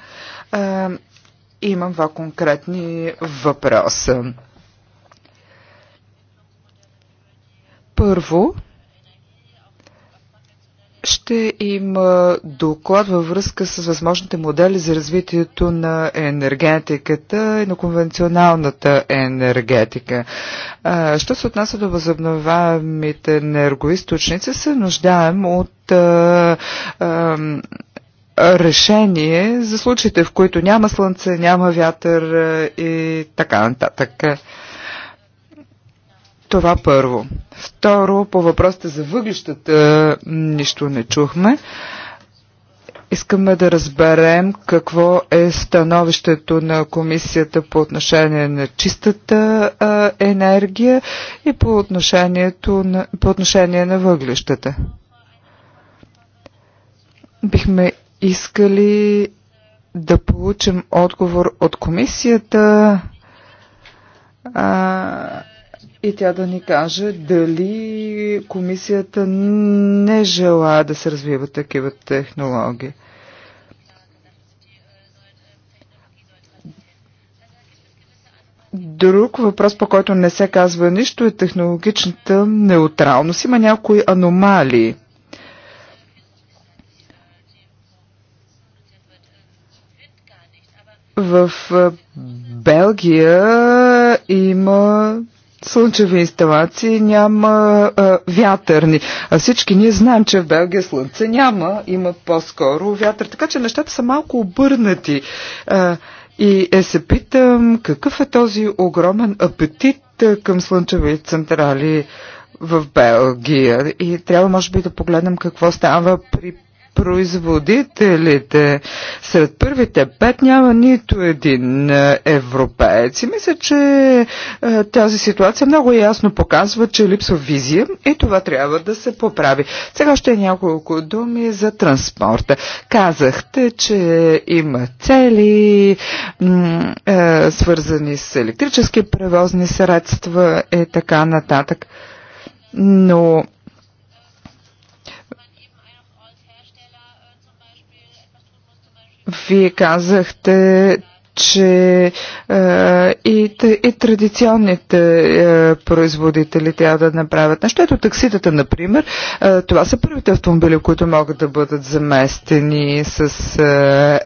Имам два конкретни въпроса. Първо, ще има доклад във връзка с възможните модели за развитието на енергетиката и на конвенционалната енергетика. Що се отнася до възобновяемите енергоисточници, се нуждаем от а, а, решение за случаите, в които няма слънце, няма вятър и така нататък. Това първо. Второ, по въпросите за въглищата нищо не чухме. Искаме да разберем какво е становището на комисията по отношение на чистата а, енергия и по, отношението на, по отношение на въглищата. Бихме искали да получим отговор от комисията. А, и тя да ни каже дали комисията не желая да се развиват такива технологии. Друг въпрос, по който не се казва нищо, е технологичната неутралност. Има някои аномалии. В Белгия има слънчеви инсталации, няма а, вятърни. А всички ние знаем, че в Белгия слънце няма, има по-скоро вятър. Така че нещата са малко обърнати. А, и е се питам какъв е този огромен апетит към слънчеви централи в Белгия. И трябва, може би, да погледнем какво става при производителите. Сред първите пет няма нито един е, европеец. И мисля, че е, тази ситуация много ясно показва, че липсва визия и това трябва да се поправи. Сега още няколко думи за транспорта. Казахте, че има цели, е, свързани с електрически превозни средства и така нататък. Но Вие казахте, че е, и, и традиционните е, производители трябва да направят нещо. Ето такситата, например, е, това са първите автомобили, които могат да бъдат заместени с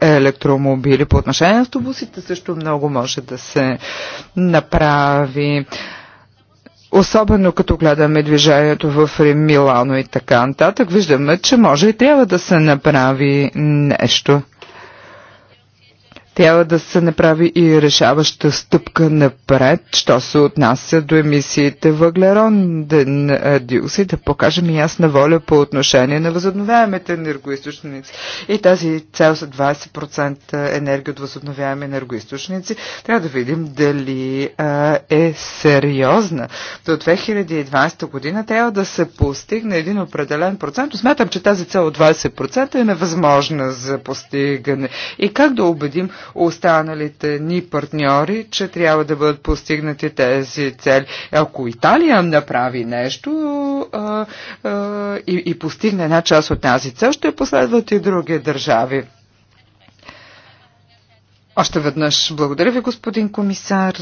е, електромобили. По отношение на автобусите също много може да се направи. Особено като гледаме движението в Рим, Милано и така нататък, виждаме, че може и трябва да се направи нещо. Трябва да се направи и решаваща стъпка напред, що се отнася до емисиите въглерон е, диоксид, да покажем и ясна воля по отношение на възобновяемите енергоисточници. И тази цел са 20% енергия от възобновяеми енергоисточници. Трябва да видим дали а, е сериозна. До 2020 година трябва да се постигне един определен процент. Смятам, че тази цел от 20% е невъзможна за постигане. И как да убедим останалите ни партньори, че трябва да бъдат постигнати тези цели. Ако Италия направи нещо а, а, и, и постигне една част от тази цел, ще последват и други държави. Още веднъж благодаря ви, господин комисар.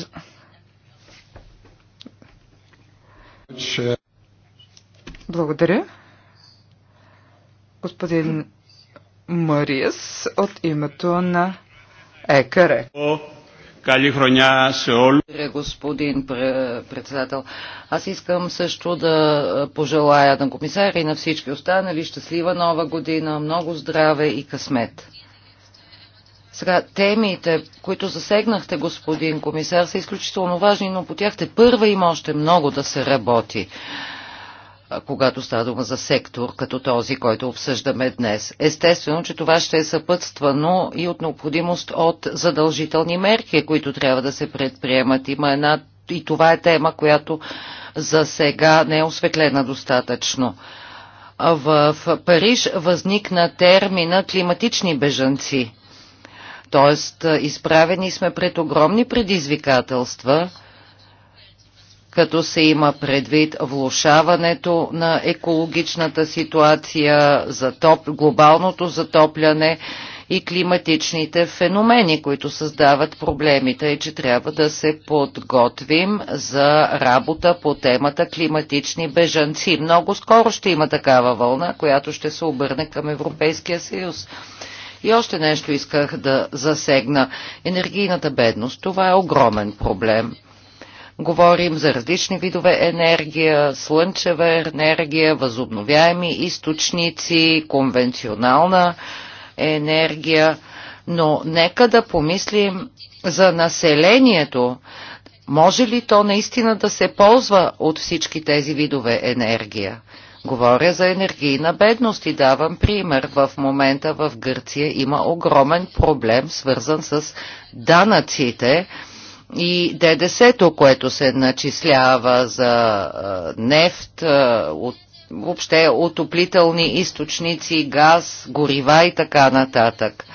Благодаря. Господин Мариас от името на Екаре. Кали хроня Сеол. Господин председател, аз искам също да пожелая на комисаря и на всички останали щастлива нова година, много здраве и късмет. Сега, темите, които засегнахте, господин комисар, са изключително важни, но по тях те първа има още много да се работи когато става дума за сектор, като този, който обсъждаме днес. Естествено, че това ще е съпътствано и от необходимост от задължителни мерки, които трябва да се предприемат. Има една и това е тема, която за сега не е осветлена достатъчно. В Париж възникна термина климатични бежанци. Тоест, изправени сме пред огромни предизвикателства – като се има предвид влушаването на екологичната ситуация, затоп, глобалното затопляне и климатичните феномени, които създават проблемите и че трябва да се подготвим за работа по темата климатични бежанци. Много скоро ще има такава вълна, която ще се обърне към Европейския съюз. И още нещо исках да засегна. Енергийната бедност. Това е огромен проблем. Говорим за различни видове енергия, слънчева енергия, възобновяеми източници, конвенционална енергия, но нека да помислим за населението. Може ли то наистина да се ползва от всички тези видове енергия? Говоря за енергийна бедност и давам пример. В момента в Гърция има огромен проблем, свързан с данъците и ДДС-то, което се начислява за нефт, от, въобще отоплителни източници, газ, горива и така нататък.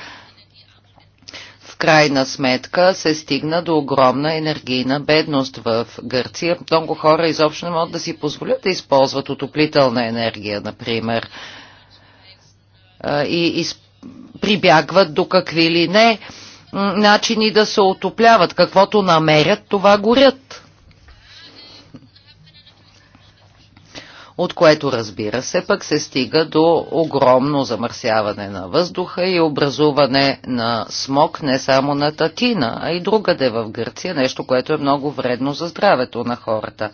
В крайна сметка се стигна до огромна енергийна бедност в Гърция. Много хора изобщо не могат да си позволят да използват отоплителна енергия, например. И, и прибягват до какви ли не начини да се отопляват. Каквото намерят, това горят. От което разбира се, пък се стига до огромно замърсяване на въздуха и образуване на смог не само на Татина, а и другаде в Гърция, нещо, което е много вредно за здравето на хората.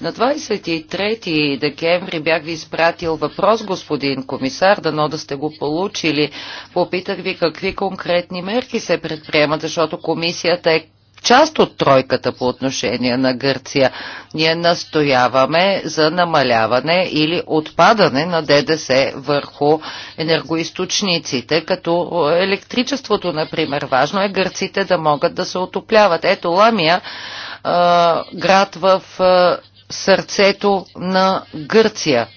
На 23 декември бях ви изпратил въпрос, господин комисар, дано да сте го получили. Попитах ви какви конкретни мерки се предприемат, защото комисията е част от тройката по отношение на Гърция. Ние настояваме за намаляване или отпадане на ДДС върху енергоисточниците, като електричеството, например. Важно е гърците да могат да се отопляват. Ето Ламия, град в сърцето на Гърция.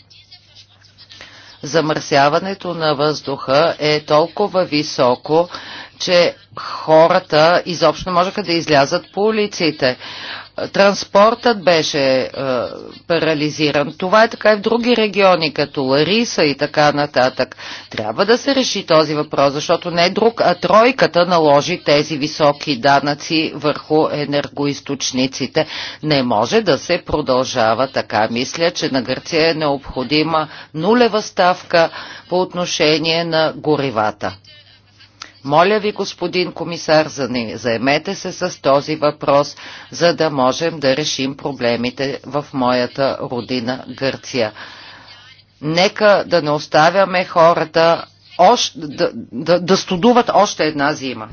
Замърсяването на въздуха е толкова високо, че хората изобщо можеха да излязат по улиците. Транспортът беше а, е, парализиран. Това е така и в други региони, като Лариса и така нататък. Трябва да се реши този въпрос, защото не е друг, а тройката наложи тези високи данъци върху енергоисточниците. Не може да се продължава така. Мисля, че на Гърция е необходима нулева ставка по отношение на горивата. Моля ви, господин комисар, заемете се с този въпрос, за да можем да решим проблемите в моята родина Гърция. Нека да не оставяме хората още, да, да, да студуват още една зима.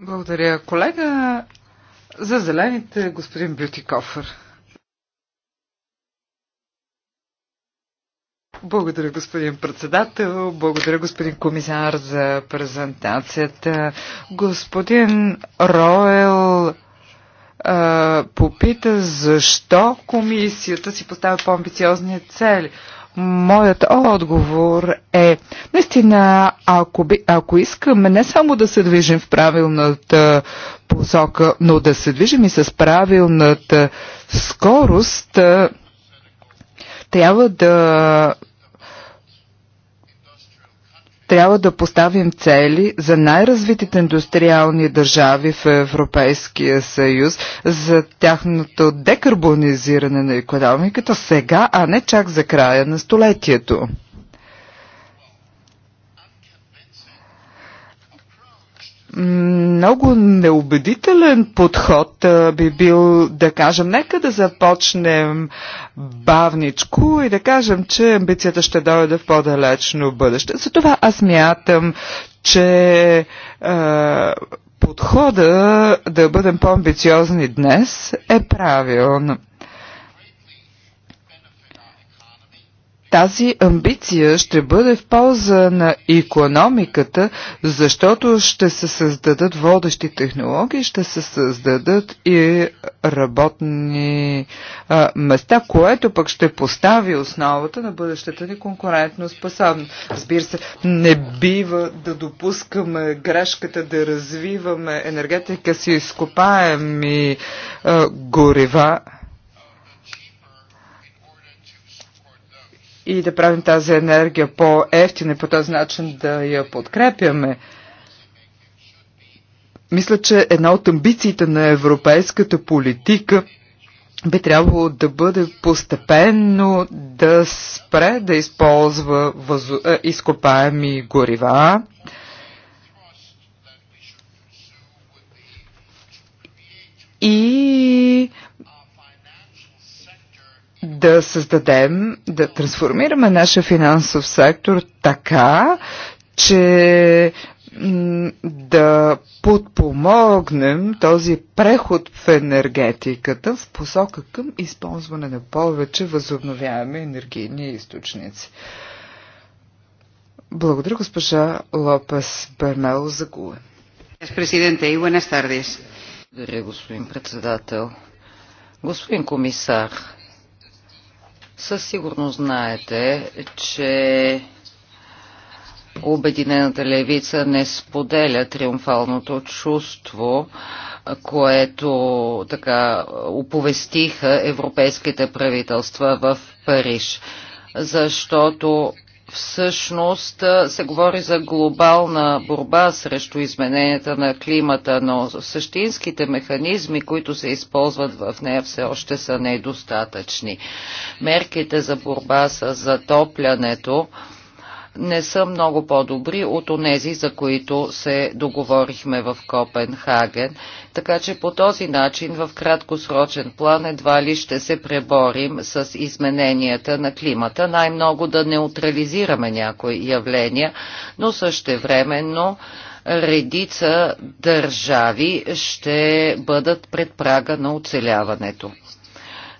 Благодаря, колега. За зелените, господин Бютикофър. Благодаря, господин председател. Благодаря, господин комисар, за презентацията. Господин Роел а, попита защо комисията си поставя по-амбициозни цели. Моят отговор е, наистина, ако, би, ако искаме не само да се движим в правилната посока, но да се движим и с правилната скорост, трябва да трябва да поставим цели за най-развитите индустриални държави в Европейския съюз, за тяхното декарбонизиране на економиката сега, а не чак за края на столетието. Много неубедителен подход би бил да кажем, нека да започнем бавничко и да кажем, че амбицията ще дойде в по-далечно бъдеще. Затова аз мятам, че подхода да бъдем по-амбициозни днес е правилно. Тази амбиция ще бъде в полза на економиката, защото ще се създадат водещи технологии, ще се създадат и работни а, места, което пък ще постави основата на бъдещата ни конкурентно способна. Разбира се, не бива да допускаме грешката да развиваме енергетика си изкопаеми а, горева и да правим тази енергия по-ефтина и по този начин да я подкрепяме. Мисля, че една от амбициите на европейската политика би трябвало да бъде постепенно да спре да използва възо... Е, изкопаеми горива. И да създадем, да трансформираме нашия финансов сектор така, че да подпомогнем този преход в енергетиката в посока към използване на повече възобновяеми енергийни източници. Благодаря госпожа Лопес Бермело за Гуе. Благодаря, господин председател. Господин комисар, със сигурност знаете, че Обединената левица не споделя триумфалното чувство, което така оповестиха европейските правителства в Париж, защото всъщност се говори за глобална борба срещу измененията на климата, но същинските механизми, които се използват в нея, все още са недостатъчни. Мерките за борба с затоплянето не са много по-добри от онези, за които се договорихме в Копенхаген. Така че по този начин в краткосрочен план едва ли ще се преборим с измененията на климата, най-много да неутрализираме някои явления, но същевременно редица държави ще бъдат пред прага на оцеляването.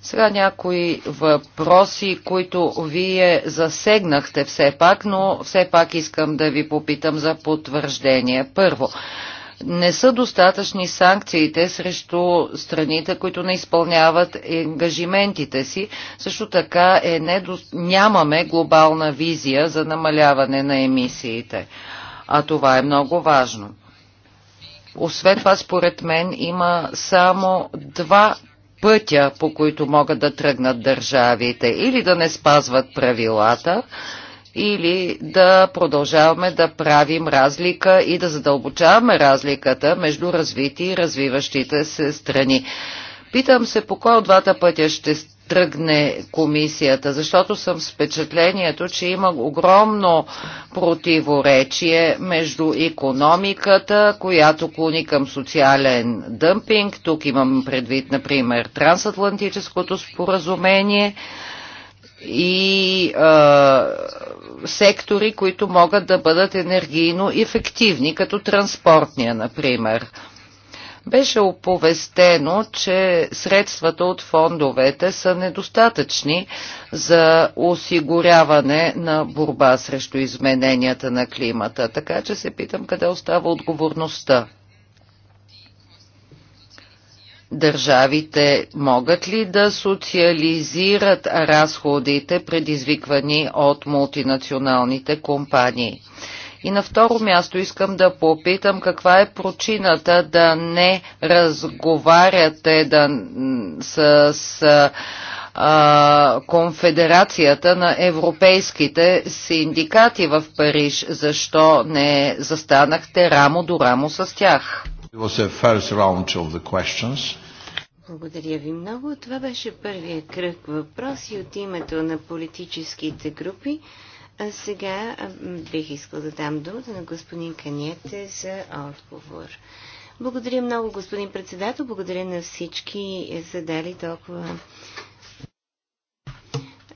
Сега някои въпроси, които вие засегнахте все пак, но все пак искам да ви попитам за потвърждение. Първо, не са достатъчни санкциите срещу страните, които не изпълняват ангажиментите си. Също така е недо... нямаме глобална визия за намаляване на емисиите. А това е много важно. Освен това, според мен, има само два пътя, по които могат да тръгнат държавите или да не спазват правилата, или да продължаваме да правим разлика и да задълбочаваме разликата между развити и развиващите се страни. Питам се по кой от двата пътя ще тръгне комисията, защото съм с впечатлението, че има огромно противоречие между економиката, която клони към социален дъмпинг, тук имам предвид, например, трансатлантическото споразумение, и а, сектори, които могат да бъдат енергийно ефективни, като транспортния, например беше оповестено, че средствата от фондовете са недостатъчни за осигуряване на борба срещу измененията на климата. Така че се питам къде остава отговорността. Държавите могат ли да социализират разходите, предизвиквани от мултинационалните компании? И на второ място искам да попитам каква е причината да не разговаряте да, с, с а, Конфедерацията на европейските синдикати в Париж. Защо не застанахте рамо до рамо с тях? Благодаря ви много. Това беше първия кръг въпроси от името на политическите групи. А сега бих искал да дам думата на господин Каниете за отговор. Благодаря много, господин председател. Благодаря на всички задали толкова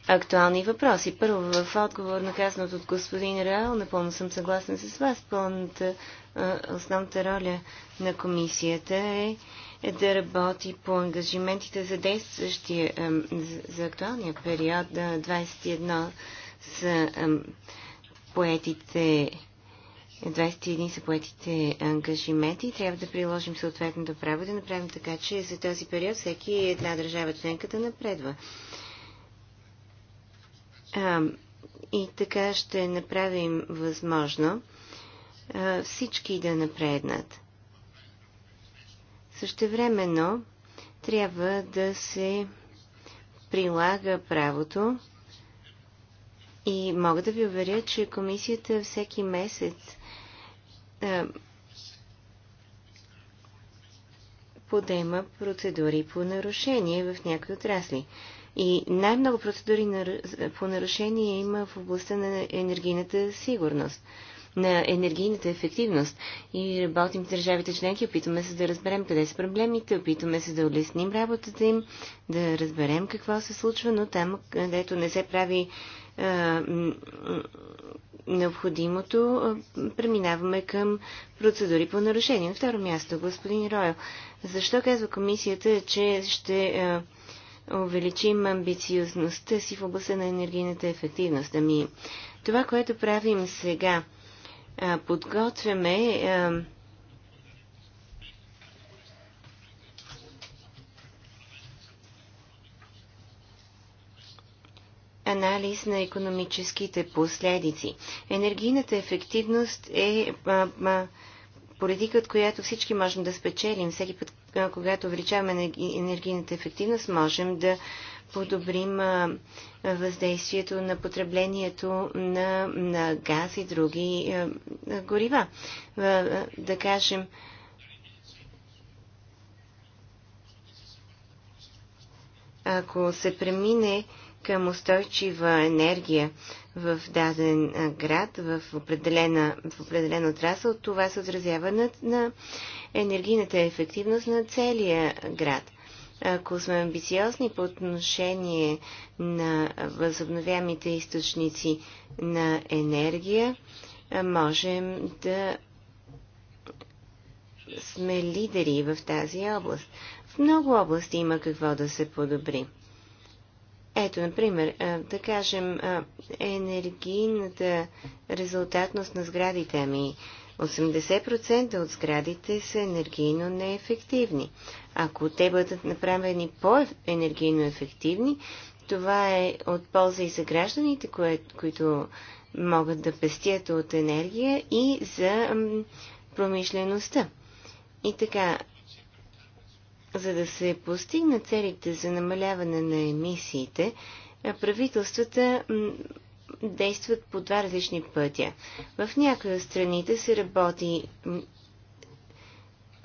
актуални въпроси. Първо, в отговор на казаното от господин Реал, напълно съм съгласна с вас. Пълната, основната роля на комисията е, е да работи по ангажиментите за действащия, за актуалния период 21 са поетите 21 са поетите ангажименти и трябва да приложим съответното право да направим така, че за този период всеки една държава членка да напредва. А, и така ще направим възможно а, всички да напреднат. Същевременно трябва да се прилага правото и мога да ви уверя, че комисията всеки месец е, подема процедури по нарушение в някои отрасли. И най-много процедури на, по нарушение има в областта на енергийната сигурност, на енергийната ефективност. И работим с държавите членки, опитваме се да разберем къде са проблемите, опитваме се да улесним работата им, да разберем какво се случва, но там, където не се прави е, необходимото, е, преминаваме към процедури по нарушение. На второ място, господин Ройл, защо казва комисията, че ще е, увеличим амбициозността си в областта на енергийната ефективност? Ами, това, което правим сега, подготвяме анализ на економическите последици. Енергийната ефективност е а, а, политика, от която всички можем да спечелим. Всеки път, а, когато увеличаваме енергийната ефективност, можем да подобрим а, въздействието на потреблението на, на газ и други а, горива. А, да кажем, ако се премине към устойчива енергия в даден град, в, определена, в определен отрасъл, това се отразява на, на енергийната ефективност на целия град. Ако сме амбициозни по отношение на възобновяемите източници на енергия, можем да сме лидери в тази област. В много области има какво да се подобри. Ето, например, да кажем, енергийната резултатност на сградите. ми 80% от сградите са енергийно неефективни. Ако те бъдат направени по-енергийно ефективни, това е от полза и за гражданите, които могат да пестят от енергия и за промишлеността. И така, за да се постигнат целите за намаляване на емисиите, е, правителствата действат по два различни пътя. В някои от страните се работи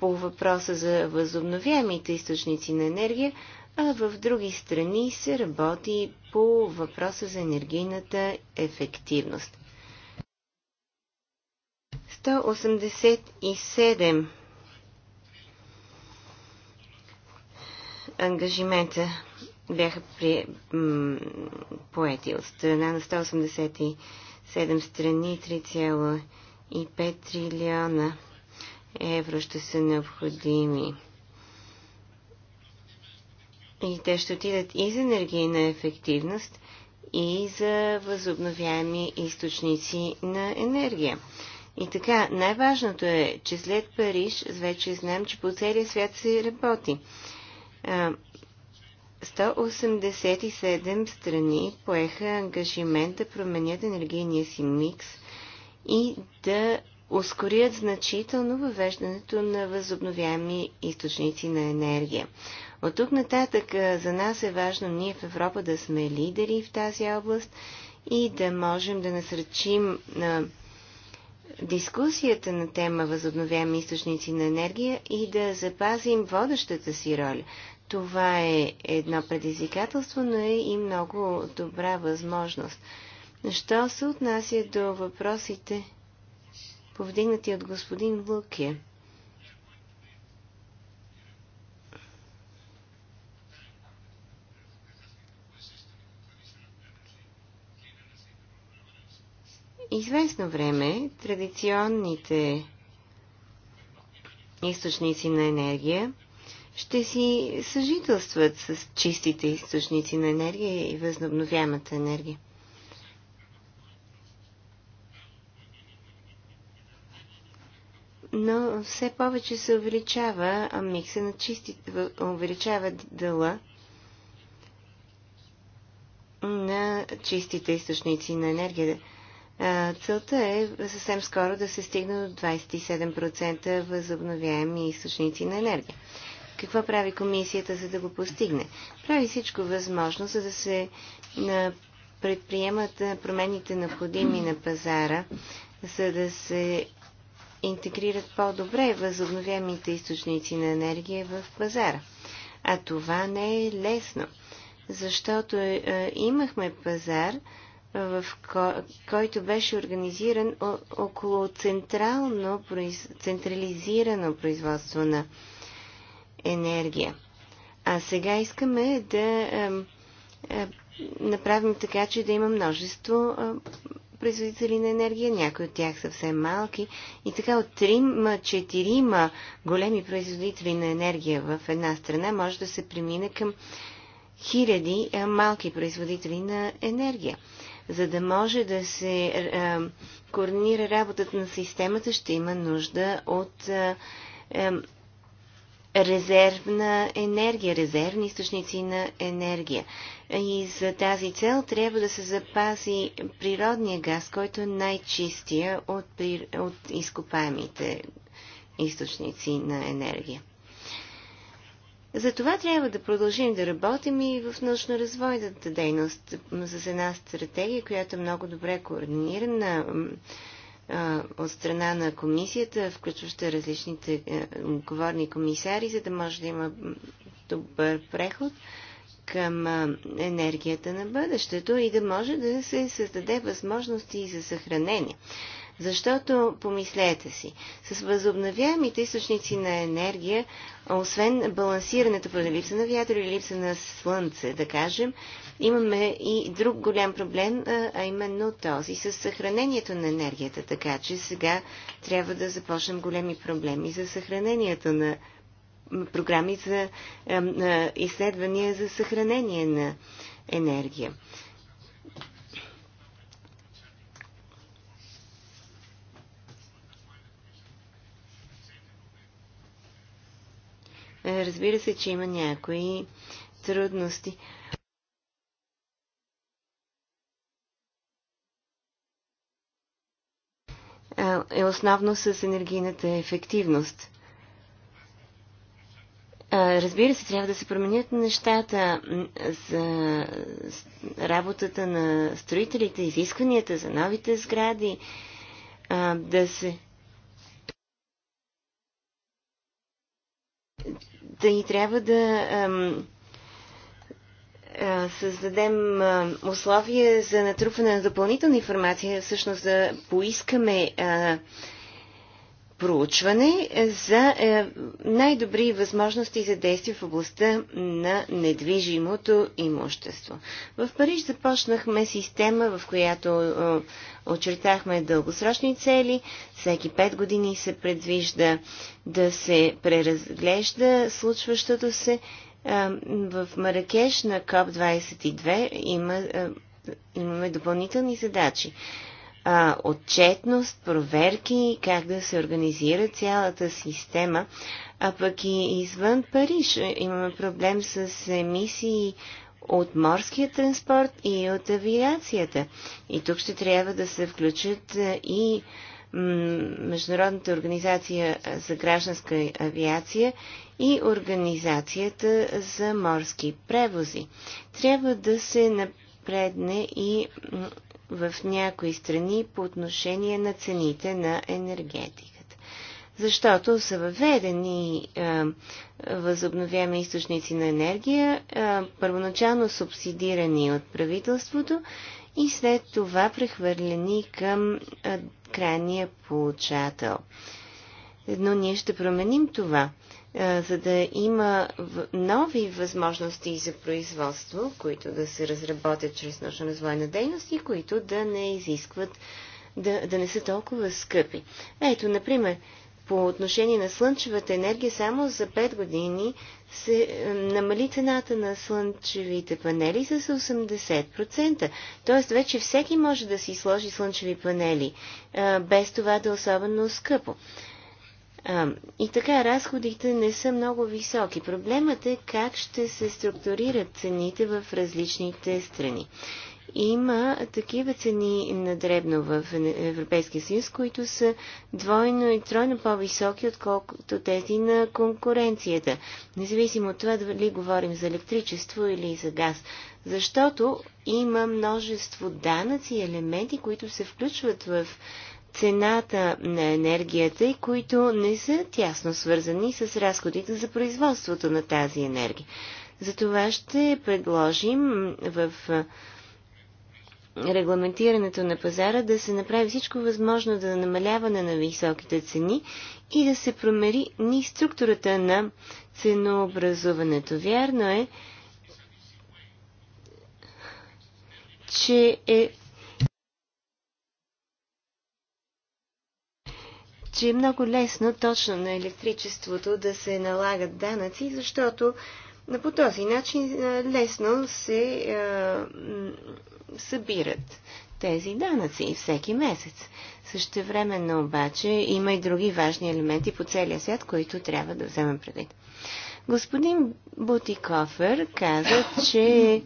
по въпроса за възобновяемите източници на енергия, а в други страни се работи по въпроса за енергийната ефективност. 187 ангажимента бяха при, поети от страна на 187 страни 3,5 трилиона евро ще са необходими. И те ще отидат и за енергийна ефективност, и за възобновяеми източници на енергия. И така, най-важното е, че след Париж вече знам, че по целия свят се работи. 187 страни поеха ангажимент да променят енергийния си микс и да ускорят значително въвеждането на възобновяеми източници на енергия. От тук нататък за нас е важно ние в Европа да сме лидери в тази област и да можем да насръчим на дискусията на тема възобновяеми източници на енергия и да запазим водещата си роля. Това е едно предизвикателство, но е и много добра възможност. Що се отнася до въпросите, повдигнати от господин Луке? известно време традиционните източници на енергия ще си съжителстват с чистите източници на енергия и възобновяемата енергия. но все повече се увеличава микса на чисти, увеличава дъла на чистите източници на енергия. Целта е съвсем скоро да се стигне до 27% възобновяеми източници на енергия. Какво прави комисията, за да го постигне? Прави всичко възможно, за да се предприемат промените необходими на пазара, за да се интегрират по-добре възобновяемите източници на енергия в пазара. А това не е лесно, защото е, имахме пазар, в който беше организиран около централно, централизирано производство на енергия. А сега искаме да направим така, че да има множество производители на енергия, някои от тях съвсем малки. И така от 3-4 големи производители на енергия в една страна може да се премине към хиляди малки производители на енергия за да може да се е, координира работата на системата, ще има нужда от е, е, резервна енергия, резервни източници на енергия. И за тази цел трябва да се запази природния газ, който е най-чистия от, от изкопаемите източници на енергия. За това трябва да продължим да работим и в научно-развойната дейност с една стратегия, която е много добре координирана от страна на комисията, включваща различните е, отговорни комисари, за да може да има добър преход към енергията на бъдещето и да може да се създаде възможности за съхранение. Защото, помислете си, с възобновяемите източници на енергия, освен балансирането поради липса на вятър или липса на слънце, да кажем, имаме и друг голям проблем, а именно този с съхранението на енергията. Така че сега трябва да започнем големи проблеми за съхранението на програми за изследвания за съхранение на енергия. Е, разбира се, че има някои трудности. Е, е основно с енергийната ефективност. Е, разбира се, трябва да се променят нещата за работата на строителите, изискванията за новите сгради, да се да ни трябва да създадем условия за натрупване на допълнителна информация, всъщност да поискаме проучване за е, най-добри възможности за действие в областта на недвижимото имущество. В Париж започнахме система, в която Очертахме дългосрочни цели. Всеки 5 години се предвижда да се преразглежда случващото се. В Маракеш на КОП-22 има, имаме допълнителни задачи. Отчетност, проверки, как да се организира цялата система. А пък и извън Париж имаме проблем с емисии от морския транспорт и от авиацията. И тук ще трябва да се включат е, и Международната организация за гражданска авиация и Организацията за морски превози. Трябва да се напредне и в някои страни по отношение на цените на енергетика защото са въведени а, е, възобновяеми източници на енергия, а, е, първоначално субсидирани от правителството и след това прехвърлени към а, е, крайния получател. Но ние ще променим това, а, за да има нови възможности за производство, които да се разработят чрез научно-развойна дейност и които да не изискват да, да не са толкова скъпи. Ето, например, по отношение на слънчевата енергия само за 5 години се е, намали цената на слънчевите панели с 80%. Тоест вече всеки може да си сложи слънчеви панели, е, без това да е особено скъпо. Е, и така, разходите не са много високи. Проблемът е как ще се структурират цените в различните страни. Има такива цени на дребно в Европейския съюз, които са двойно и тройно по-високи, отколкото тези на конкуренцията. Независимо от това дали говорим за електричество или за газ. Защото има множество данъци и елементи, които се включват в цената на енергията и които не са тясно свързани с разходите за производството на тази енергия. Затова ще предложим в регламентирането на пазара да се направи всичко възможно за да намаляване на високите цени и да се промери ни структурата на ценообразуването. Вярно е, че е че е много лесно точно на електричеството да се налагат данъци, защото по този начин лесно се събират тези данъци всеки месец. Същевременно обаче има и други важни елементи по целия свят, които трябва да вземем предвид. Господин Бутикофер каза, че е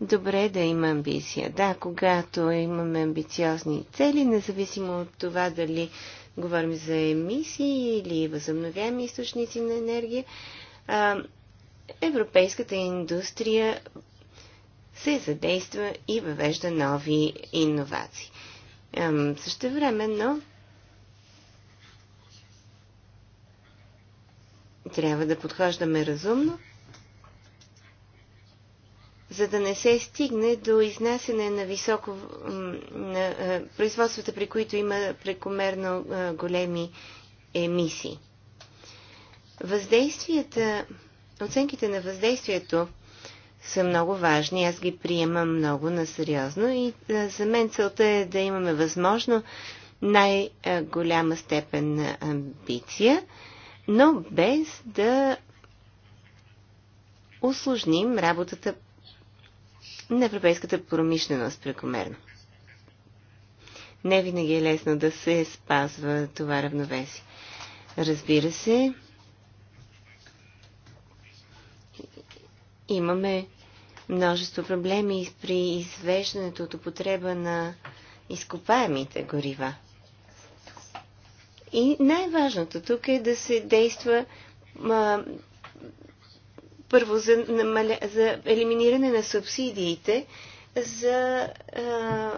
добре да има амбиция. Да, когато имаме амбициозни цели, независимо от това дали говорим за емисии или възобновяеми източници на енергия, европейската индустрия се задейства и въвежда нови иновации. Също времено трябва да подхождаме разумно, за да не се стигне до изнасяне на високо на производствата, при които има прекомерно големи емисии. Въздействията Оценките на въздействието са много важни. Аз ги приемам много на сериозно и за мен целта е да имаме възможно най-голяма степен на амбиция, но без да усложним работата на европейската промишленост прекомерно. Не винаги е лесно да се спазва това равновесие. Разбира се, имаме множество проблеми при извеждането от употреба на изкопаемите горива. И най-важното тук е да се действа а, първо за, намаля, за елиминиране на субсидиите за а,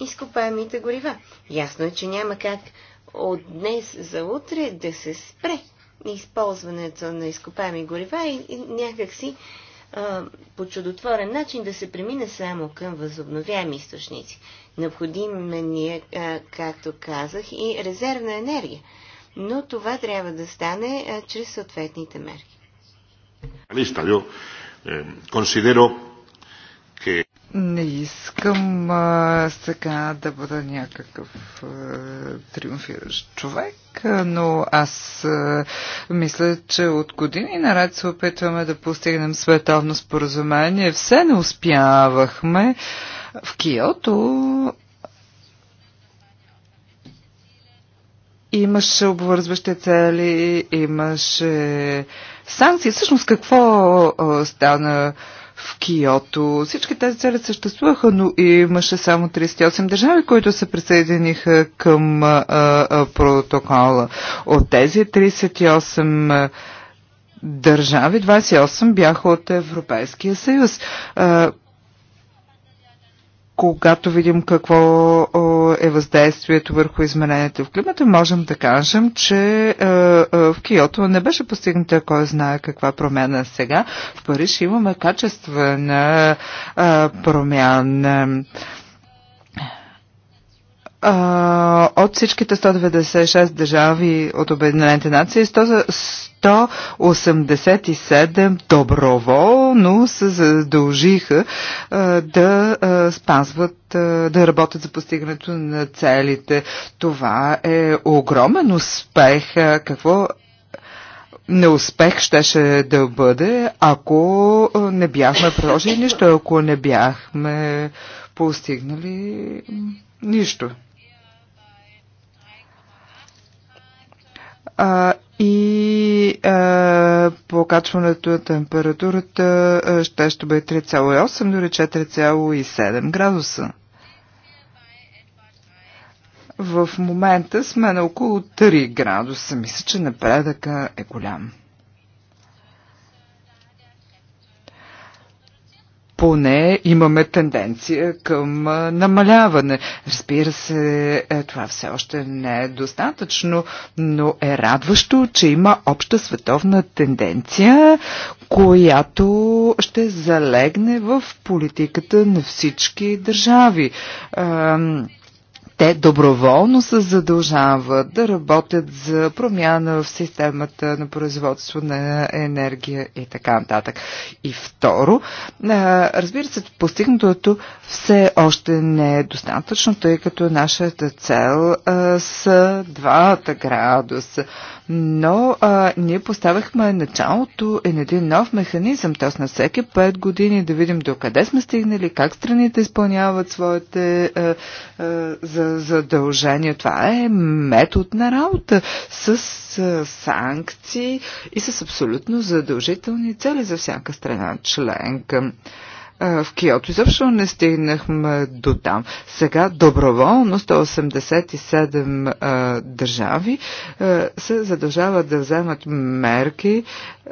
изкопаемите горива. Ясно е, че няма как от днес за утре да се спре използването на изкопаеми горива и някакси а, по чудотворен начин да се премине само към възобновяеми източници. Необходима ни е, както казах, и резервна енергия. Но това трябва да стане а, чрез съответните мерки. Листа, я, eh, considero не искам а, сега да бъда някакъв а, триумфиращ човек, а, но аз а, мисля, че от години наред се опитваме да постигнем световно споразумение. Все не успявахме. В Киото имаше обвързващи цели, имаше санкции. Всъщност какво а, стана? А, в Киото. Всички тези цели съществуваха, но имаше само 38 държави, които се присъединиха към а, а, протокола. От тези 38 държави, 28 бяха от Европейския съюз. А, когато видим какво е въздействието върху изменението в климата, можем да кажем, че е, е, в Киото не беше постигната кой знае каква промяна сега. В Париж имаме качествена е, промяна от всичките 196 държави от Обединените нации, 187 доброволно се задължиха да спазват, да работят за постигането на целите. Това е огромен успех. Какво неуспех щеше да бъде, ако не бяхме приложили нищо, ако не бяхме постигнали нищо. а, и а, покачването на температурата а, ще, ще бъде 3,8 дори 4,7 градуса. В момента сме на около 3 градуса. Мисля, че напредъка е голям. поне имаме тенденция към намаляване. Разбира се, е, това все още не е достатъчно, но е радващо, че има обща световна тенденция, която ще залегне в политиката на всички държави. Ам те доброволно се задължават да работят за промяна в системата на производство на енергия и така нататък. И второ, разбира се, постигнатото все още не е достатъчно, тъй като нашата цел с двата градуса. Но а, ние поставихме началото е на един нов механизъм, т.е. на всеки 5 години да видим до къде сме стигнали, как страните изпълняват своите а, а, за задължение. Това е метод на работа с санкции и с абсолютно задължителни цели за всяка страна членка в Киото. Изобщо не стигнахме до там. Сега доброволно 187 а, държави а, се задължават да вземат мерки,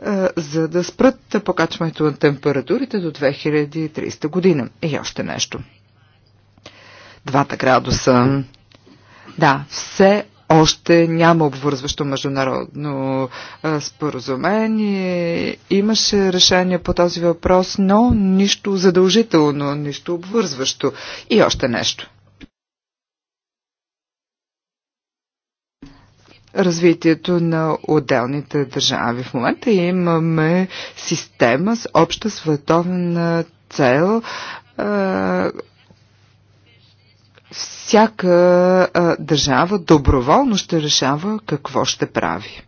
а, за да спрат покачването на температурите до 2300 година. И още нещо. Двата градуса. Да, все още няма обвързващо международно споразумение. Имаше решение по този въпрос, но нищо задължително, нищо обвързващо. И още нещо. развитието на отделните държави. В момента имаме система с обща световна цел, всяка а, държава доброволно ще решава какво ще прави.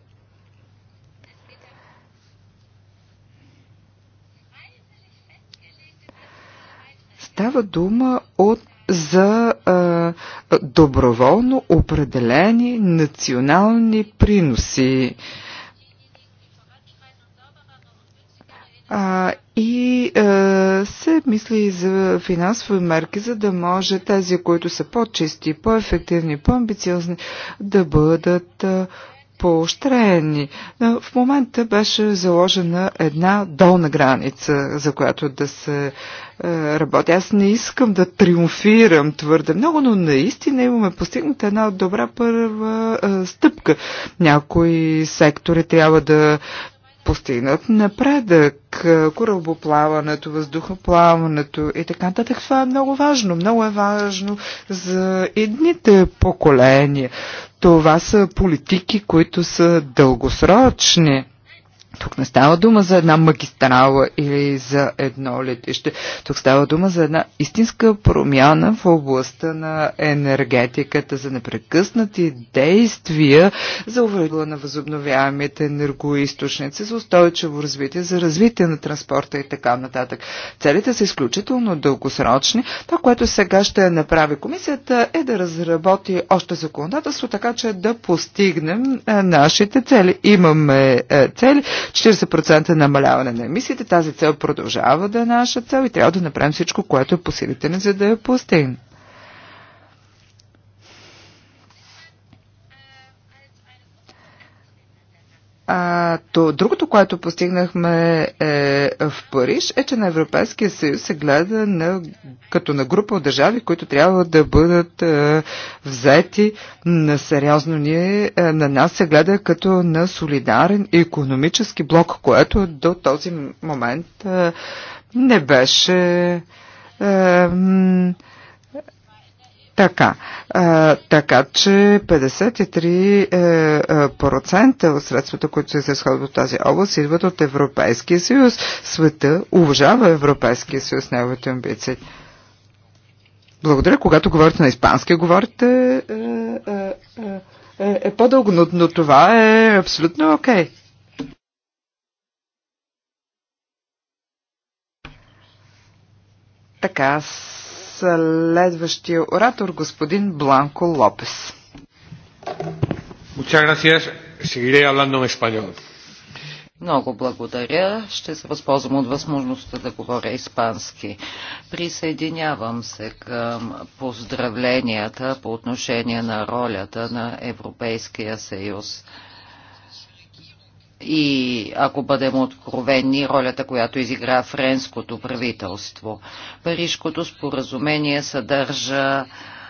Става дума от за а, доброволно определени национални приноси. А, и е, се мисли за финансови мерки, за да може тези, които са по-чисти, по-ефективни, по-амбициозни, да бъдат е, поощрени. Но е, в момента беше заложена една долна граница, за която да се е, работи. Аз не искам да триумфирам твърде много, но наистина имаме постигната една добра първа е, стъпка. Някои сектори трябва да постигнат напредък, корабоплаването, въздухоплаването и така нататък. Това е много важно. Много е важно за едните поколения. Това са политики, които са дългосрочни. Тук не става дума за една магистрала или за едно летище. Тук става дума за една истинска промяна в областта на енергетиката, за непрекъснати действия за увредила на възобновяемите енергоисточници, за устойчиво развитие, за развитие на транспорта и така нататък. Целите са изключително дългосрочни. Това, което сега ще направи комисията е да разработи още законодателство, така че да постигнем е, нашите цели. Имаме е, цели, 40% намаляване на емисиите. Тази цел продължава да е наша цел и трябва да направим всичко, което е по силите ни, за да я постигнем. А, то, другото, което постигнахме е, в Париж, е, че на Европейския съюз се гледа на, като на група от държави, които трябва да бъдат е, взети на сериозно. Ние, е, на нас се гледа като на солидарен економически блок, което до този момент е, не беше. Е, така, а, така че 53% е, е, от средствата, които се изразходват в тази област, идват от Европейския съюз. Света уважава Европейския съюз, неговите амбиции. Благодаря, когато говорите на испански, говорите е, е, е, е, е по-дълго, но, но това е абсолютно окей. Okay. Така, следващия оратор, господин Бланко Лопес. Muchas gracias. Seguiré hablando en español. Много благодаря. Ще се възползвам от възможността да говоря испански. Присъединявам се към поздравленията по отношение на ролята на Европейския съюз и, ако бъдем откровени, ролята, която изигра френското правителство. Парижкото споразумение съдържа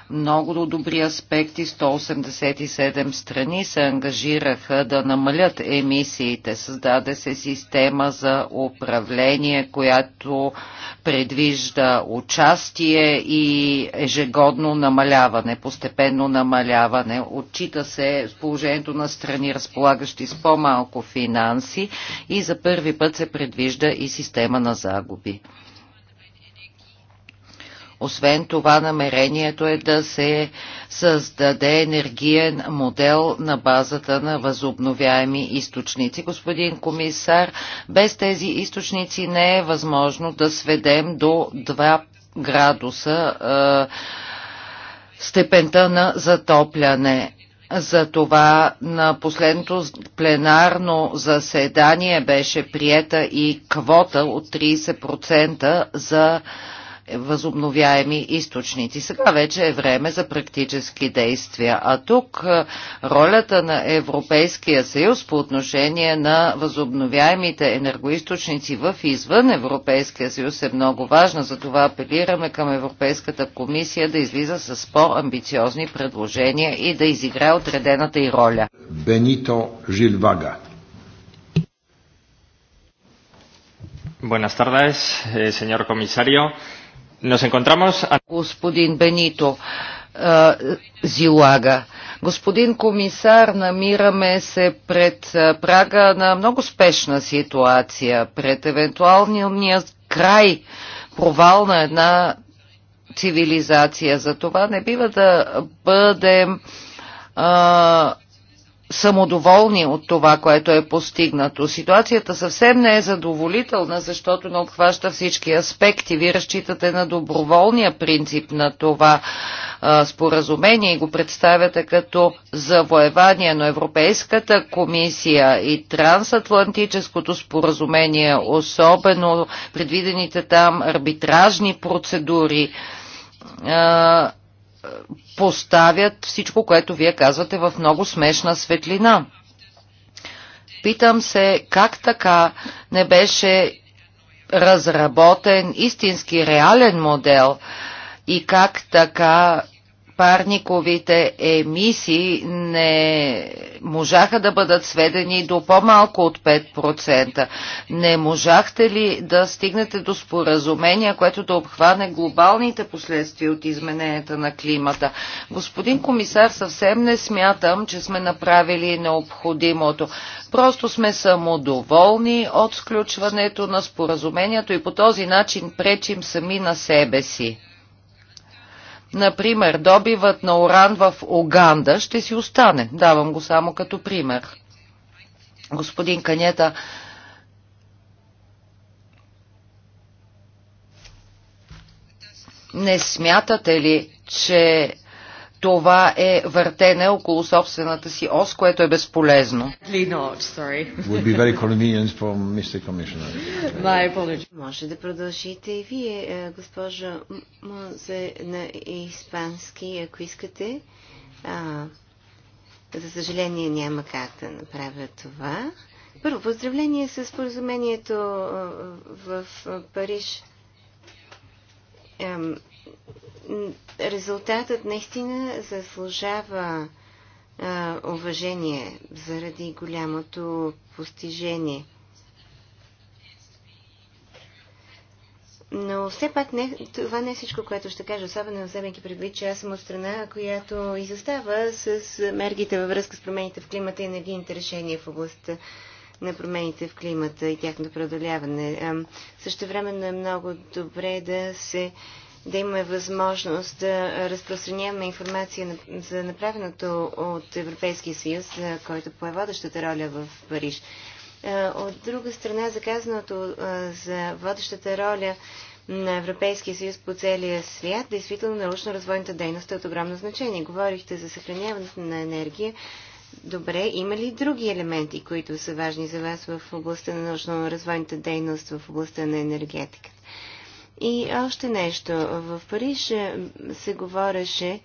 много добри аспекти. 187 страни се ангажираха да намалят емисиите. Създаде се система за управление, която предвижда участие и ежегодно намаляване, постепенно намаляване. Отчита се положението на страни, разполагащи с по-малко финанси и за първи път се предвижда и система на загуби. Освен това, намерението е да се създаде енергиен модел на базата на възобновяеми източници. Господин комисар, без тези източници не е възможно да сведем до 2 градуса е, степента на затопляне. Затова на последното пленарно заседание беше приета и квота от 30% за възобновяеми източници. Сега вече е време за практически действия. А тук е, ролята на Европейския съюз по отношение на възобновяемите енергоисточници в извън Европейския съюз е много важна. Затова апелираме към Европейската комисия да излиза с по-амбициозни предложения и да изиграе отредената и роля. Бенито Жилвага. Buenas tardes, eh, señor comisario. Nos encontramos a... Господин Бенито а, Зилага. Господин комисар, намираме се пред прага на много спешна ситуация, пред евентуалния край, провал на една цивилизация. За това не бива да бъдем а, самодоволни от това, което е постигнато. Ситуацията съвсем не е задоволителна, защото не обхваща всички аспекти. Вие разчитате на доброволния принцип на това а, споразумение и го представяте като завоевание, но Европейската комисия и трансатлантическото споразумение, особено предвидените там арбитражни процедури, а, поставят всичко, което вие казвате в много смешна светлина. Питам се как така не беше разработен истински реален модел и как така парниковите емисии не можаха да бъдат сведени до по-малко от 5%. Не можахте ли да стигнете до споразумение, което да обхване глобалните последствия от измененията на климата? Господин комисар, съвсем не смятам, че сме направили необходимото. Просто сме самодоволни от сключването на споразумението и по този начин пречим сами на себе си. Например, добивът на уран в Оганда ще си остане. Давам го само като пример. Господин Канета, не смятате ли, че това е въртене около собствената си ос, което е безполезно. Може да продължите и вие, е, госпожа Мозе на испански, ако искате. за съжаление няма как да направя това. Първо, поздравление с поразумението в Париж резултатът наистина заслужава а, уважение заради голямото постижение. Но все пак не, това не е всичко, което ще кажа, особено вземайки предвид, че аз съм от страна, която изостава с мерките във връзка с промените в климата и енергийните решения в областта на промените в климата и тяхното преодоляване. Също време е много добре да се да имаме възможност да разпространяваме информация за направеното от Европейския съюз, който пое водещата роля в Париж. От друга страна, заказаното за водещата роля на Европейския съюз по целия свят, действително научно-развойната дейност е от огромно значение. Говорихте за съхраняването на енергия. Добре, има ли други елементи, които са важни за вас в областта на научно-развойната дейност, в областта на енергетиката? И още нещо. В Париж е, се говореше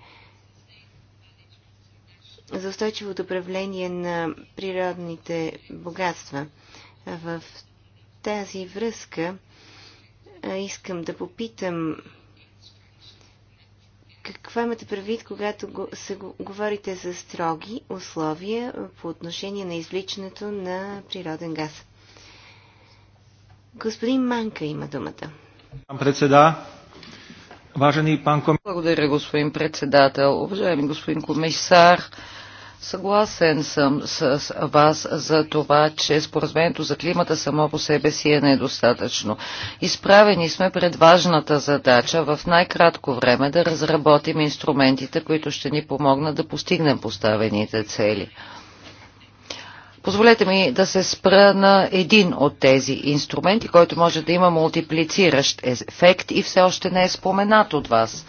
за устойчивото управление на природните богатства. В тази връзка е, искам да попитам какво имате предвид, когато се, говорите за строги условия по отношение на извличането на природен газ? Господин Манка има думата. Благодаря, господин председател. Уважаеми господин комисар, Съгласен съм с вас за това, че споразумението за климата само по себе си е недостатъчно. Изправени сме пред важната задача в най-кратко време да разработим инструментите, които ще ни помогнат да постигнем поставените цели. Позволете ми да се спра на един от тези инструменти, който може да има мултиплициращ ефект и все още не е споменат от вас.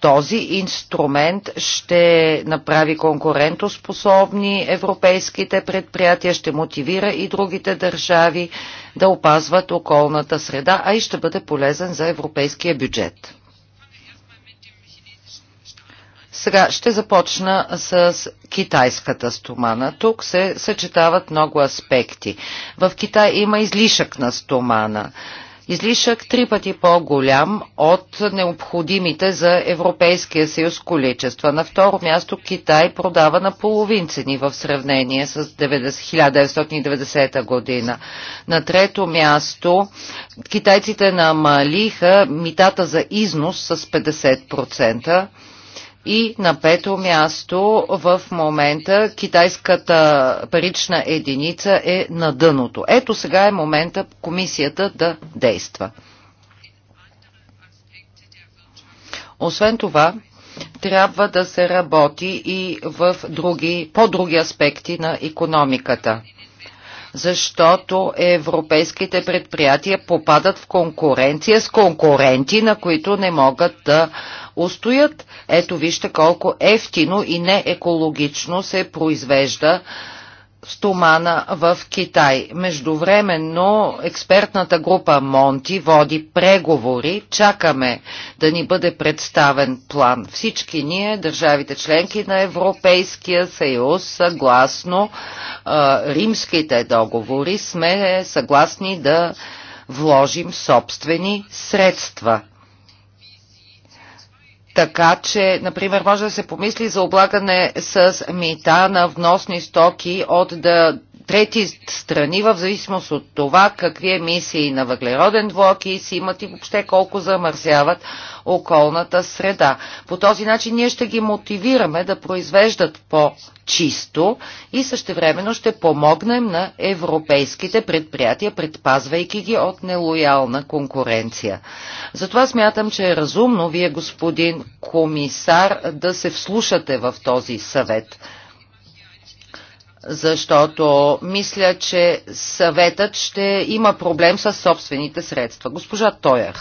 Този инструмент ще направи конкурентоспособни европейските предприятия, ще мотивира и другите държави да опазват околната среда, а и ще бъде полезен за европейския бюджет. Сега ще започна с китайската стомана. Тук се съчетават много аспекти. В Китай има излишък на стомана. Излишък три пъти по-голям от необходимите за Европейския съюз количества. На второ място Китай продава на половин цени в сравнение с 1990 година. На трето място китайците намалиха митата за износ с 50%. И на пето място в момента китайската парична единица е на дъното. Ето сега е момента комисията да действа. Освен това, трябва да се работи и в други, по други аспекти на економиката защото европейските предприятия попадат в конкуренция с конкуренти, на които не могат да устоят. Ето вижте колко ефтино и неекологично се произвежда стомана в Китай. Междувременно експертната група Монти води преговори. Чакаме да ни бъде представен план. Всички ние, държавите членки на Европейския съюз, съгласно а, римските договори, сме съгласни да вложим собствени средства така че, например, може да се помисли за облагане с мита на вносни стоки от да трети страни в зависимост от това какви емисии на въглероден двуокис имат и въобще колко замърсяват околната среда. По този начин ние ще ги мотивираме да произвеждат по-чисто и същевременно ще помогнем на европейските предприятия, предпазвайки ги от нелоялна конкуренция. Затова смятам, че е разумно вие, господин комисар, да се вслушате в този съвет защото мисля, че съветът ще има проблем с собствените средства. Госпожа Тояр.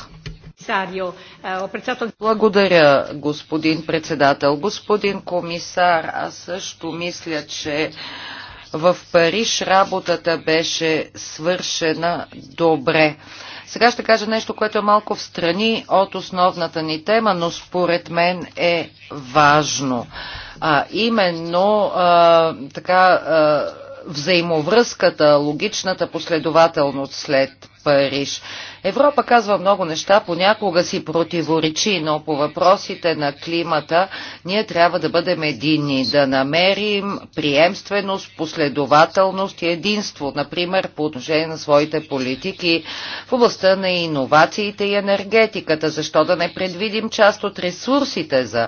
Е, Благодаря, господин председател. Господин комисар, аз също мисля, че в Париж работата беше свършена добре. Сега ще кажа нещо, което е малко в страни от основната ни тема, но според мен е важно а именно а, така а, взаимовръзката, логичната последователност след Париж. Европа казва много неща, понякога си противоречи, но по въпросите на климата ние трябва да бъдем единни, да намерим приемственост, последователност и единство, например по отношение на своите политики в областта на иновациите и енергетиката. Защо да не предвидим част от ресурсите за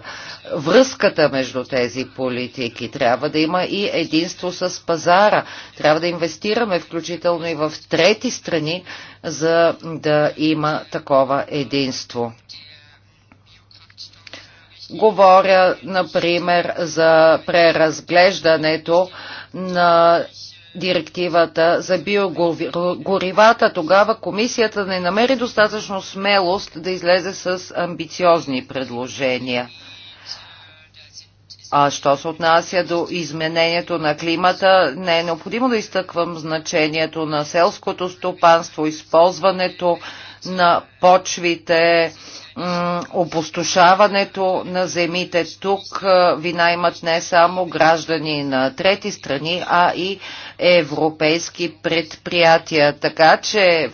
връзката между тези политики? Трябва да има и единство с пазара. Трябва да инвестираме включително и в трети страни, за да да има такова единство. Говоря, например, за преразглеждането на директивата за биогоривата. Тогава комисията не намери достатъчно смелост да излезе с амбициозни предложения. А що се отнася до изменението на климата, не е необходимо да изтъквам значението на селското стопанство, използването на почвите, опустошаването на земите. Тук вина имат не само граждани на трети страни, а и европейски предприятия. Така че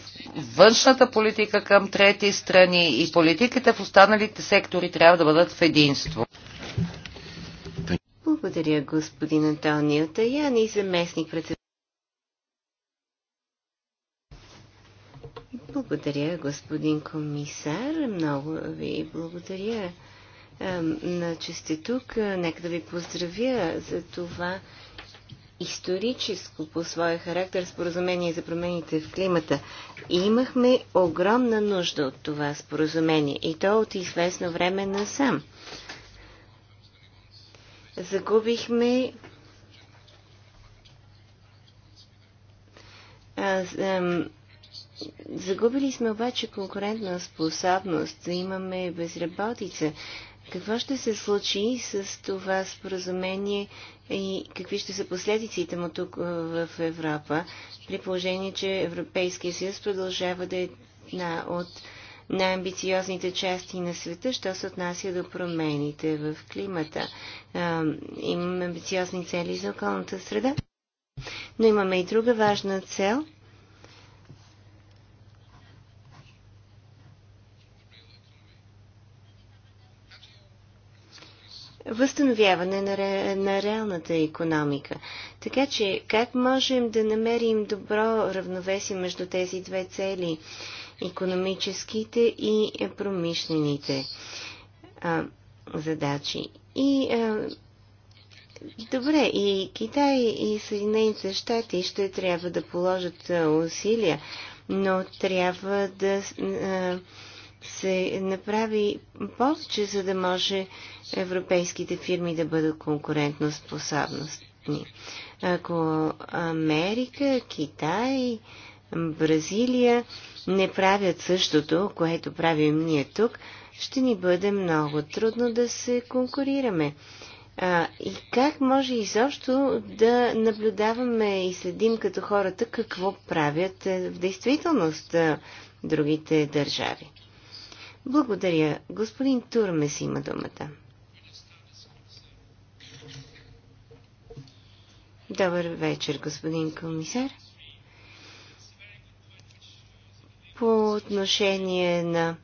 външната политика към трети страни и политиките в останалите сектори трябва да бъдат в единство. Благодаря, господин Антонио Таяни, заместник председател. Благодаря, господин комисар. Много ви благодаря на че сте тук. Нека да ви поздравя за това историческо по своя характер споразумение за промените в климата. И имахме огромна нужда от това споразумение и то от известно време насам. сам загубихме ам, загубили сме обаче конкурентна способност, имаме безработица. Какво ще се случи с това споразумение и какви ще са последиците му тук в Европа, при положение, че Европейския съюз продължава да е една от най-амбициозните части на света, що се отнася до промените в климата. Имаме амбициозни цели за околната среда, но имаме и друга важна цел. Възстановяване на, ре, на реалната економика. Така че, как можем да намерим добро равновесие между тези две цели? економическите и промишлените а, задачи. И а, добре, и Китай и Съединените щати ще трябва да положат усилия, но трябва да а, се направи повече, за да може европейските фирми да бъдат конкурентно способностни. Ако Америка, Китай, Бразилия не правят същото, което правим ние тук, ще ни бъде много трудно да се конкурираме. А, и как може изобщо да наблюдаваме и следим като хората какво правят е, в действителност другите държави? Благодаря. Господин Турмес има думата. Добър вечер, господин комисар. По отношение на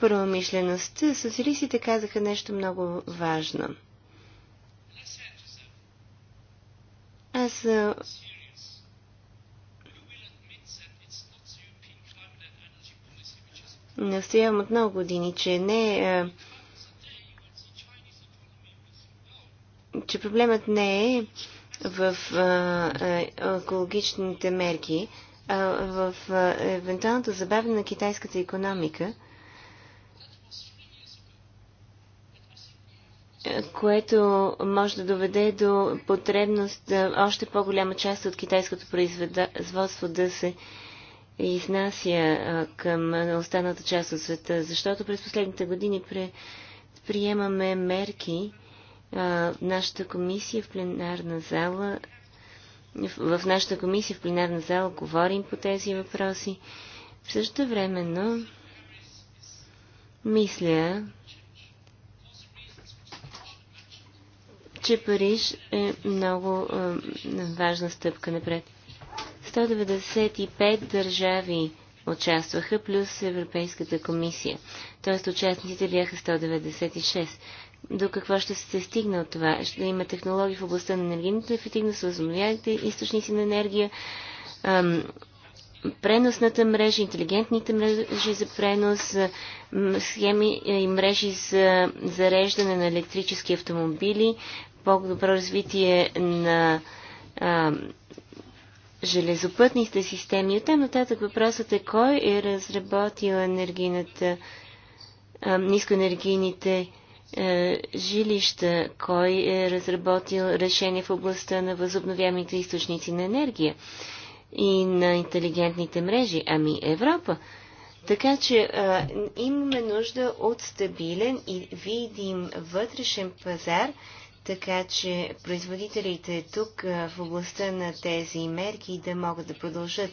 промишлеността, социалистите казаха нещо много важно. Аз настоявам от много години, че не че проблемът не е в а, а, екологичните мерки, в евентуалното забавяне на китайската економика, което може да доведе до потребност още по-голяма част от китайското производство да се изнася към останалата част от света, защото през последните години приемаме мерки, нашата комисия в пленарна зала в нашата комисия в пленарна зала говорим по тези въпроси. В същото времено мисля, че Париж е много е, важна стъпка напред. 195 държави участваха, плюс Европейската комисия. Тоест участниците бяха 196 до какво ще се стигне от това. Ще има технологии в областта на енергийната ефективност, възобновяемите източници на енергия, преносната мрежа, интелигентните мрежи за пренос, схеми и мрежи за зареждане на електрически автомобили, по-добро развитие на железопътните системи. От там нататък въпросът е кой е разработил енергийната, а, нискоенергийните е, жилища, кой е разработил решение в областта на възобновяемите източници на енергия и на интелигентните мрежи, ами Европа. Така че а, имаме нужда от стабилен и видим вътрешен пазар, така че производителите тук а, в областта на тези мерки да могат да продължат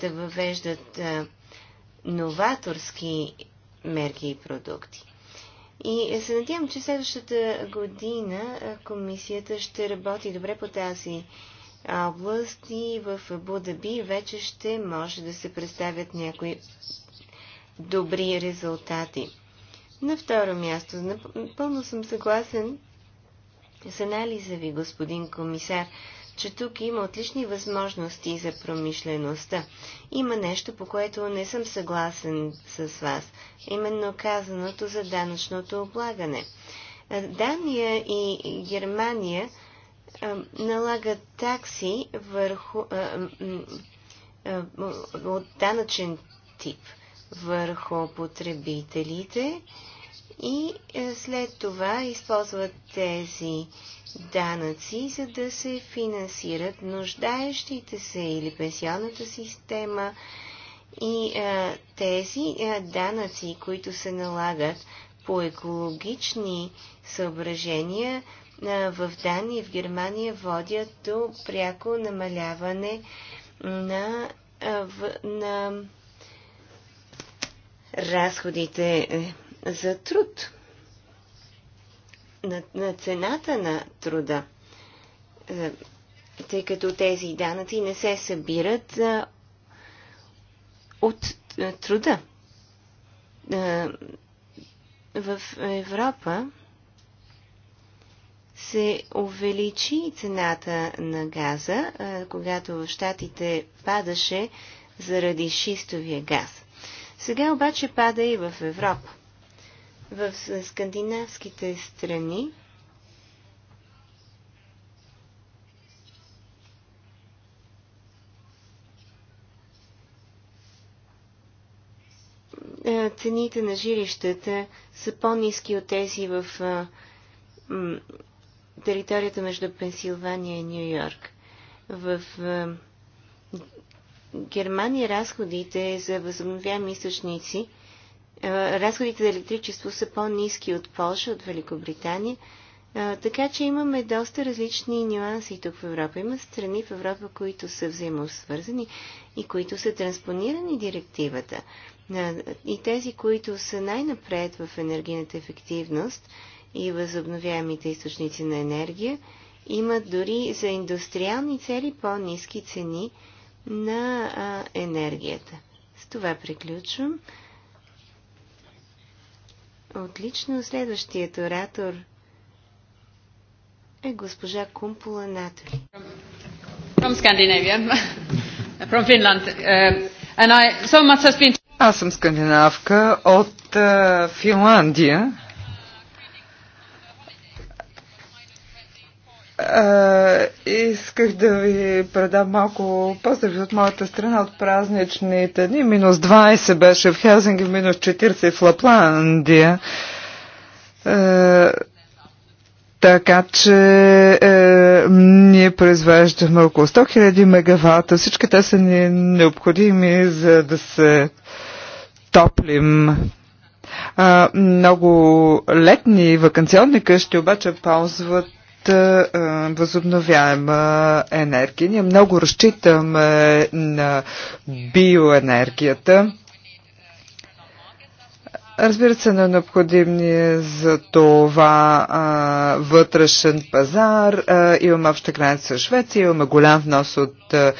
да въвеждат а, новаторски мерки и продукти. И се надявам, че следващата година комисията ще работи добре по тази област и в Будаби вече ще може да се представят някои добри резултати. На второ място, напълно съм съгласен с анализа ви, господин комисар че тук има отлични възможности за промишлеността. Има нещо, по което не съм съгласен с вас, именно казаното за данъчното облагане. Дания и Германия налагат такси върху, от данъчен тип върху потребителите, и е, след това използват тези данъци, за да се финансират нуждаещите се или пенсионната система и а, е, тези а, е, данъци, които се налагат по екологични съображения а, в Дания и в Германия водят до пряко намаляване на, а, в, на разходите за труд, на, на цената на труда, е, тъй като тези данъци не се събират е, от е, труда. В Европа се увеличи цената на газа, когато в Штатите падаше заради шистовия газ. Сега обаче пада и в Европа в скандинавските страни е, цените на жилищата са по-низки от тези в е, територията между Пенсилвания и Нью Йорк. В е, Германия разходите за възобновяеми източници – е, разходите за електричество са по-низки от Польша, от Великобритания. Е, така че имаме доста различни нюанси тук в Европа. Има страни в Европа, които са взаимосвързани и които са транспонирани директивата. Е, и тези, които са най-напред в енергийната ефективност и възобновяемите източници на енергия, имат дори за индустриални цели по-низки цени на енергията. С това приключвам. Отлично. Следващият оратор е госпожа Кумпула Натали. From Scandinavia, [laughs] from Finland. Uh, and I, so much has been... Аз съм скандинавка от uh, Финландия. А, исках да ви предам малко поздрави от моята страна от празничните дни. Минус 20 беше в Хелзинги, минус 40 в Лапландия. така че е, ние произвеждаме около 100 000 мегавата. Всички те са ни необходими за да се топлим а, много летни вакансионни къщи обаче ползват е, възобновяема енергия. Ние много разчитаме на биоенергията. Разбира се, на е необходимния е за това а, вътрешен пазар. А, имаме обща граница с Швеция, имаме голям внос от а,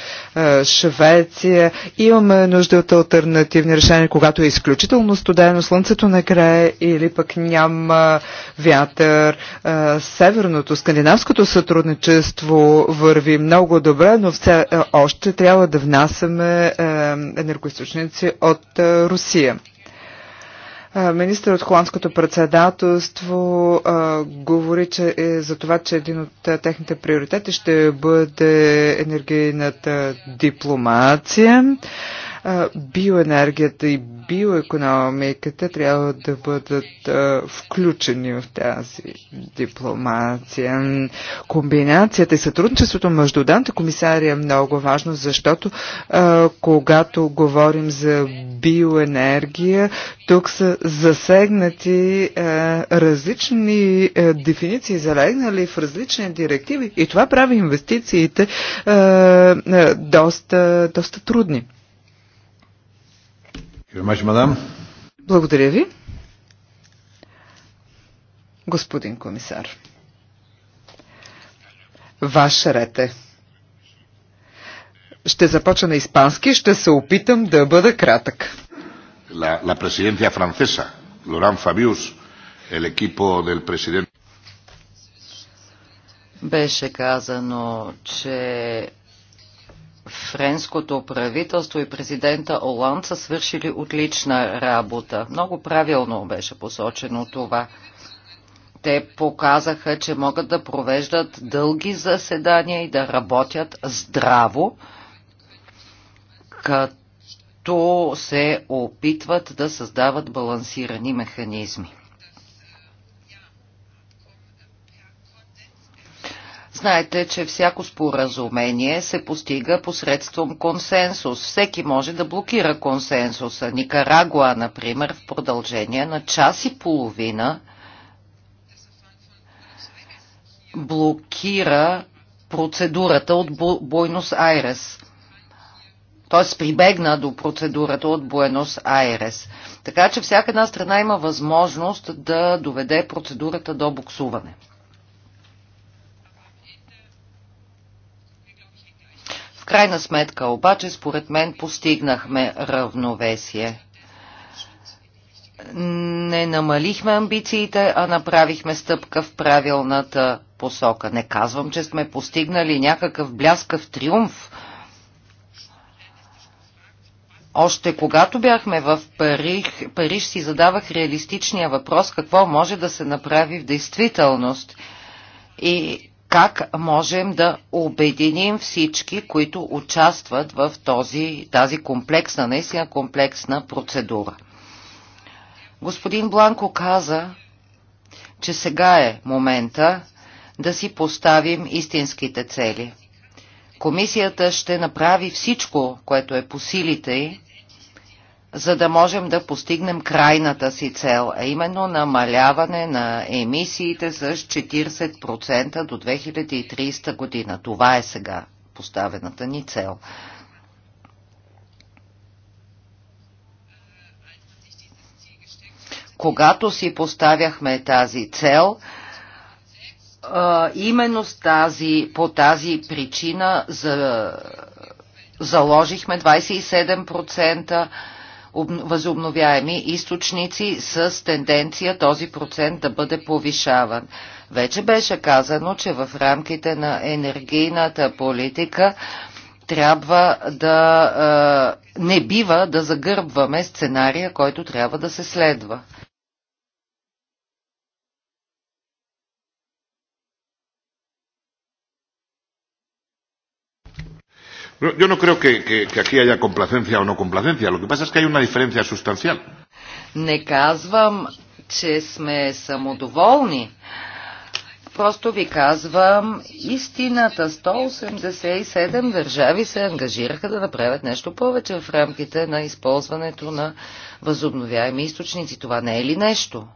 Швеция, имаме нужда от альтернативни решения, когато е изключително студено, слънцето накрая или пък няма вятър. А, северното, скандинавското сътрудничество върви много добре, но все още трябва да внасяме енергоисточници от а, Русия. Министър от холандското председателство а, говори че е за това, че един от а, техните приоритети ще бъде енергийната дипломация биоенергията и биоекономиката трябва да бъдат включени в тази дипломация. Комбинацията и сътрудничеството между данта комисари е много важно, защото когато говорим за биоенергия, тук са засегнати различни дефиниции, залегнали в различни директиви и това прави инвестициите доста, доста трудни. Благодаря ви. Господин комисар, ваш ред е. Ще започна на испански, ще се опитам да бъда кратък. La, la presidencia francesa, Laurent Fabius, el equipo del presidente. Беше казано, че френското правителство и президента Оланд са свършили отлична работа. Много правилно беше посочено това. Те показаха, че могат да провеждат дълги заседания и да работят здраво, като се опитват да създават балансирани механизми. Знаете, че всяко споразумение се постига посредством консенсус. Всеки може да блокира консенсуса. Никарагуа, например, в продължение на час и половина блокира процедурата от Буенос Айрес. Т.е. прибегна до процедурата от Буенос Айрес. Така че всяка една страна има възможност да доведе процедурата до буксуване. крайна сметка обаче, според мен, постигнахме равновесие. Не намалихме амбициите, а направихме стъпка в правилната посока. Не казвам, че сме постигнали някакъв бляскав триумф. Още когато бяхме в Париж, Париж си задавах реалистичния въпрос какво може да се направи в действителност. И как можем да обединим всички, които участват в този, тази комплексна, наистина комплексна процедура. Господин Бланко каза, че сега е момента да си поставим истинските цели. Комисията ще направи всичко, което е по силите й, за да можем да постигнем крайната си цел, а именно намаляване на емисиите с 40% до 2030 година. Това е сега поставената ни цел. Когато си поставяхме тази цел, именно с тази, по тази причина за, заложихме 27% възобновяеми източници с тенденция този процент да бъде повишаван. Вече беше казано, че в рамките на енергийната политика трябва да е, не бива да загърбваме сценария, който трябва да се следва. Yo no creo que, que, que aquí haya complacencia o no complacencia. Lo que pasa es que hay una diferencia sustancial. Не казвам, че сме самодоволни. Просто ви казвам истината. 187 държави се ангажираха да направят нещо повече в рамките на използването на възобновяеми източници. Това не е ли нещо?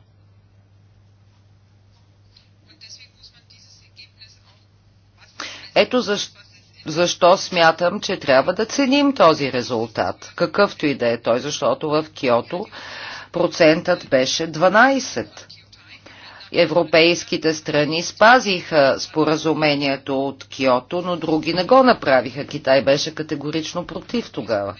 Ето защо защо смятам, че трябва да ценим този резултат, какъвто и да е той, защото в Киото процентът беше 12. Европейските страни спазиха споразумението от Киото, но други не го направиха. Китай беше категорично против тогава.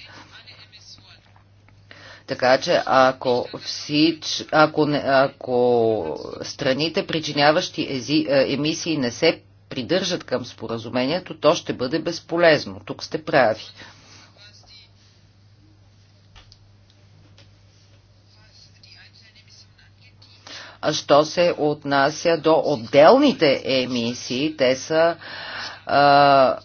Така че ако, всич, ако, ако страните, причиняващи ези, е, емисии, не се придържат към споразумението, то ще бъде безполезно. Тук сте прави. А що се отнася до отделните емисии, те са, а,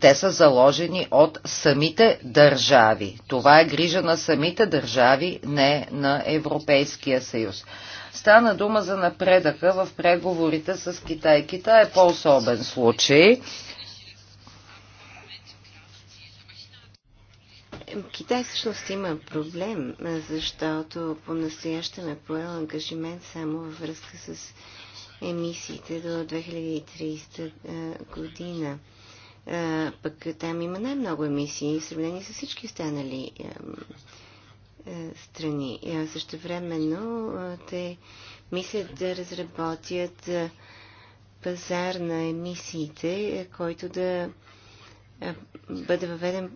те са заложени от самите държави. Това е грижа на самите държави, не на Европейския съюз. Стана дума за напредъка в преговорите с Китай. Китай е по-особен случай. Китай всъщност има проблем, защото по-настоящем е поел ангажимент само във връзка с емисиите до 2030 е, година. Е, пък там има най-много емисии в сравнение с всички останали е, е, страни. Също времено те мислят да разработят пазар на емисиите, който да бъде въведен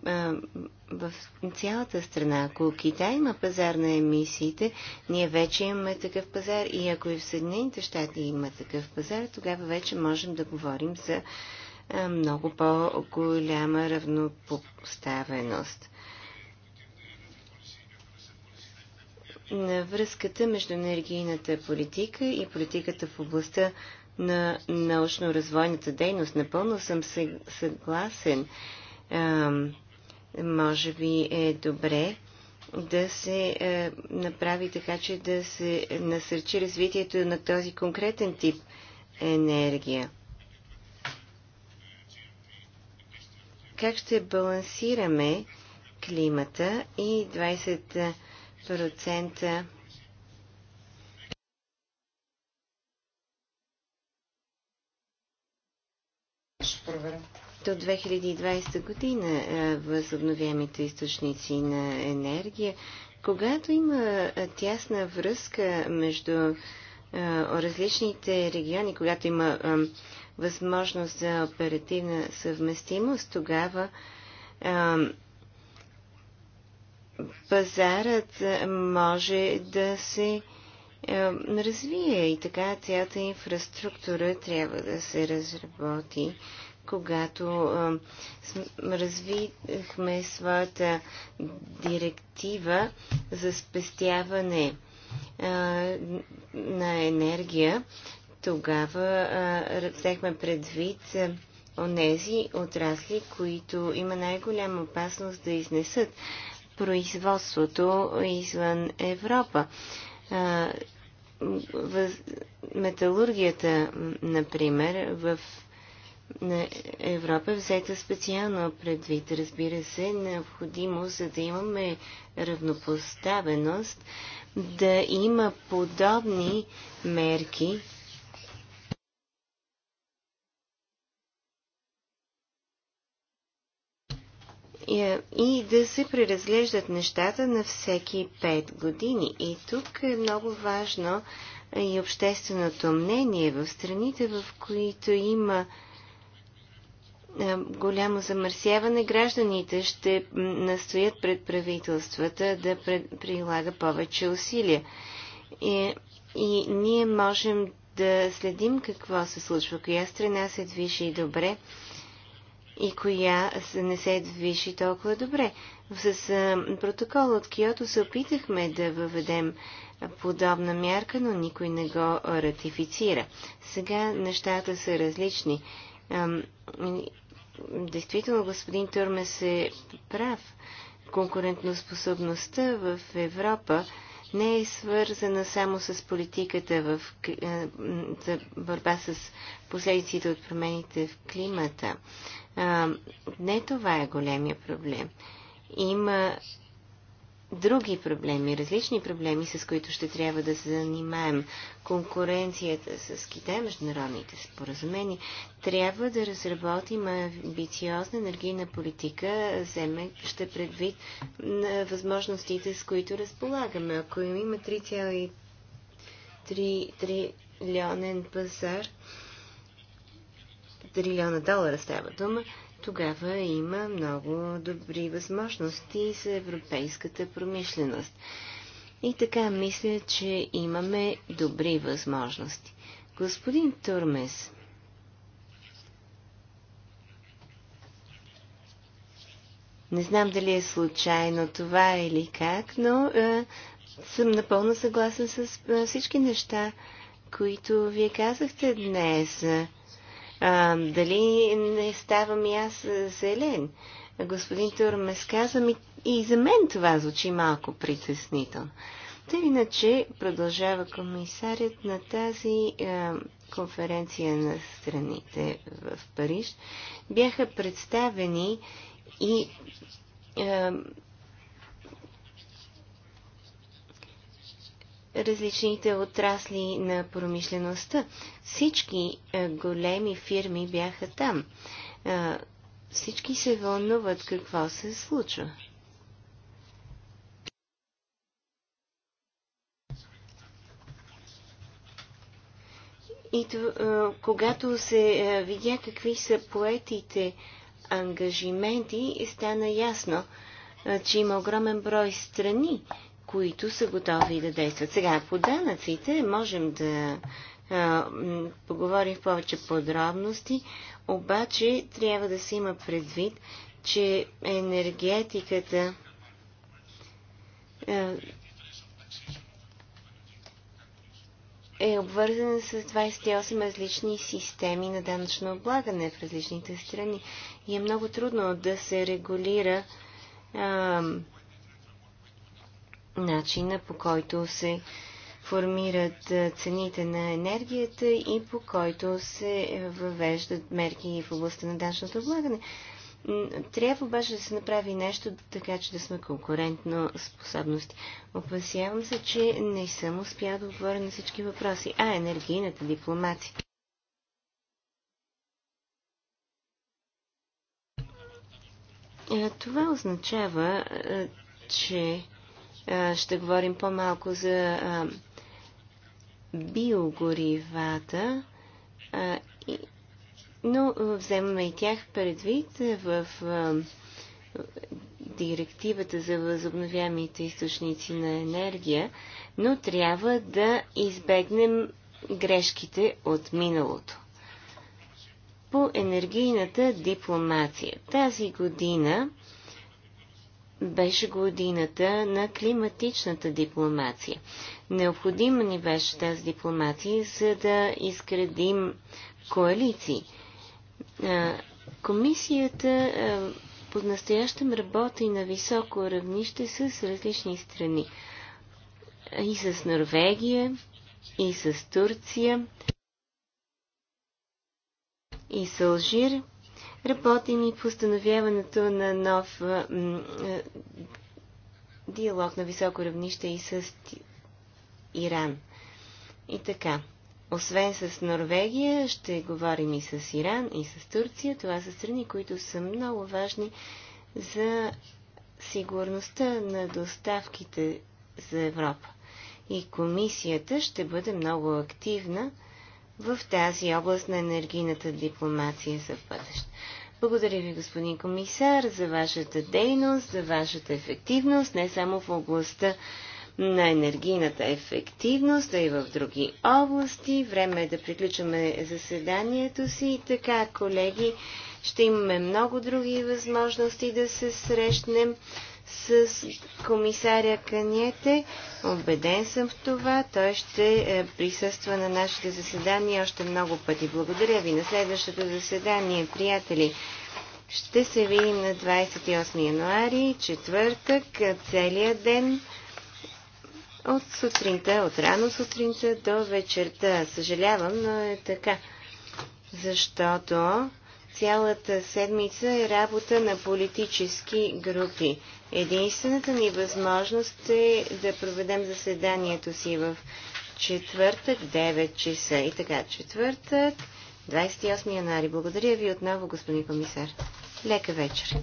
в цялата страна. Ако Китай има пазар на емисиите, ние вече имаме такъв пазар и ако и в Съединените щати има такъв пазар, тогава вече можем да говорим за много по-голяма равнопоставеност. на връзката между енергийната политика и политиката в областта на научно-развойната дейност. Напълно съм съгласен. може би е добре да се е, направи така, че да се насърчи развитието на този конкретен тип енергия. Как ще балансираме климата и 20 процента до 2020 година възобновяемите източници на енергия. Когато има тясна връзка между различните региони, когато има възможност за оперативна съвместимост, тогава пазарът е, може да се е, развие и така цялата инфраструктура трябва да се разработи. Когато е, развихме своята директива за спестяване на енергия, тогава взехме предвид онези отрасли, които има най-голяма опасност да изнесат производството извън Европа. металургията, например, в на Европа е взета специално предвид. Разбира се, е необходимо, за да имаме равнопоставеност, да има подобни мерки Е, и да се преразглеждат нещата на всеки 5 години. И тук е много важно и общественото мнение в страните, в които има голямо замърсяване, гражданите ще настоят пред правителствата да прилага повече усилия. И, е, и ние можем да следим какво се случва, коя страна се движи добре и коя не се движи толкова добре. С протокол от Киото се опитахме да въведем подобна мярка, но никой не го ратифицира. Сега нещата са различни. Действително, господин Турмес е прав. Конкурентноспособността в Европа не е свързана само с политиката в, е, за борба с последиците от промените в климата. Не това е големия проблем. Има други проблеми, различни проблеми, с които ще трябва да се занимаем. Конкуренцията с Китай, международните споразумени, трябва да разработим амбициозна енергийна политика, ще предвид на възможностите, с които разполагаме. Ако има 3,3 трилионен пазар, трилиона долара става дума, тогава има много добри възможности за европейската промишленост. И така мисля, че имаме добри възможности. Господин Турмес, не знам дали е случайно това или как, но е, съм напълно съгласен с е, всички неща, които вие казахте днес. Е, а, дали не ставам и аз зелен? Господин Турмес каза ми и за мен това звучи малко притеснително. Тъй иначе продължава комисарят на тази а, конференция на страните в Париж. Бяха представени и различните отрасли на промишлеността. Всички е, големи фирми бяха там. Е, всички се вълнуват какво се случва. И е, когато се видя какви са поетите ангажименти, стана ясно, че има огромен брой страни, които са готови да действат. Сега, по данъците можем да а, поговорим в повече подробности, обаче трябва да се има предвид, че енергетиката е обвързана с 28 различни системи на данъчно облагане в различните страни и е много трудно да се регулира а, начина по който се формират цените на енергията и по който се въвеждат мерки в областта на данъчното облагане. Трябва обаче да се направи нещо, така че да сме конкурентно способности. Опасявам се, че не съм успял да отговоря на всички въпроси. А, енергийната дипломация. Това означава, че ще говорим по-малко за биогоривата, но вземаме и тях предвид в директивата за възобновяемите източници на енергия, но трябва да избегнем грешките от миналото. По енергийната дипломация. Тази година беше годината на климатичната дипломация. Необходима ни беше тази дипломация, за да изградим коалиции. Комисията под настоящем работи на високо равнище с различни страни. И с Норвегия, и с Турция, и с Алжир, Работим и по установяването на нов е, диалог на високо равнище и с Иран. И така, освен с Норвегия, ще говорим и с Иран, и с Турция. Това са страни, които са много важни за сигурността на доставките за Европа. И комисията ще бъде много активна в тази област на енергийната дипломация за бъдеще. Благодаря ви, господин комисар, за вашата дейност, за вашата ефективност, не само в областта на енергийната ефективност, а и в други области. Време е да приключваме заседанието си. И така, колеги, ще имаме много други възможности да се срещнем с комисаря Каниете. Обеден съм в това. Той ще е, присъства на нашите заседания още много пъти. Благодаря ви. На следващото заседание, приятели, ще се видим на 28 януари, четвъртък, целият ден от сутринта, от рано сутринта до вечерта. Съжалявам, но е така. Защото цялата седмица е работа на политически групи. Единствената ни възможност е да проведем заседанието си в четвъртък, 9 часа. И така, четвъртък, 28 януари. Благодаря ви отново, господин комисар. Лека вечер.